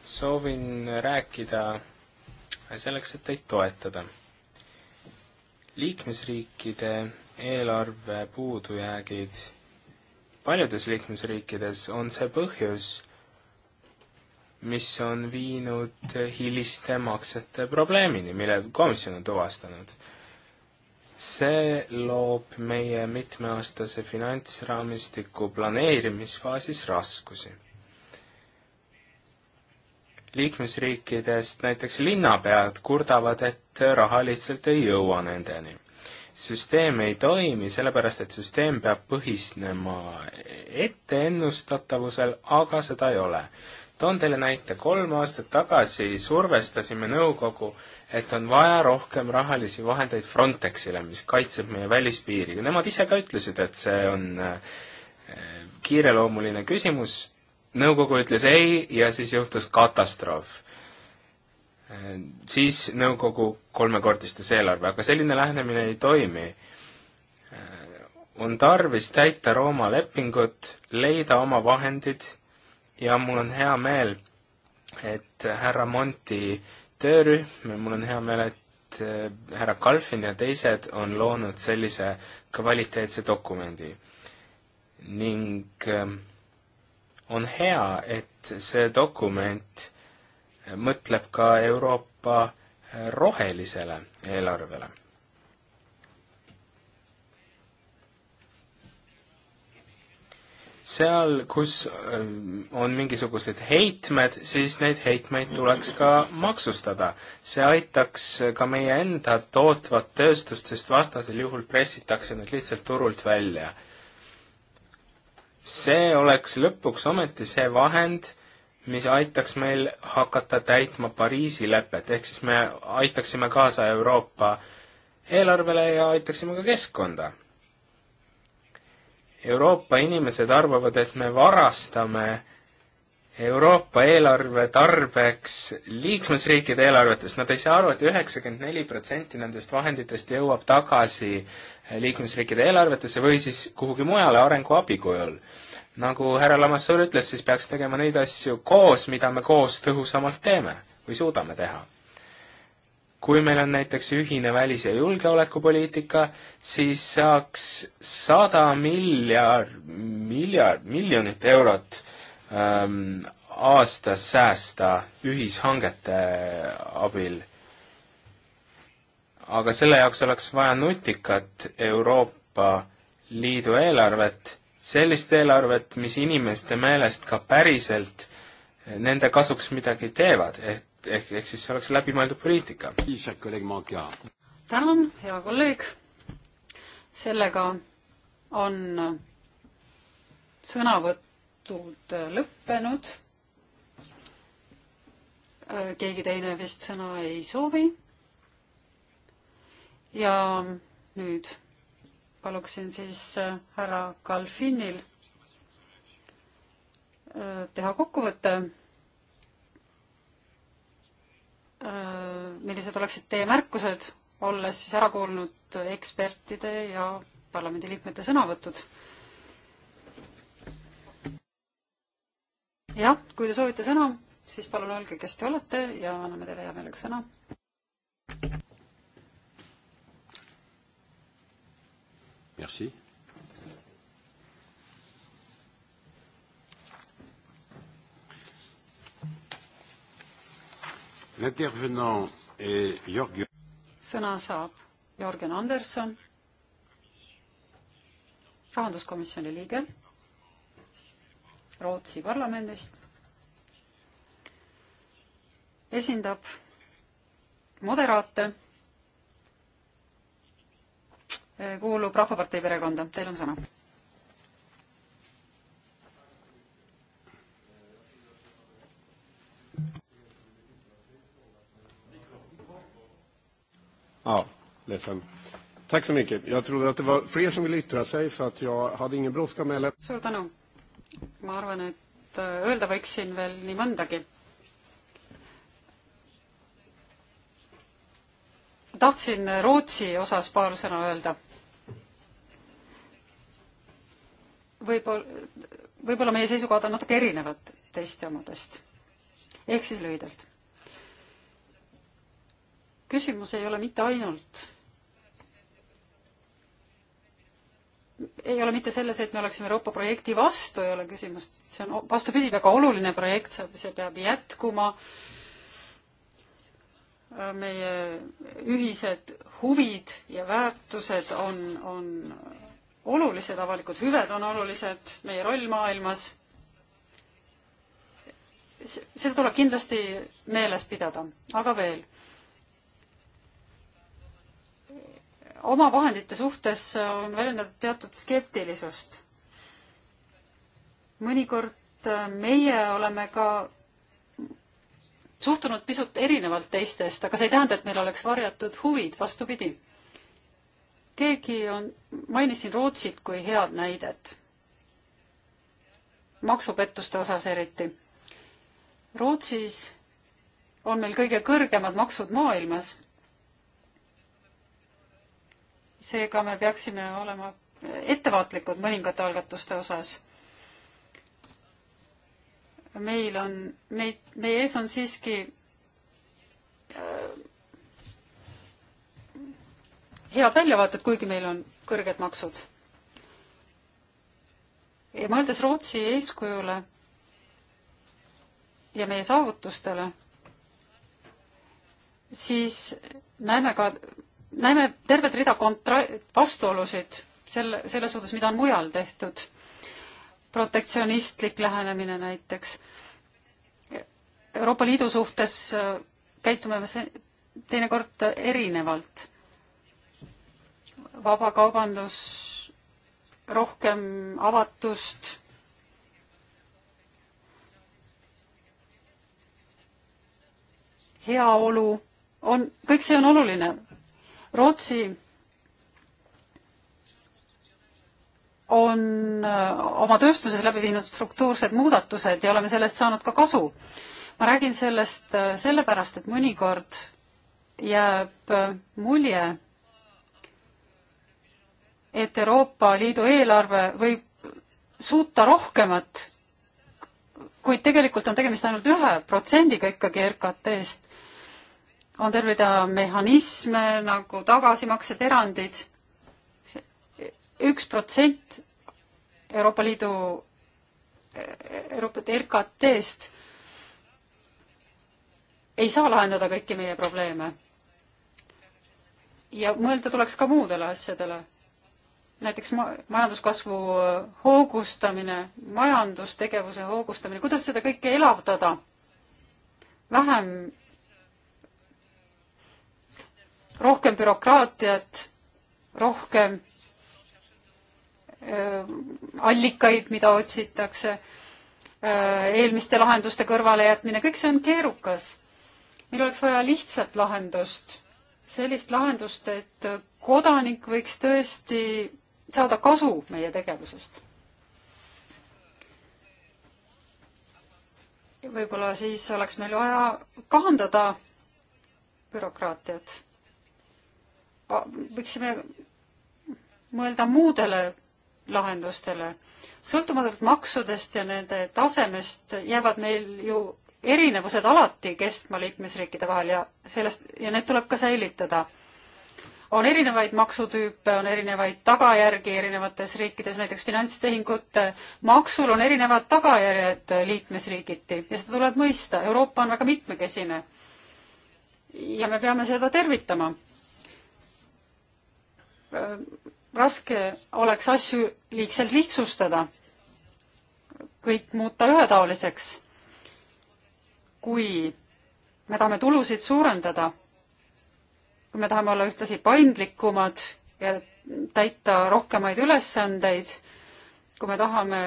soovin rääkida selleks, et teid toetada liikmesriikide eelarve puudujäägid, paljudes liikmesriikides on see põhjus, mis on viinud hiliste maksete probleemini, mille komisjon on tuvastanud. see loob meie mitmeaastase finantsraamistiku planeerimisfaasis raskusi liikmesriikidest näiteks linnapead kurdavad, et raha lihtsalt ei jõua nendeni. süsteem ei toimi, sellepärast et süsteem peab põhisnema etteennustatavusel, aga seda ei ole. toon teile näite, kolm aastat tagasi survestasime nõukogu, et on vaja rohkem rahalisi vahendeid Frontexile, mis kaitseb meie välispiiri ja nemad ise ka ütlesid, et see on äh, kiireloomuline küsimus, nõukogu ütles ei ja siis juhtus katastroof. siis nõukogu kolmekordistas eelarve, aga selline lähenemine ei toimi. on tarvis täita Rooma lepingut, leida oma vahendid ja mul on hea meel, et härra Monti töörühm ja mul on hea meel, et eh, härra Kalfin ja teised on loonud sellise kvaliteetse dokumendi. ning äh, on hea, et see dokument mõtleb ka Euroopa rohelisele eelarvele. seal, kus äh, on mingisugused heitmed, siis neid heitmeid tuleks ka maksustada. see aitaks ka meie enda tootvat tööstust, sest vastasel juhul pressitakse nad lihtsalt turult välja see oleks lõpuks ometi see vahend, mis aitaks meil hakata täitma Pariisi lepet, ehk siis me aitaksime kaasa Euroopa eelarvele ja aitaksime ka keskkonda. Euroopa inimesed arvavad, et me varastame Euroopa eelarve tarbeks liikmesriikide eelarvetest, nad ei saa aru et, et üheksakümmend neli protsenti nendest vahenditest jõuab tagasi liikmesriikide eelarvetesse või siis kuhugi mujale arenguabi kujul. nagu härra Lamassoor ütles, siis peaks tegema neid asju koos, mida me koos tõhusamalt teeme või suudame teha kui meil on näiteks ühine välis- ja julgeolekupoliitika, siis saaks sada miljard, miljard, miljonit eurot ähm, aastas säästa ühishangete abil. aga selle jaoks oleks vaja nutikat Euroopa Liidu eelarvet, sellist eelarvet, mis inimeste meelest ka päriselt nende kasuks midagi teevad, ehk, ehk, ehk siis see oleks läbimõeldud poliitika. tänan, hea kolleeg. sellega on sõnavõtt õhtult äh, lõppenud. Äh, keegi teine vist sõna ei soovi. ja nüüd paluksin siis äh, härra Kalfinil teha kokkuvõte. millised oleksid teie märkused, olles siis ära kuulnud ekspertide ja parlamendiliikmete sõnavõtud? jah, kui te soovite sõna, siis palun öelge, kes te olete ja anname teile hea meelega sõna. Merci. sõna saab Jörgen Anderson, rahanduskomisjoni liige Rootsi parlamendist, esindab moderaate, kuulub Rahvapartei perekonda, teil on sõna. Ja, ledsen. Tack så mycket. Jag trodde att det var fler som ville yttra sig så att jag hade ingen brådska med det. Suur tänu ma arvan, et äh, öelda võiksin veel nii mõndagi. tahtsin Rootsi osas paar sõna öelda võib-olla, võib-olla meie seisukohad on natuke erinevad teiste omadest. ehk siis lühidalt. küsimus ei ole mitte ainult ei ole mitte selles, et me oleksime Euroopa projekti vastu, ei ole küsimust, see on vastupidi, väga oluline projekt, see peab jätkuma. meie ühised huvid ja väärtused on, on olulised, avalikud hüved on olulised, meie roll maailmas. seda tuleb kindlasti meeles pidada, aga veel omavahendite suhtes äh, on väljendatud teatud skeptilisust. mõnikord äh, meie oleme ka suhtunud pisut erinevalt teistest, aga see ei tähenda, et meil oleks varjatud huvid, vastupidi. keegi on, mainis siin Rootsit kui head näidet. maksupettuste osas eriti. Rootsis on meil kõige kõrgemad maksud maailmas seega me peaksime olema ettevaatlikud mõningate algatuste osas. meil on, meid, meie ees on siiski äh, head väljavaated, kuigi meil on kõrged maksud. ja mõeldes Rootsi eeskujule ja meie saavutustele, siis näeme ka näeme tervet rida kontra-, vastuolusid selle, selles suhtes, mida on mujal tehtud. protektsionistlik lähenemine näiteks. Euroopa Liidu suhtes äh, käitume me teinekord erinevalt. vabakaubandus, rohkem avatust heaolu on, kõik see on oluline, Rootsi on äh, oma tööstuses läbi viinud struktuursed muudatused ja oleme sellest saanud ka kasu. ma räägin sellest äh, sellepärast, et mõnikord jääb äh, mulje, et Euroopa Liidu eelarve võib suuta rohkemat, kuid tegelikult on tegemist ainult ühe protsendiga ikkagi RKT-st on terve rida mehhanisme nagu tagasimaksed, erandid. üks protsent Euroopa Liidu, Euroopa RKT-st ei saa lahendada kõiki meie probleeme. ja mõelda tuleks ka muudele asjadele. näiteks ma-, majanduskasvu hoogustamine, majandustegevuse hoogustamine, kuidas seda kõike elavdada? vähem rohkem bürokraatiat, rohkem allikaid, mida otsitakse, eelmiste lahenduste kõrvalejätmine, kõik see on keerukas. meil oleks vaja lihtsat lahendust, sellist lahendust, et kodanik võiks tõesti saada kasu meie tegevusest. võib-olla siis oleks meil vaja kahandada bürokraatiat võiksime mõelda muudele lahendustele. sõltumatult maksudest ja nende tasemest jäävad meil ju erinevused alati kestma liikmesriikide vahel ja sellest, ja need tuleb ka säilitada. on erinevaid maksutüüpe, on erinevaid tagajärgi erinevates riikides, näiteks finantstehingute maksul on erinevad tagajärjed liikmesriigiti ja seda tuleb mõista, Euroopa on väga mitmekesine. ja me peame seda tervitama Äh, raske oleks asju liigselt lihtsustada, kõik muuta ühetaoliseks. kui me tahame tulusid suurendada, kui me tahame olla ühtlasi paindlikumad ja täita rohkemaid ülesandeid, kui me tahame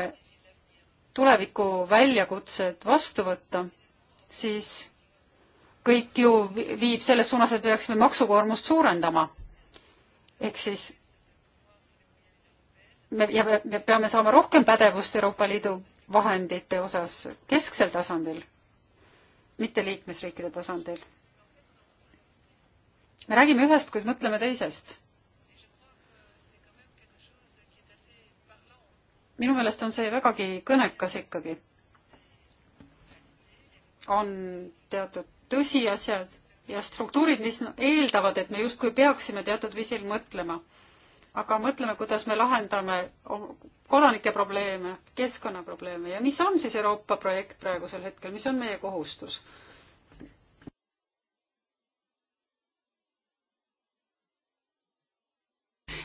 tuleviku väljakutsed vastu võtta, siis kõik ju viib selles suunas, et peaksime maksukoormust suurendama ehk siis me, ja me, me peame saama rohkem pädevust Euroopa Liidu vahendite osas kesksel tasandil, mitte liikmesriikide tasandil. me räägime ühest, kuid mõtleme teisest. minu meelest on see vägagi kõnekas ikkagi. on teatud tõsiasjad ja struktuurid, mis eeldavad, et me justkui peaksime teatud viisil mõtlema. aga mõtleme, kuidas me lahendame kodanike probleeme, keskkonnaprobleeme ja mis on siis Euroopa projekt praegusel hetkel, mis on meie kohustus?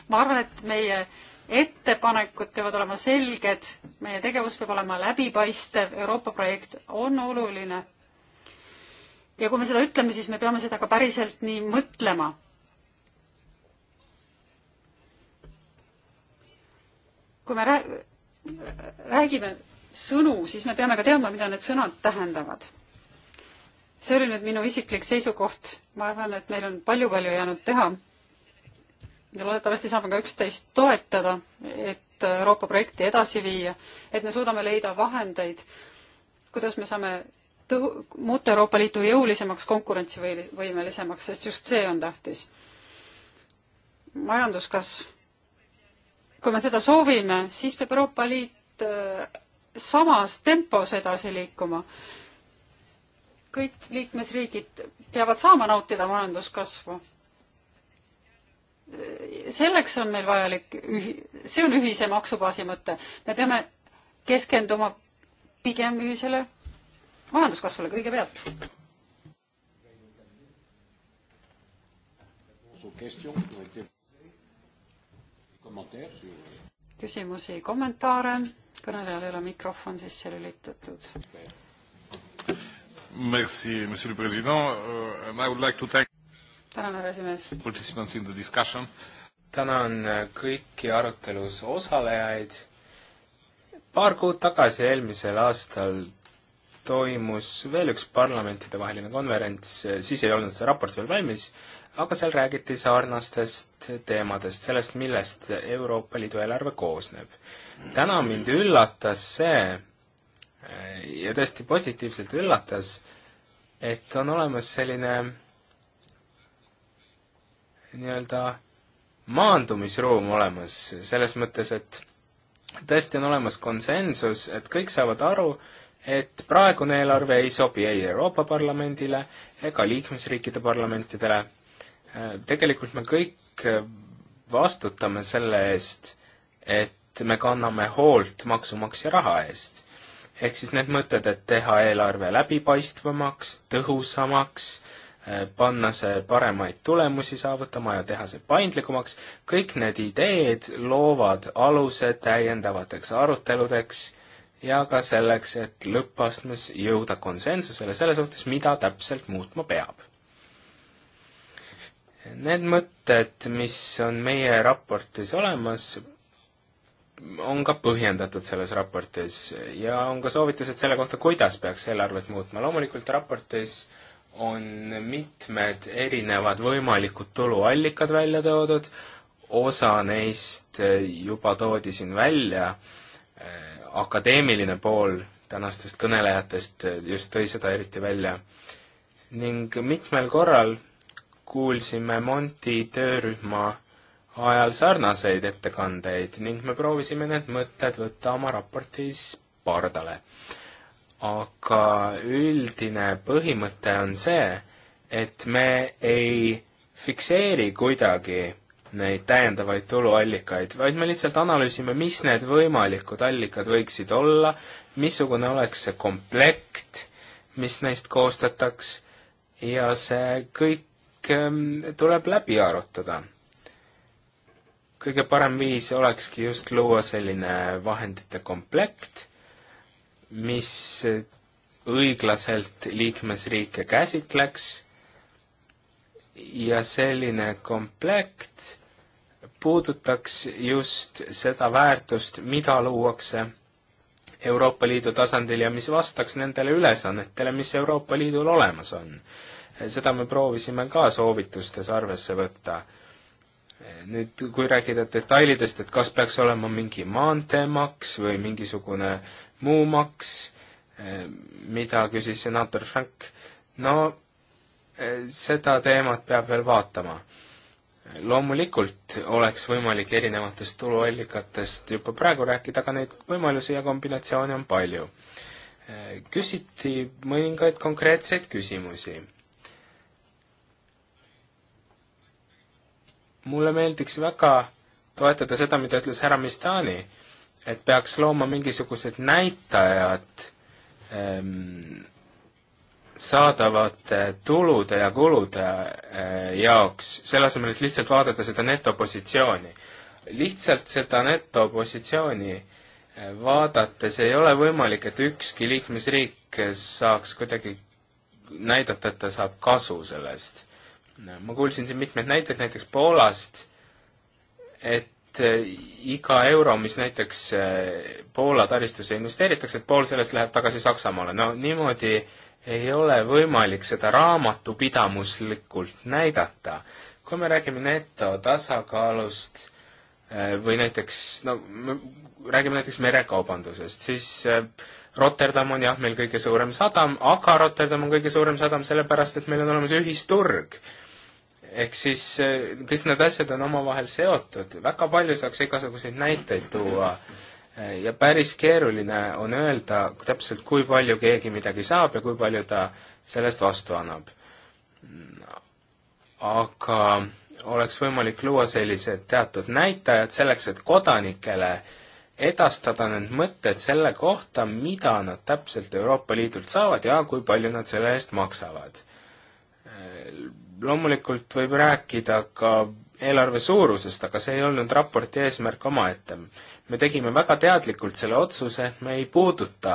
ma arvan, et meie ettepanekud peavad olema selged, meie tegevus peab olema läbipaistev, Euroopa projekt on oluline ja kui me seda ütleme, siis me peame seda ka päriselt nii mõtlema. kui me räägime sõnu, siis me peame ka teadma, mida need sõnad tähendavad. see oli nüüd minu isiklik seisukoht. ma arvan, et meil on palju-palju jäänud teha. ja loodetavasti saame ka üksteist toetada, et Euroopa projekti edasi viia, et me suudame leida vahendeid, kuidas me saame tõhu-, muuta Euroopa Liitu jõulisemaks, konkurentsivõimelisemaks, sest just see on tähtis. majanduskasv. kui me seda soovime, siis peab Euroopa Liit äh, samas tempos edasi liikuma. kõik liikmesriigid peavad saama nautida majanduskasvu. selleks on meil vajalik ühi-, see on ühise maksubaasi mõte. me peame keskenduma pigem ühisele majanduskasvule kõigepealt. küsimusi, kommentaare? kõnelejal ei ole mikrofon sisse lülitatud. Merci, monsieur le president uh,. I would like to thank tänan, härra esimees. Participants in the discussion. tänan uh, kõiki arutelus osalejaid. paar kuud tagasi, eelmisel aastal toimus veel üks parlamentidevaheline konverents, siis ei olnud see raport veel valmis, aga seal räägiti sarnastest teemadest, sellest, millest Euroopa Liidu eelarve koosneb. täna mind üllatas see, ja tõesti positiivselt üllatas, et on olemas selline nii-öelda maandumisruum olemas, selles mõttes, et tõesti on olemas konsensus, et kõik saavad aru, et praegune eelarve ei sobi ei Euroopa Parlamendile ega liikmesriikide parlamentidele. Äh, tegelikult me kõik äh, vastutame selle eest, et me kanname hoolt maksumaksja raha eest. ehk siis need mõtted, et teha eelarve läbipaistvamaks, tõhusamaks, äh, panna see paremaid tulemusi saavutama ja teha see paindlikumaks, kõik need ideed loovad aluse täiendavateks aruteludeks ja ka selleks, et lõppastmes jõuda konsensusele selle suhtes, mida täpselt muutma peab. Need mõtted, mis on meie raportis olemas, on ka põhjendatud selles raportis ja on ka soovitused selle kohta, kuidas peaks eelarvet muutma. loomulikult raportis on mitmed erinevad võimalikud tuluallikad välja toodud, osa neist juba toodi siin välja akadeemiline pool tänastest kõnelejatest eh, just tõi seda eriti välja. ning mitmel korral kuulsime Monti töörühma ajal sarnaseid ettekandeid ning me proovisime need mõtted võtta oma raportis pardale. aga üldine põhimõte on see, et me ei fikseeri kuidagi neid täiendavaid tuluallikaid, vaid me lihtsalt analüüsime, mis need võimalikud allikad võiksid olla, missugune oleks see komplekt, mis neist koostataks ja see kõik ähm, tuleb läbi arutada. kõige parem viis olekski just luua selline vahendite komplekt, mis õiglaselt liikmesriike käsitleks ja selline komplekt puudutaks just seda väärtust, mida luuakse Euroopa Liidu tasandil ja mis vastaks nendele ülesannetele, mis Euroopa Liidul olemas on. seda me proovisime ka soovitustes arvesse võtta. nüüd, kui rääkida detailidest, et kas peaks olema mingi maanteemaks või mingisugune muu maks, mida küsis senaator Frank, no seda teemat peab veel vaatama loomulikult oleks võimalik erinevatest tuluallikatest juba praegu rääkida, aga neid võimalusi ja kombinatsioone on palju. küsiti mõningaid konkreetseid küsimusi. mulle meeldiks väga toetada seda, mida ütles härra Mistani, et peaks looma mingisugused näitajad ähm, saadavate tulude ja kulude eh, jaoks, selle asemel, et lihtsalt vaadata seda netopositsiooni. lihtsalt seda netopositsiooni eh, vaadates ei ole võimalik, et ükski liikmesriik saaks kuidagi näidata, et ta saab kasu sellest. ma kuulsin siin mitmeid näiteid, näiteks Poolast, et eh, iga euro, mis näiteks Poola taristusse investeeritakse, et pool sellest läheb tagasi Saksamaale. no niimoodi ei ole võimalik seda raamatupidamuslikult näidata. kui me räägime netotasakaalust eh, või näiteks, no me räägime näiteks merekaubandusest, siis eh, Rotterdam on jah, meil kõige suurem sadam, aga Rotterdam on kõige suurem sadam sellepärast, et meil on olemas ühisturg. ehk siis eh, kõik need asjad on omavahel seotud, väga palju saaks igasuguseid näiteid tuua äh, ja päris keeruline on öelda täpselt, kui palju keegi midagi saab ja kui palju ta sellest vastu annab. aga oleks võimalik luua sellised teatud näitajad selleks, et kodanikele edastada need mõtted selle kohta, mida nad täpselt Euroopa Liidult saavad ja kui palju nad selle eest maksavad. loomulikult võib rääkida ka eelarve suurusest, aga see ei olnud raporti eesmärk omaette me tegime väga teadlikult selle otsuse, et me ei puuduta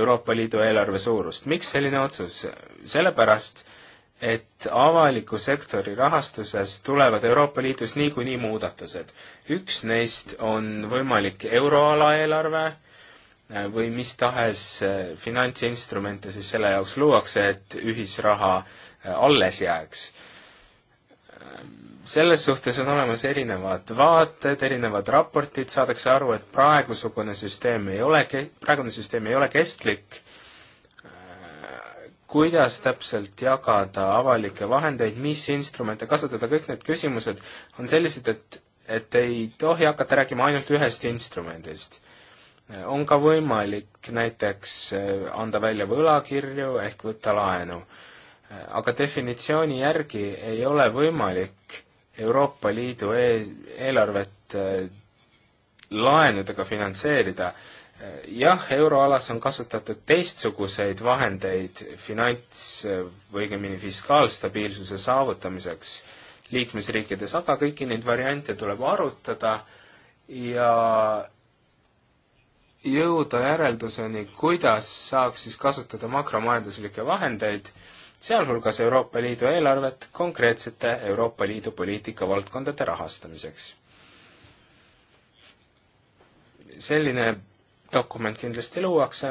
Euroopa Liidu eelarve suurust. miks selline otsus? sellepärast, et avaliku sektori rahastuses tulevad Euroopa Liidus niikuinii muudatused. üks neist on võimalik euroala eelarve äh, või mis tahes äh, finantsinstrumente siis selle jaoks luuakse, et ühisraha äh, alles jääks selles suhtes on olemas erinevad vaated, erinevad raportid, saadakse aru, et praegusugune süsteem ei ole, praegune süsteem ei ole kestlik. kuidas täpselt jagada avalikke vahendeid, mis instrumente kasutada, kõik need küsimused on sellised, et, et ei tohi hakata rääkima ainult ühest instrumendist on ka võimalik näiteks eh, anda välja võlakirju ehk võtta laenu. aga definitsiooni järgi ei ole võimalik Euroopa Liidu e eelarvet äh, laenudega finantseerida. jah, euroalas on kasutatud teistsuguseid vahendeid finants äh, või õigemini fiskaalstabiilsuse saavutamiseks liikmesriikides, aga kõiki neid variante tuleb arutada ja jõuda järelduseni, kuidas saaks siis kasutada makromajanduslikke vahendeid sealhulgas Euroopa Liidu eelarvet konkreetsete Euroopa Liidu poliitikavaldkondade rahastamiseks. selline dokument kindlasti luuakse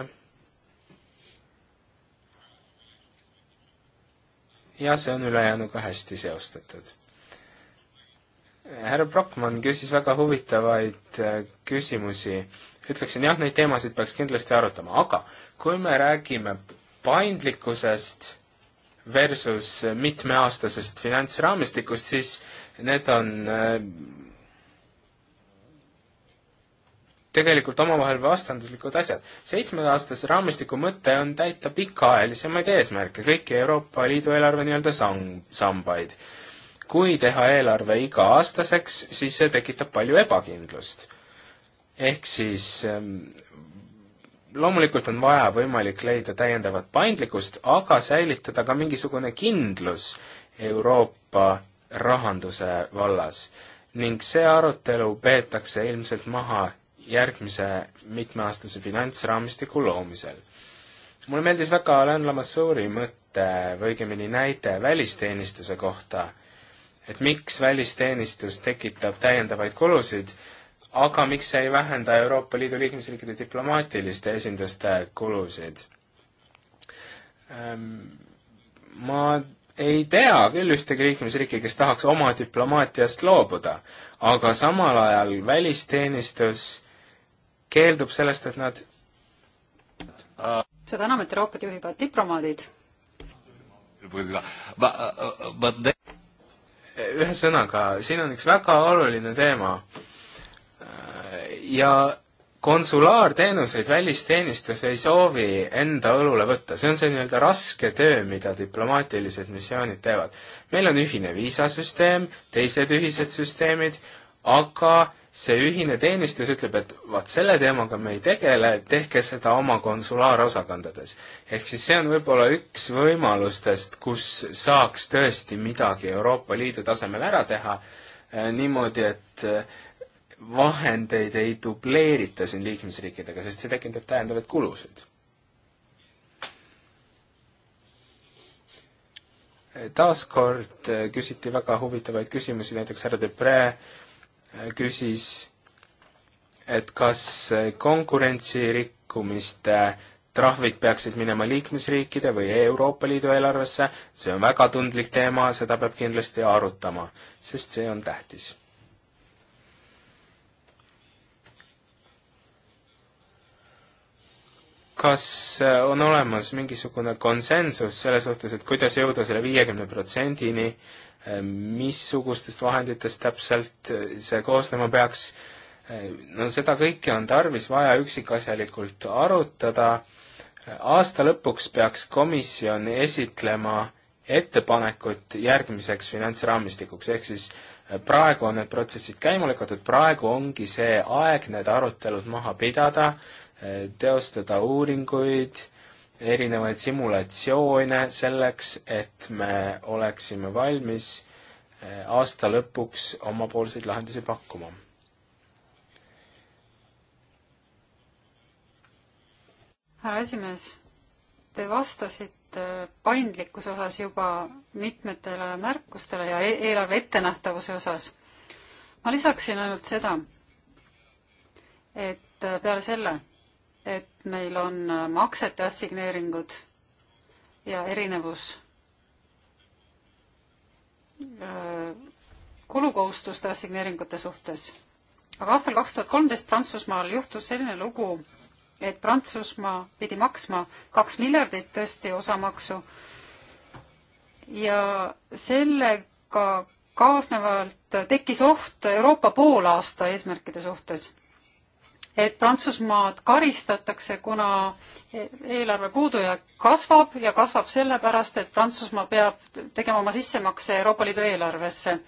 ja see on ülejäänuga hästi seostatud. härra Brockmann küsis väga huvitavaid äh, küsimusi. ütleksin jah, neid teemasid peaks kindlasti arutama, aga kui me räägime paindlikkusest versus mitmeaastasest finantsraamistikust, siis need on äh, tegelikult omavahel vastandlikud asjad. seitsmeaastase raamistiku mõte on täita pikaajalisemaid eesmärke, kõiki Euroopa Liidu eelarve nii-öelda sam-, sambaid. kui teha eelarve iga-aastaseks, siis see tekitab palju ebakindlust. ehk siis ähm, loomulikult on vaja võimalik leida täiendavat paindlikkust, aga säilitada ka mingisugune kindlus Euroopa rahanduse vallas. ning see arutelu peetakse ilmselt maha järgmise mitmeaastase finantsraamistiku loomisel. mulle meeldis väga Alain Lamassouri mõte või õigemini näide välisteenistuse kohta, et miks välisteenistus tekitab täiendavaid kulusid aga miks see ei vähenda Euroopa Liidu liikmesriikide diplomaatiliste esinduste kulusid? Ehm, ma ei tea küll ühtegi liikmesriiki, kes tahaks oma diplomaatiast loobuda, aga samal ajal välisteenistus keeldub sellest, et nad seda enam, et Euroopat juhivad diplomaadid. Uh, uh, ühesõnaga, siin on üks väga oluline teema ja konsulaarteenuseid välisteenistus ei soovi enda õlule võtta, see on see nii-öelda raske töö, mida diplomaatilised missioonid teevad. meil on ühine viisasüsteem, teised ühised süsteemid, aga see ühine teenistus ütleb, et vaat selle teemaga me ei tegele, tehke seda oma konsulaarosakondades. ehk siis see on võib-olla üks võimalustest, kus saaks tõesti midagi Euroopa Liidu tasemel ära teha, eh, niimoodi, et eh, vahendeid ei dubleerita siin liikmesriikidega, sest see tekitab täiendavaid kulusid. taaskord äh, küsiti väga huvitavaid küsimusi, näiteks härra Debre äh, küsis, et kas äh, konkurentsirikkumiste trahvid peaksid minema liikmesriikide või Euroopa Liidu eelarvesse, see on väga tundlik teema, seda peab kindlasti arutama, sest see on tähtis kas äh, on olemas mingisugune konsensus selles suhtes, et kuidas jõuda selle viiekümne protsendini, äh, missugustest vahenditest täpselt äh, see koosnema peaks, no seda kõike on tarvis vaja üksikasjalikult arutada, aasta lõpuks peaks komisjon esitlema ettepanekut järgmiseks finantsraamistikuks, ehk siis praegu on need protsessid käima lükatud, praegu ongi see aeg need arutelud maha pidada, teostada uuringuid, erinevaid simulatsioone selleks, et me oleksime valmis eh, aasta lõpuks omapoolseid lahendusi pakkuma. härra esimees, te vastasite paindlikkuse osas juba mitmetele märkustele ja e eelarve ettenähtavuse osas. ma lisaksin ainult seda, et peale selle et meil on äh, maksete assigneeringud ja erinevus äh, kulukohustuste assigneeringute suhtes. aga aastal kaks tuhat kolmteist Prantsusmaal juhtus selline lugu, et Prantsusmaa pidi maksma kaks miljardit tõesti osamaksu ja sellega kaasnevalt tekkis oht Euroopa poolaasta eesmärkide suhtes et Prantsusmaad karistatakse, kuna eelarve puudujääk kasvab ja kasvab sellepärast, et Prantsusmaa peab tegema oma sissemakse Euroopa Liidu eelarvesse.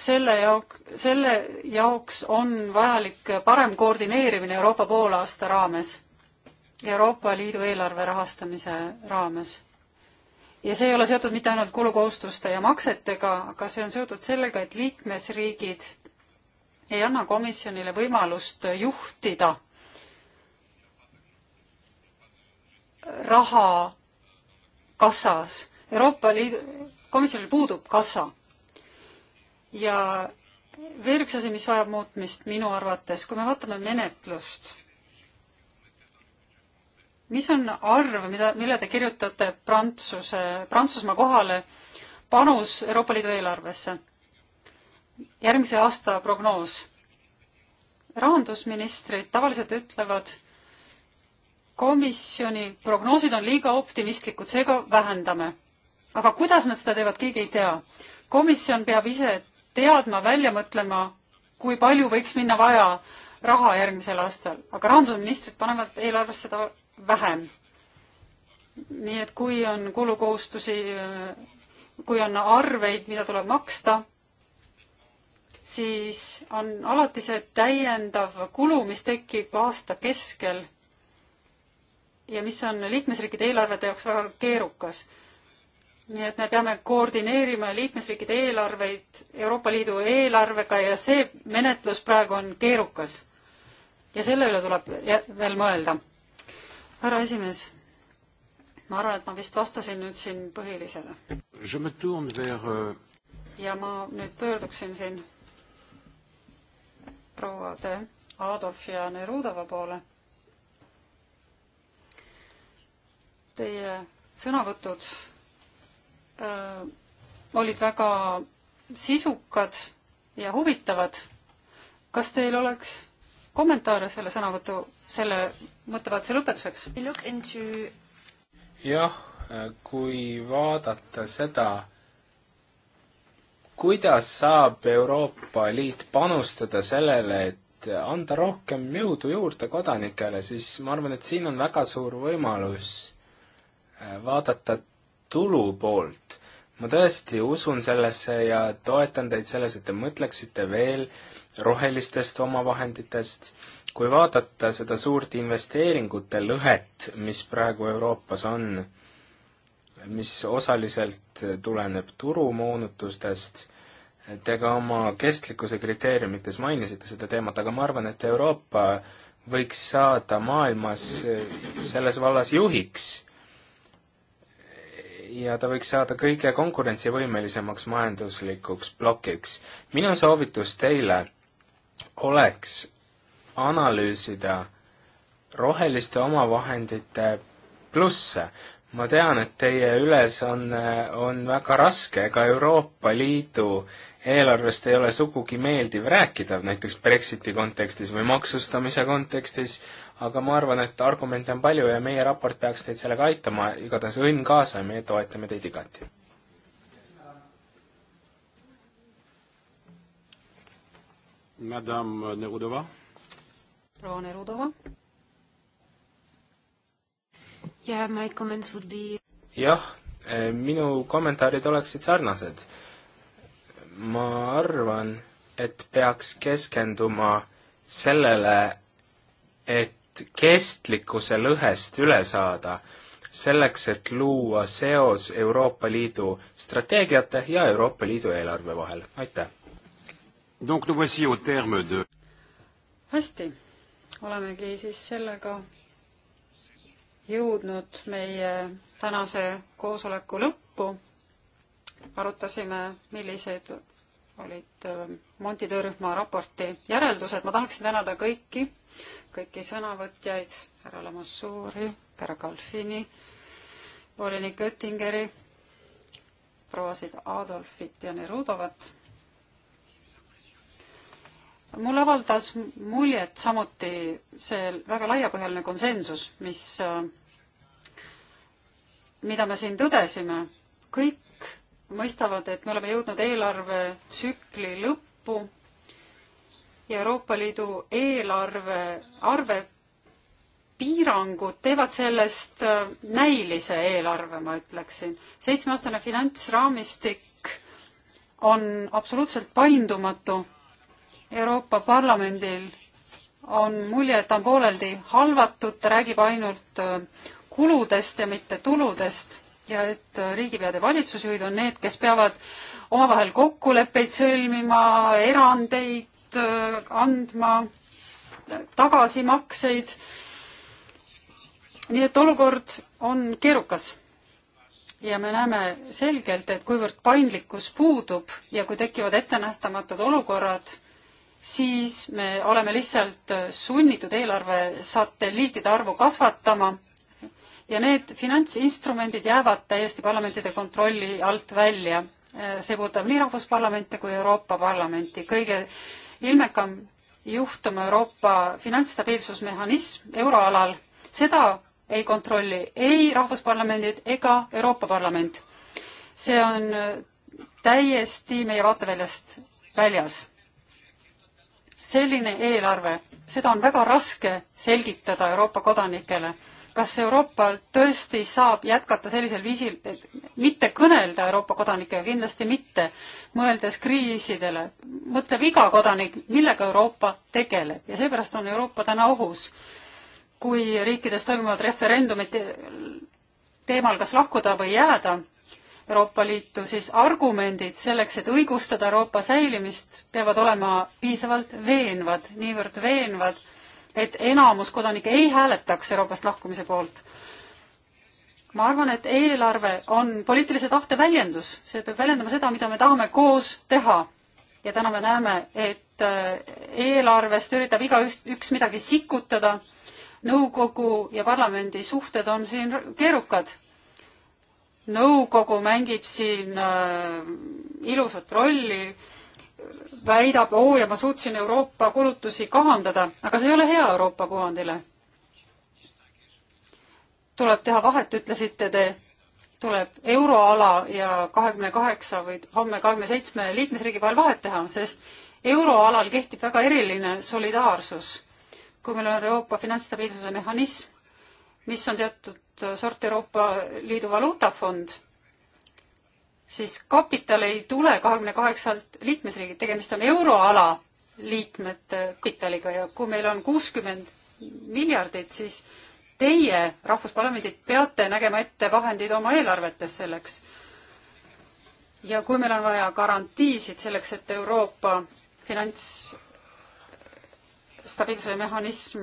selle jaok-, selle jaoks on vajalik parem koordineerimine Euroopa poolaasta raames, Euroopa Liidu eelarve rahastamise raames ja see ei ole seotud mitte ainult kulukohustuste ja maksetega, aga see on seotud sellega, et liikmesriigid ei anna komisjonile võimalust juhtida raha kassas. Euroopa Liidu, komisjonil puudub kassa. ja veel üks asi, mis vajab muutmist minu arvates, kui me vaatame menetlust mis on arv, mida, mille te kirjutate Prantsuse, Prantsusmaa kohale panus Euroopa Liidu eelarvesse? järgmise aasta prognoos. rahandusministrid tavaliselt ütlevad, komisjoni prognoosid on liiga optimistlikud, seega vähendame. aga kuidas nad seda teevad, keegi ei tea. komisjon peab ise teadma, välja mõtlema, kui palju võiks minna vaja raha järgmisel aastal, aga rahandusministrid panevad eelarvesse seda vähem. nii et kui on kulukohustusi, kui on arveid, mida tuleb maksta, siis on alati see täiendav kulu, mis tekib aasta keskel ja mis on liikmesriikide eelarvete jaoks väga keerukas. nii et me peame koordineerima liikmesriikide eelarveid Euroopa Liidu eelarvega ja see menetlus praegu on keerukas. ja selle üle tuleb veel mõelda härra esimees, ma arvan, et ma vist vastasin nüüd siin põhilisele. Euh, ja ma nüüd pöörduksin siin prouade Adolf ja Nerudova poole. Teie sõnavõtud öö, äh, olid väga sisukad ja huvitavad. kas teil oleks kommentaare selle sõnavõtu selle mõttevahetuse lõpetuseks. jah, kui vaadata seda, kuidas saab Euroopa Liit panustada sellele, et anda rohkem jõudu juurde kodanikele, siis ma arvan, et siin on väga suur võimalus äh, vaadata tulu poolt. ma tõesti usun sellesse ja toetan teid selles, et te mõtleksite veel äh, rohelistest omavahenditest. kui vaadata seda suurt investeeringute lõhet, mis praegu Euroopas on, mis osaliselt tuleneb turumoonutustest, te ka oma kestlikkuse kriteeriumites mainisite seda teemat, aga ma arvan, et Euroopa võiks saada maailmas selles vallas juhiks ja ta võiks saada kõige konkurentsivõimelisemaks majanduslikuks plokiks. minu soovitus teile oleks analüüsida roheliste omavahendite plusse. ma tean, et teie ülesanne on, on väga raske, ega Euroopa Liidu eelarvest ei ole sugugi meeldiv rääkida, näiteks Brexiti kontekstis või maksustamise kontekstis, aga ma arvan, et argumente on palju ja meie raport peaks teid sellega aitama, igatahes õnn kaasa ja meie toetame teid igati Madame Nerudova. proua Nerudova. Yeah, my comments would be jah, eh, minu kommentaarid oleksid sarnased. ma arvan, et peaks keskenduma sellele, et kestlikkuse lõhest üle saada, selleks, et luua seos Euroopa Liidu strateegiate ja Euroopa Liidu eelarve vahel, aitäh! hästi, olemegi siis sellega jõudnud meie tänase koosoleku lõppu. arutasime, millised olid ähm, Monti töörühma raporti järeldused. ma tahaksin tänada kõiki, kõiki sõnavõtjaid, härra Lamassuuri, härra Kalfini, volinik Oettingeri, prouasid Adolfit ja Nerudovat mul avaldas muljet samuti see väga laiapõhjaline konsensus, mis, äh, mida me siin tõdesime. kõik mõistavad, et me oleme jõudnud eelarvetsükli lõppu ja Euroopa Liidu eelarve, arve piirangud teevad sellest äh, näilise eelarve, ma ütleksin. seitsmeaastane finantsraamistik on absoluutselt paindumatu Euroopa Parlamendil on mulje, et ta on pooleldi halvatud, ta räägib ainult äh, kuludest ja mitte tuludest ja et äh, riigipead ja valitsusjuhid on need, kes peavad omavahel kokkuleppeid sõlmima, erandeid äh, andma, tagasimakseid. nii et olukord on keerukas. ja me näeme selgelt, et kuivõrd paindlikkus puudub ja kui tekivad ettenähtamatud olukorrad, siis me oleme lihtsalt sunnitud eelarve satelliitide arvu kasvatama ja need finantsinstrumendid jäävad täiesti parlamentide kontrolli alt välja. see puudutab nii rahvusparlamente kui Euroopa Parlamenti. kõige ilmekam juhtum Euroopa finantsstabiilsusmehhanism euroalal, seda ei kontrolli ei rahvusparlamendid ega Euroopa Parlament. see on täiesti meie vaateväljast väljas selline eelarve, seda on väga raske selgitada Euroopa kodanikele. kas Euroopa tõesti saab jätkata sellisel viisil, et mitte kõnelda Euroopa kodanikega, kindlasti mitte, mõeldes kriisidele, mõtleb iga kodanik, millega Euroopa tegeleb ja seepärast on Euroopa täna ohus. kui riikides toimuvad referendumid teemal, kas lahkuda või jääda Euroopa Liitu, siis argumendid selleks, et õigustada Euroopa säilimist, peavad olema piisavalt veenvad, niivõrd veenvad, et enamus kodanikke ei hääletaks Euroopast lahkumise poolt. ma arvan, et eelarve on poliitilise tahte väljendus, see peab väljendama seda, mida me tahame koos teha. ja täna me näeme, et äh, eelarvest üritab igaüks midagi sikutada, nõukogu ja parlamendi suhted on siin keerukad nõukogu mängib siin äh, ilusat rolli, väidab, oo ja ma suutsin Euroopa kulutusi kahandada, aga see ei ole hea Euroopa kuvandile. tuleb teha vahet, ütlesite te, tuleb euroala ja kahekümne kaheksa või homme kahekümne seitsme liikmesriigi vahel vahet teha, sest euroalal kehtib väga eriline solidaarsus. kui meil on Euroopa finantsstabiilsuse mehhanism, mis on teatud sort Euroopa Liidu valuutafond, siis kapital ei tule kahekümne kaheksalt liikmesriigilt, tegemist on euroala liikmete kapitaliga ja kui meil on kuuskümmend miljardit, siis teie, rahvusparlamendid, peate nägema ette vahendid oma eelarvetes selleks. ja kui meil on vaja garantiisid selleks, et Euroopa finants stabiilsuse mehhanism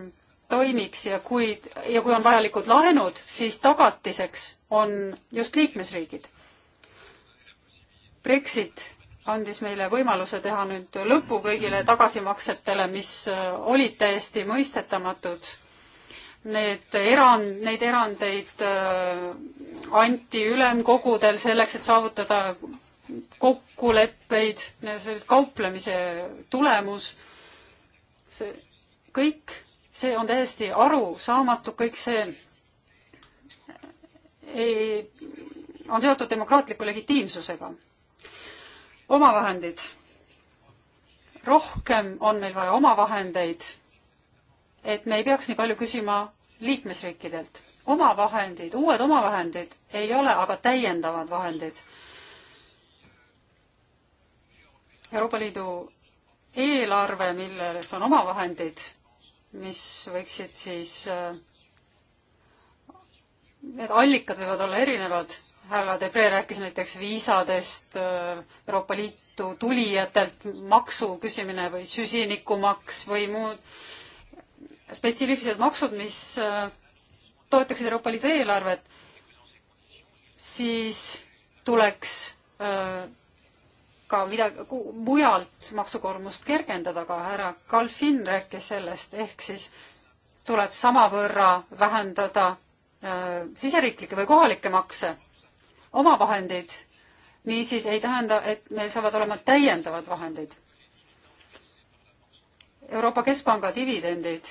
toimiks ja kui, ja kui on vajalikud laenud, siis tagatiseks on just liikmesriigid. Brexit andis meile võimaluse teha nüüd lõpu kõigile tagasimaksetele, mis äh, olid täiesti mõistetamatud. Need erand, neid erandeid äh, anti ülemkogudel selleks, et saavutada kokkuleppeid, kauplemise tulemus, see kõik see on täiesti arusaamatu, kõik see ei, on seotud demokraatliku legitiimsusega. omavahendid. rohkem on meil vaja omavahendeid, et me ei peaks nii palju küsima liikmesriikidelt. omavahendid, uued omavahendid ei ole aga täiendavad vahendid. Euroopa Liidu eelarve, milles on omavahendid mis võiksid siis, äh, need allikad võivad olla erinevad, härra Debre rääkis näiteks viisadest, äh, Euroopa Liitu tulijatelt maksu küsimine või süsinikumaks või muud spetsiifilised maksud, mis äh, toetaksid Euroopa Liidu eelarvet, siis tuleks ka midagi mujalt maksukoormust kergendada, ka härra Kalfin rääkis sellest, ehk siis tuleb samavõrra vähendada äh, siseriiklikke või kohalikke makse, omavahendid, niisiis ei tähenda, et meil saavad olema täiendavad vahendid. Euroopa Keskpanga dividendid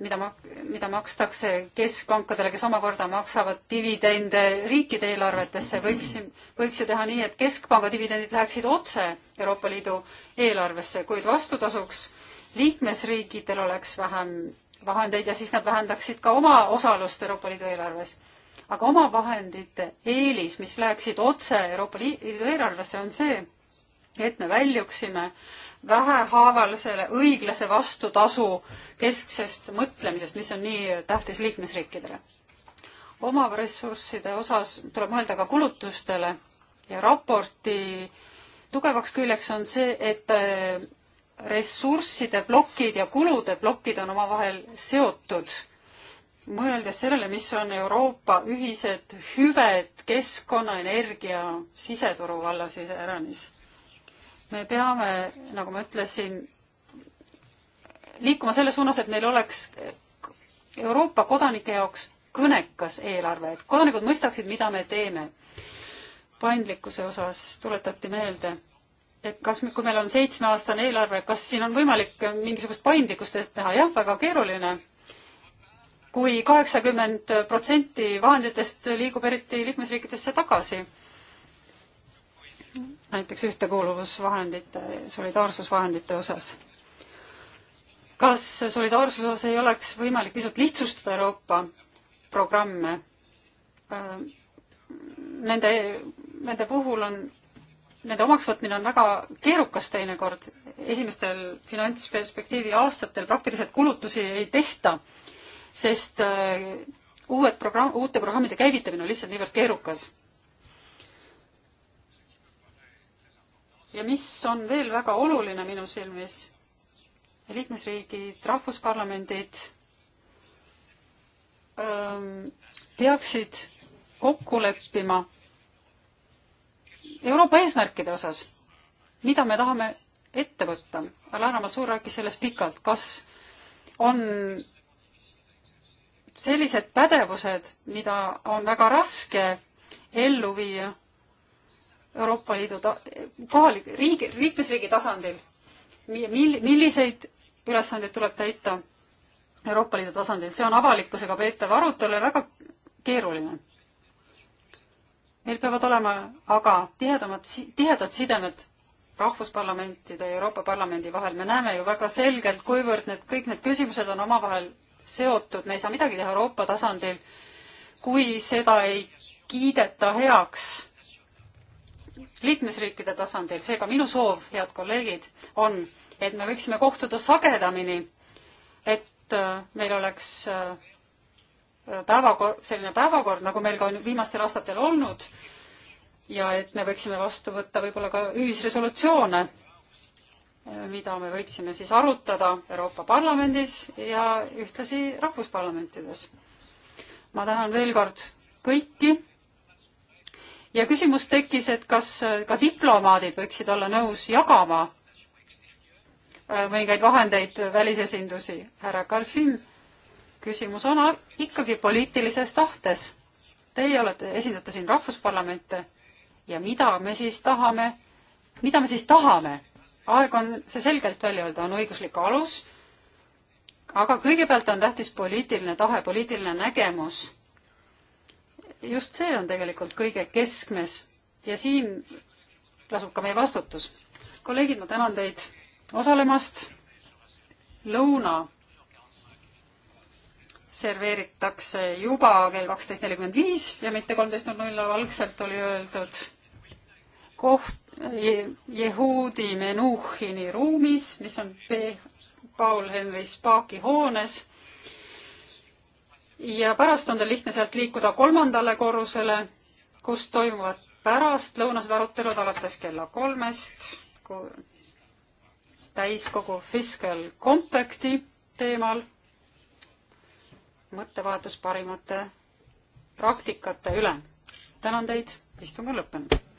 mida mak-, mida makstakse keskpankadele, kes omakorda maksavad dividende riikide eelarvetesse, võiks, võiks ju teha nii, et keskpanga dividendid läheksid otse Euroopa Liidu eelarvesse, kuid vastutasuks liikmesriikidel oleks vähem vahendeid ja siis nad vähendaksid ka oma osalust Euroopa Liidu eelarves. aga oma vahendite eelis, mis läheksid otse Euroopa Liidu eelarvesse, on see, et me väljuksime vähehaaval selle õiglase vastutasu kesksest mõtlemisest, mis on nii tähtis liikmesriikidele. omavaressursside osas tuleb mõelda ka kulutustele ja raporti tugevaks küljeks on see, et äh, ressursside plokid ja kulude plokid on omavahel seotud. mõeldes sellele, mis on Euroopa ühised hüved keskkonna, energia, siseturu vallas iseäranis me peame, nagu ma ütlesin, liikuma selles suunas, et meil oleks Euroopa kodanike jaoks kõnekas eelarve, et kodanikud mõistaksid, mida me teeme. paindlikkuse osas tuletati meelde, et kas, kui meil on seitsmeaastane eelarve, kas siin on võimalik mingisugust paindlikkust ette näha, jah, väga keeruline kui kaheksakümmend protsenti vahenditest liigub eriti liikmesriikidesse tagasi näiteks ühtekuuluvusvahendite, solidaarsusvahendite osas. kas solidaarsuse osas ei oleks võimalik pisut lihtsustada Euroopa programme? Nende, nende puhul on, nende omaksvõtmine on väga keerukas teinekord, esimestel finantsperspektiivi aastatel praktiliselt kulutusi ei tehta, sest äh, uued programm, uute programmide käivitamine on lihtsalt niivõrd keerukas ja mis on veel väga oluline minu silmis, liikmesriigid, rahvusparlamendid öö, ähm, peaksid kokku leppima Euroopa eesmärkide osas, mida me tahame ette võtta. Alara Masur rääkis sellest pikalt, kas on sellised pädevused, mida on väga raske ellu viia Euroopa Liidu ta-, kohalik, riigi, liikmesriigi tasandil, mil-, milliseid ülesandeid tuleb täita Euroopa Liidu tasandil, see on avalikkusega peetav arutelu ja väga keeruline. meil peavad olema aga tihedamad, tihedad sidemed rahvusparlamentide ja Euroopa Parlamendi vahel, me näeme ju väga selgelt, kuivõrd need, kõik need küsimused on omavahel seotud, me ei saa midagi teha Euroopa tasandil, kui seda ei kiideta heaks liikmesriikide tasandil, seega minu soov, head kolleegid, on, et me võiksime kohtuda sagedamini, et äh, meil oleks äh, päevakord, selline päevakord, nagu meil ka on viimastel aastatel olnud ja et me võiksime vastu võtta võib-olla ka ühisresolutsioone, äh, mida me võiksime siis arutada Euroopa Parlamendis ja ühtlasi rahvusparlamentides. ma tänan veel kord kõiki ja küsimus tekkis, et kas äh, ka diplomaadid võiksid olla nõus jagama äh, mõningaid vahendeid välisesindusi. härra Kalfin, küsimus on ikkagi poliitilises tahtes. Teie olete, esindate siin rahvusparlamente ja mida me siis tahame, mida me siis tahame? aeg on see selgelt välja öelda, on õiguslik alus, aga kõigepealt on tähtis poliitiline tahe, poliitiline nägemus just see on tegelikult kõige keskmes ja siin lasub ka meie vastutus. kolleegid, ma tänan teid osalemast. lõuna serveeritakse juba kell kaksteist nelikümmend viis ja mitte kolmteist null null, algselt oli öeldud koht Jehuudi Menuhini ruumis, mis on Paul Henry Spaaki hoones ja pärast on tal lihtne sealt liikuda kolmandale korrusele, kus toimuvad pärastlõunased arutelud alates kella kolmest, täiskogu Fiscal Compacti teemal, mõttevahetus parimate praktikate üle. tänan teid, istung on lõppenud.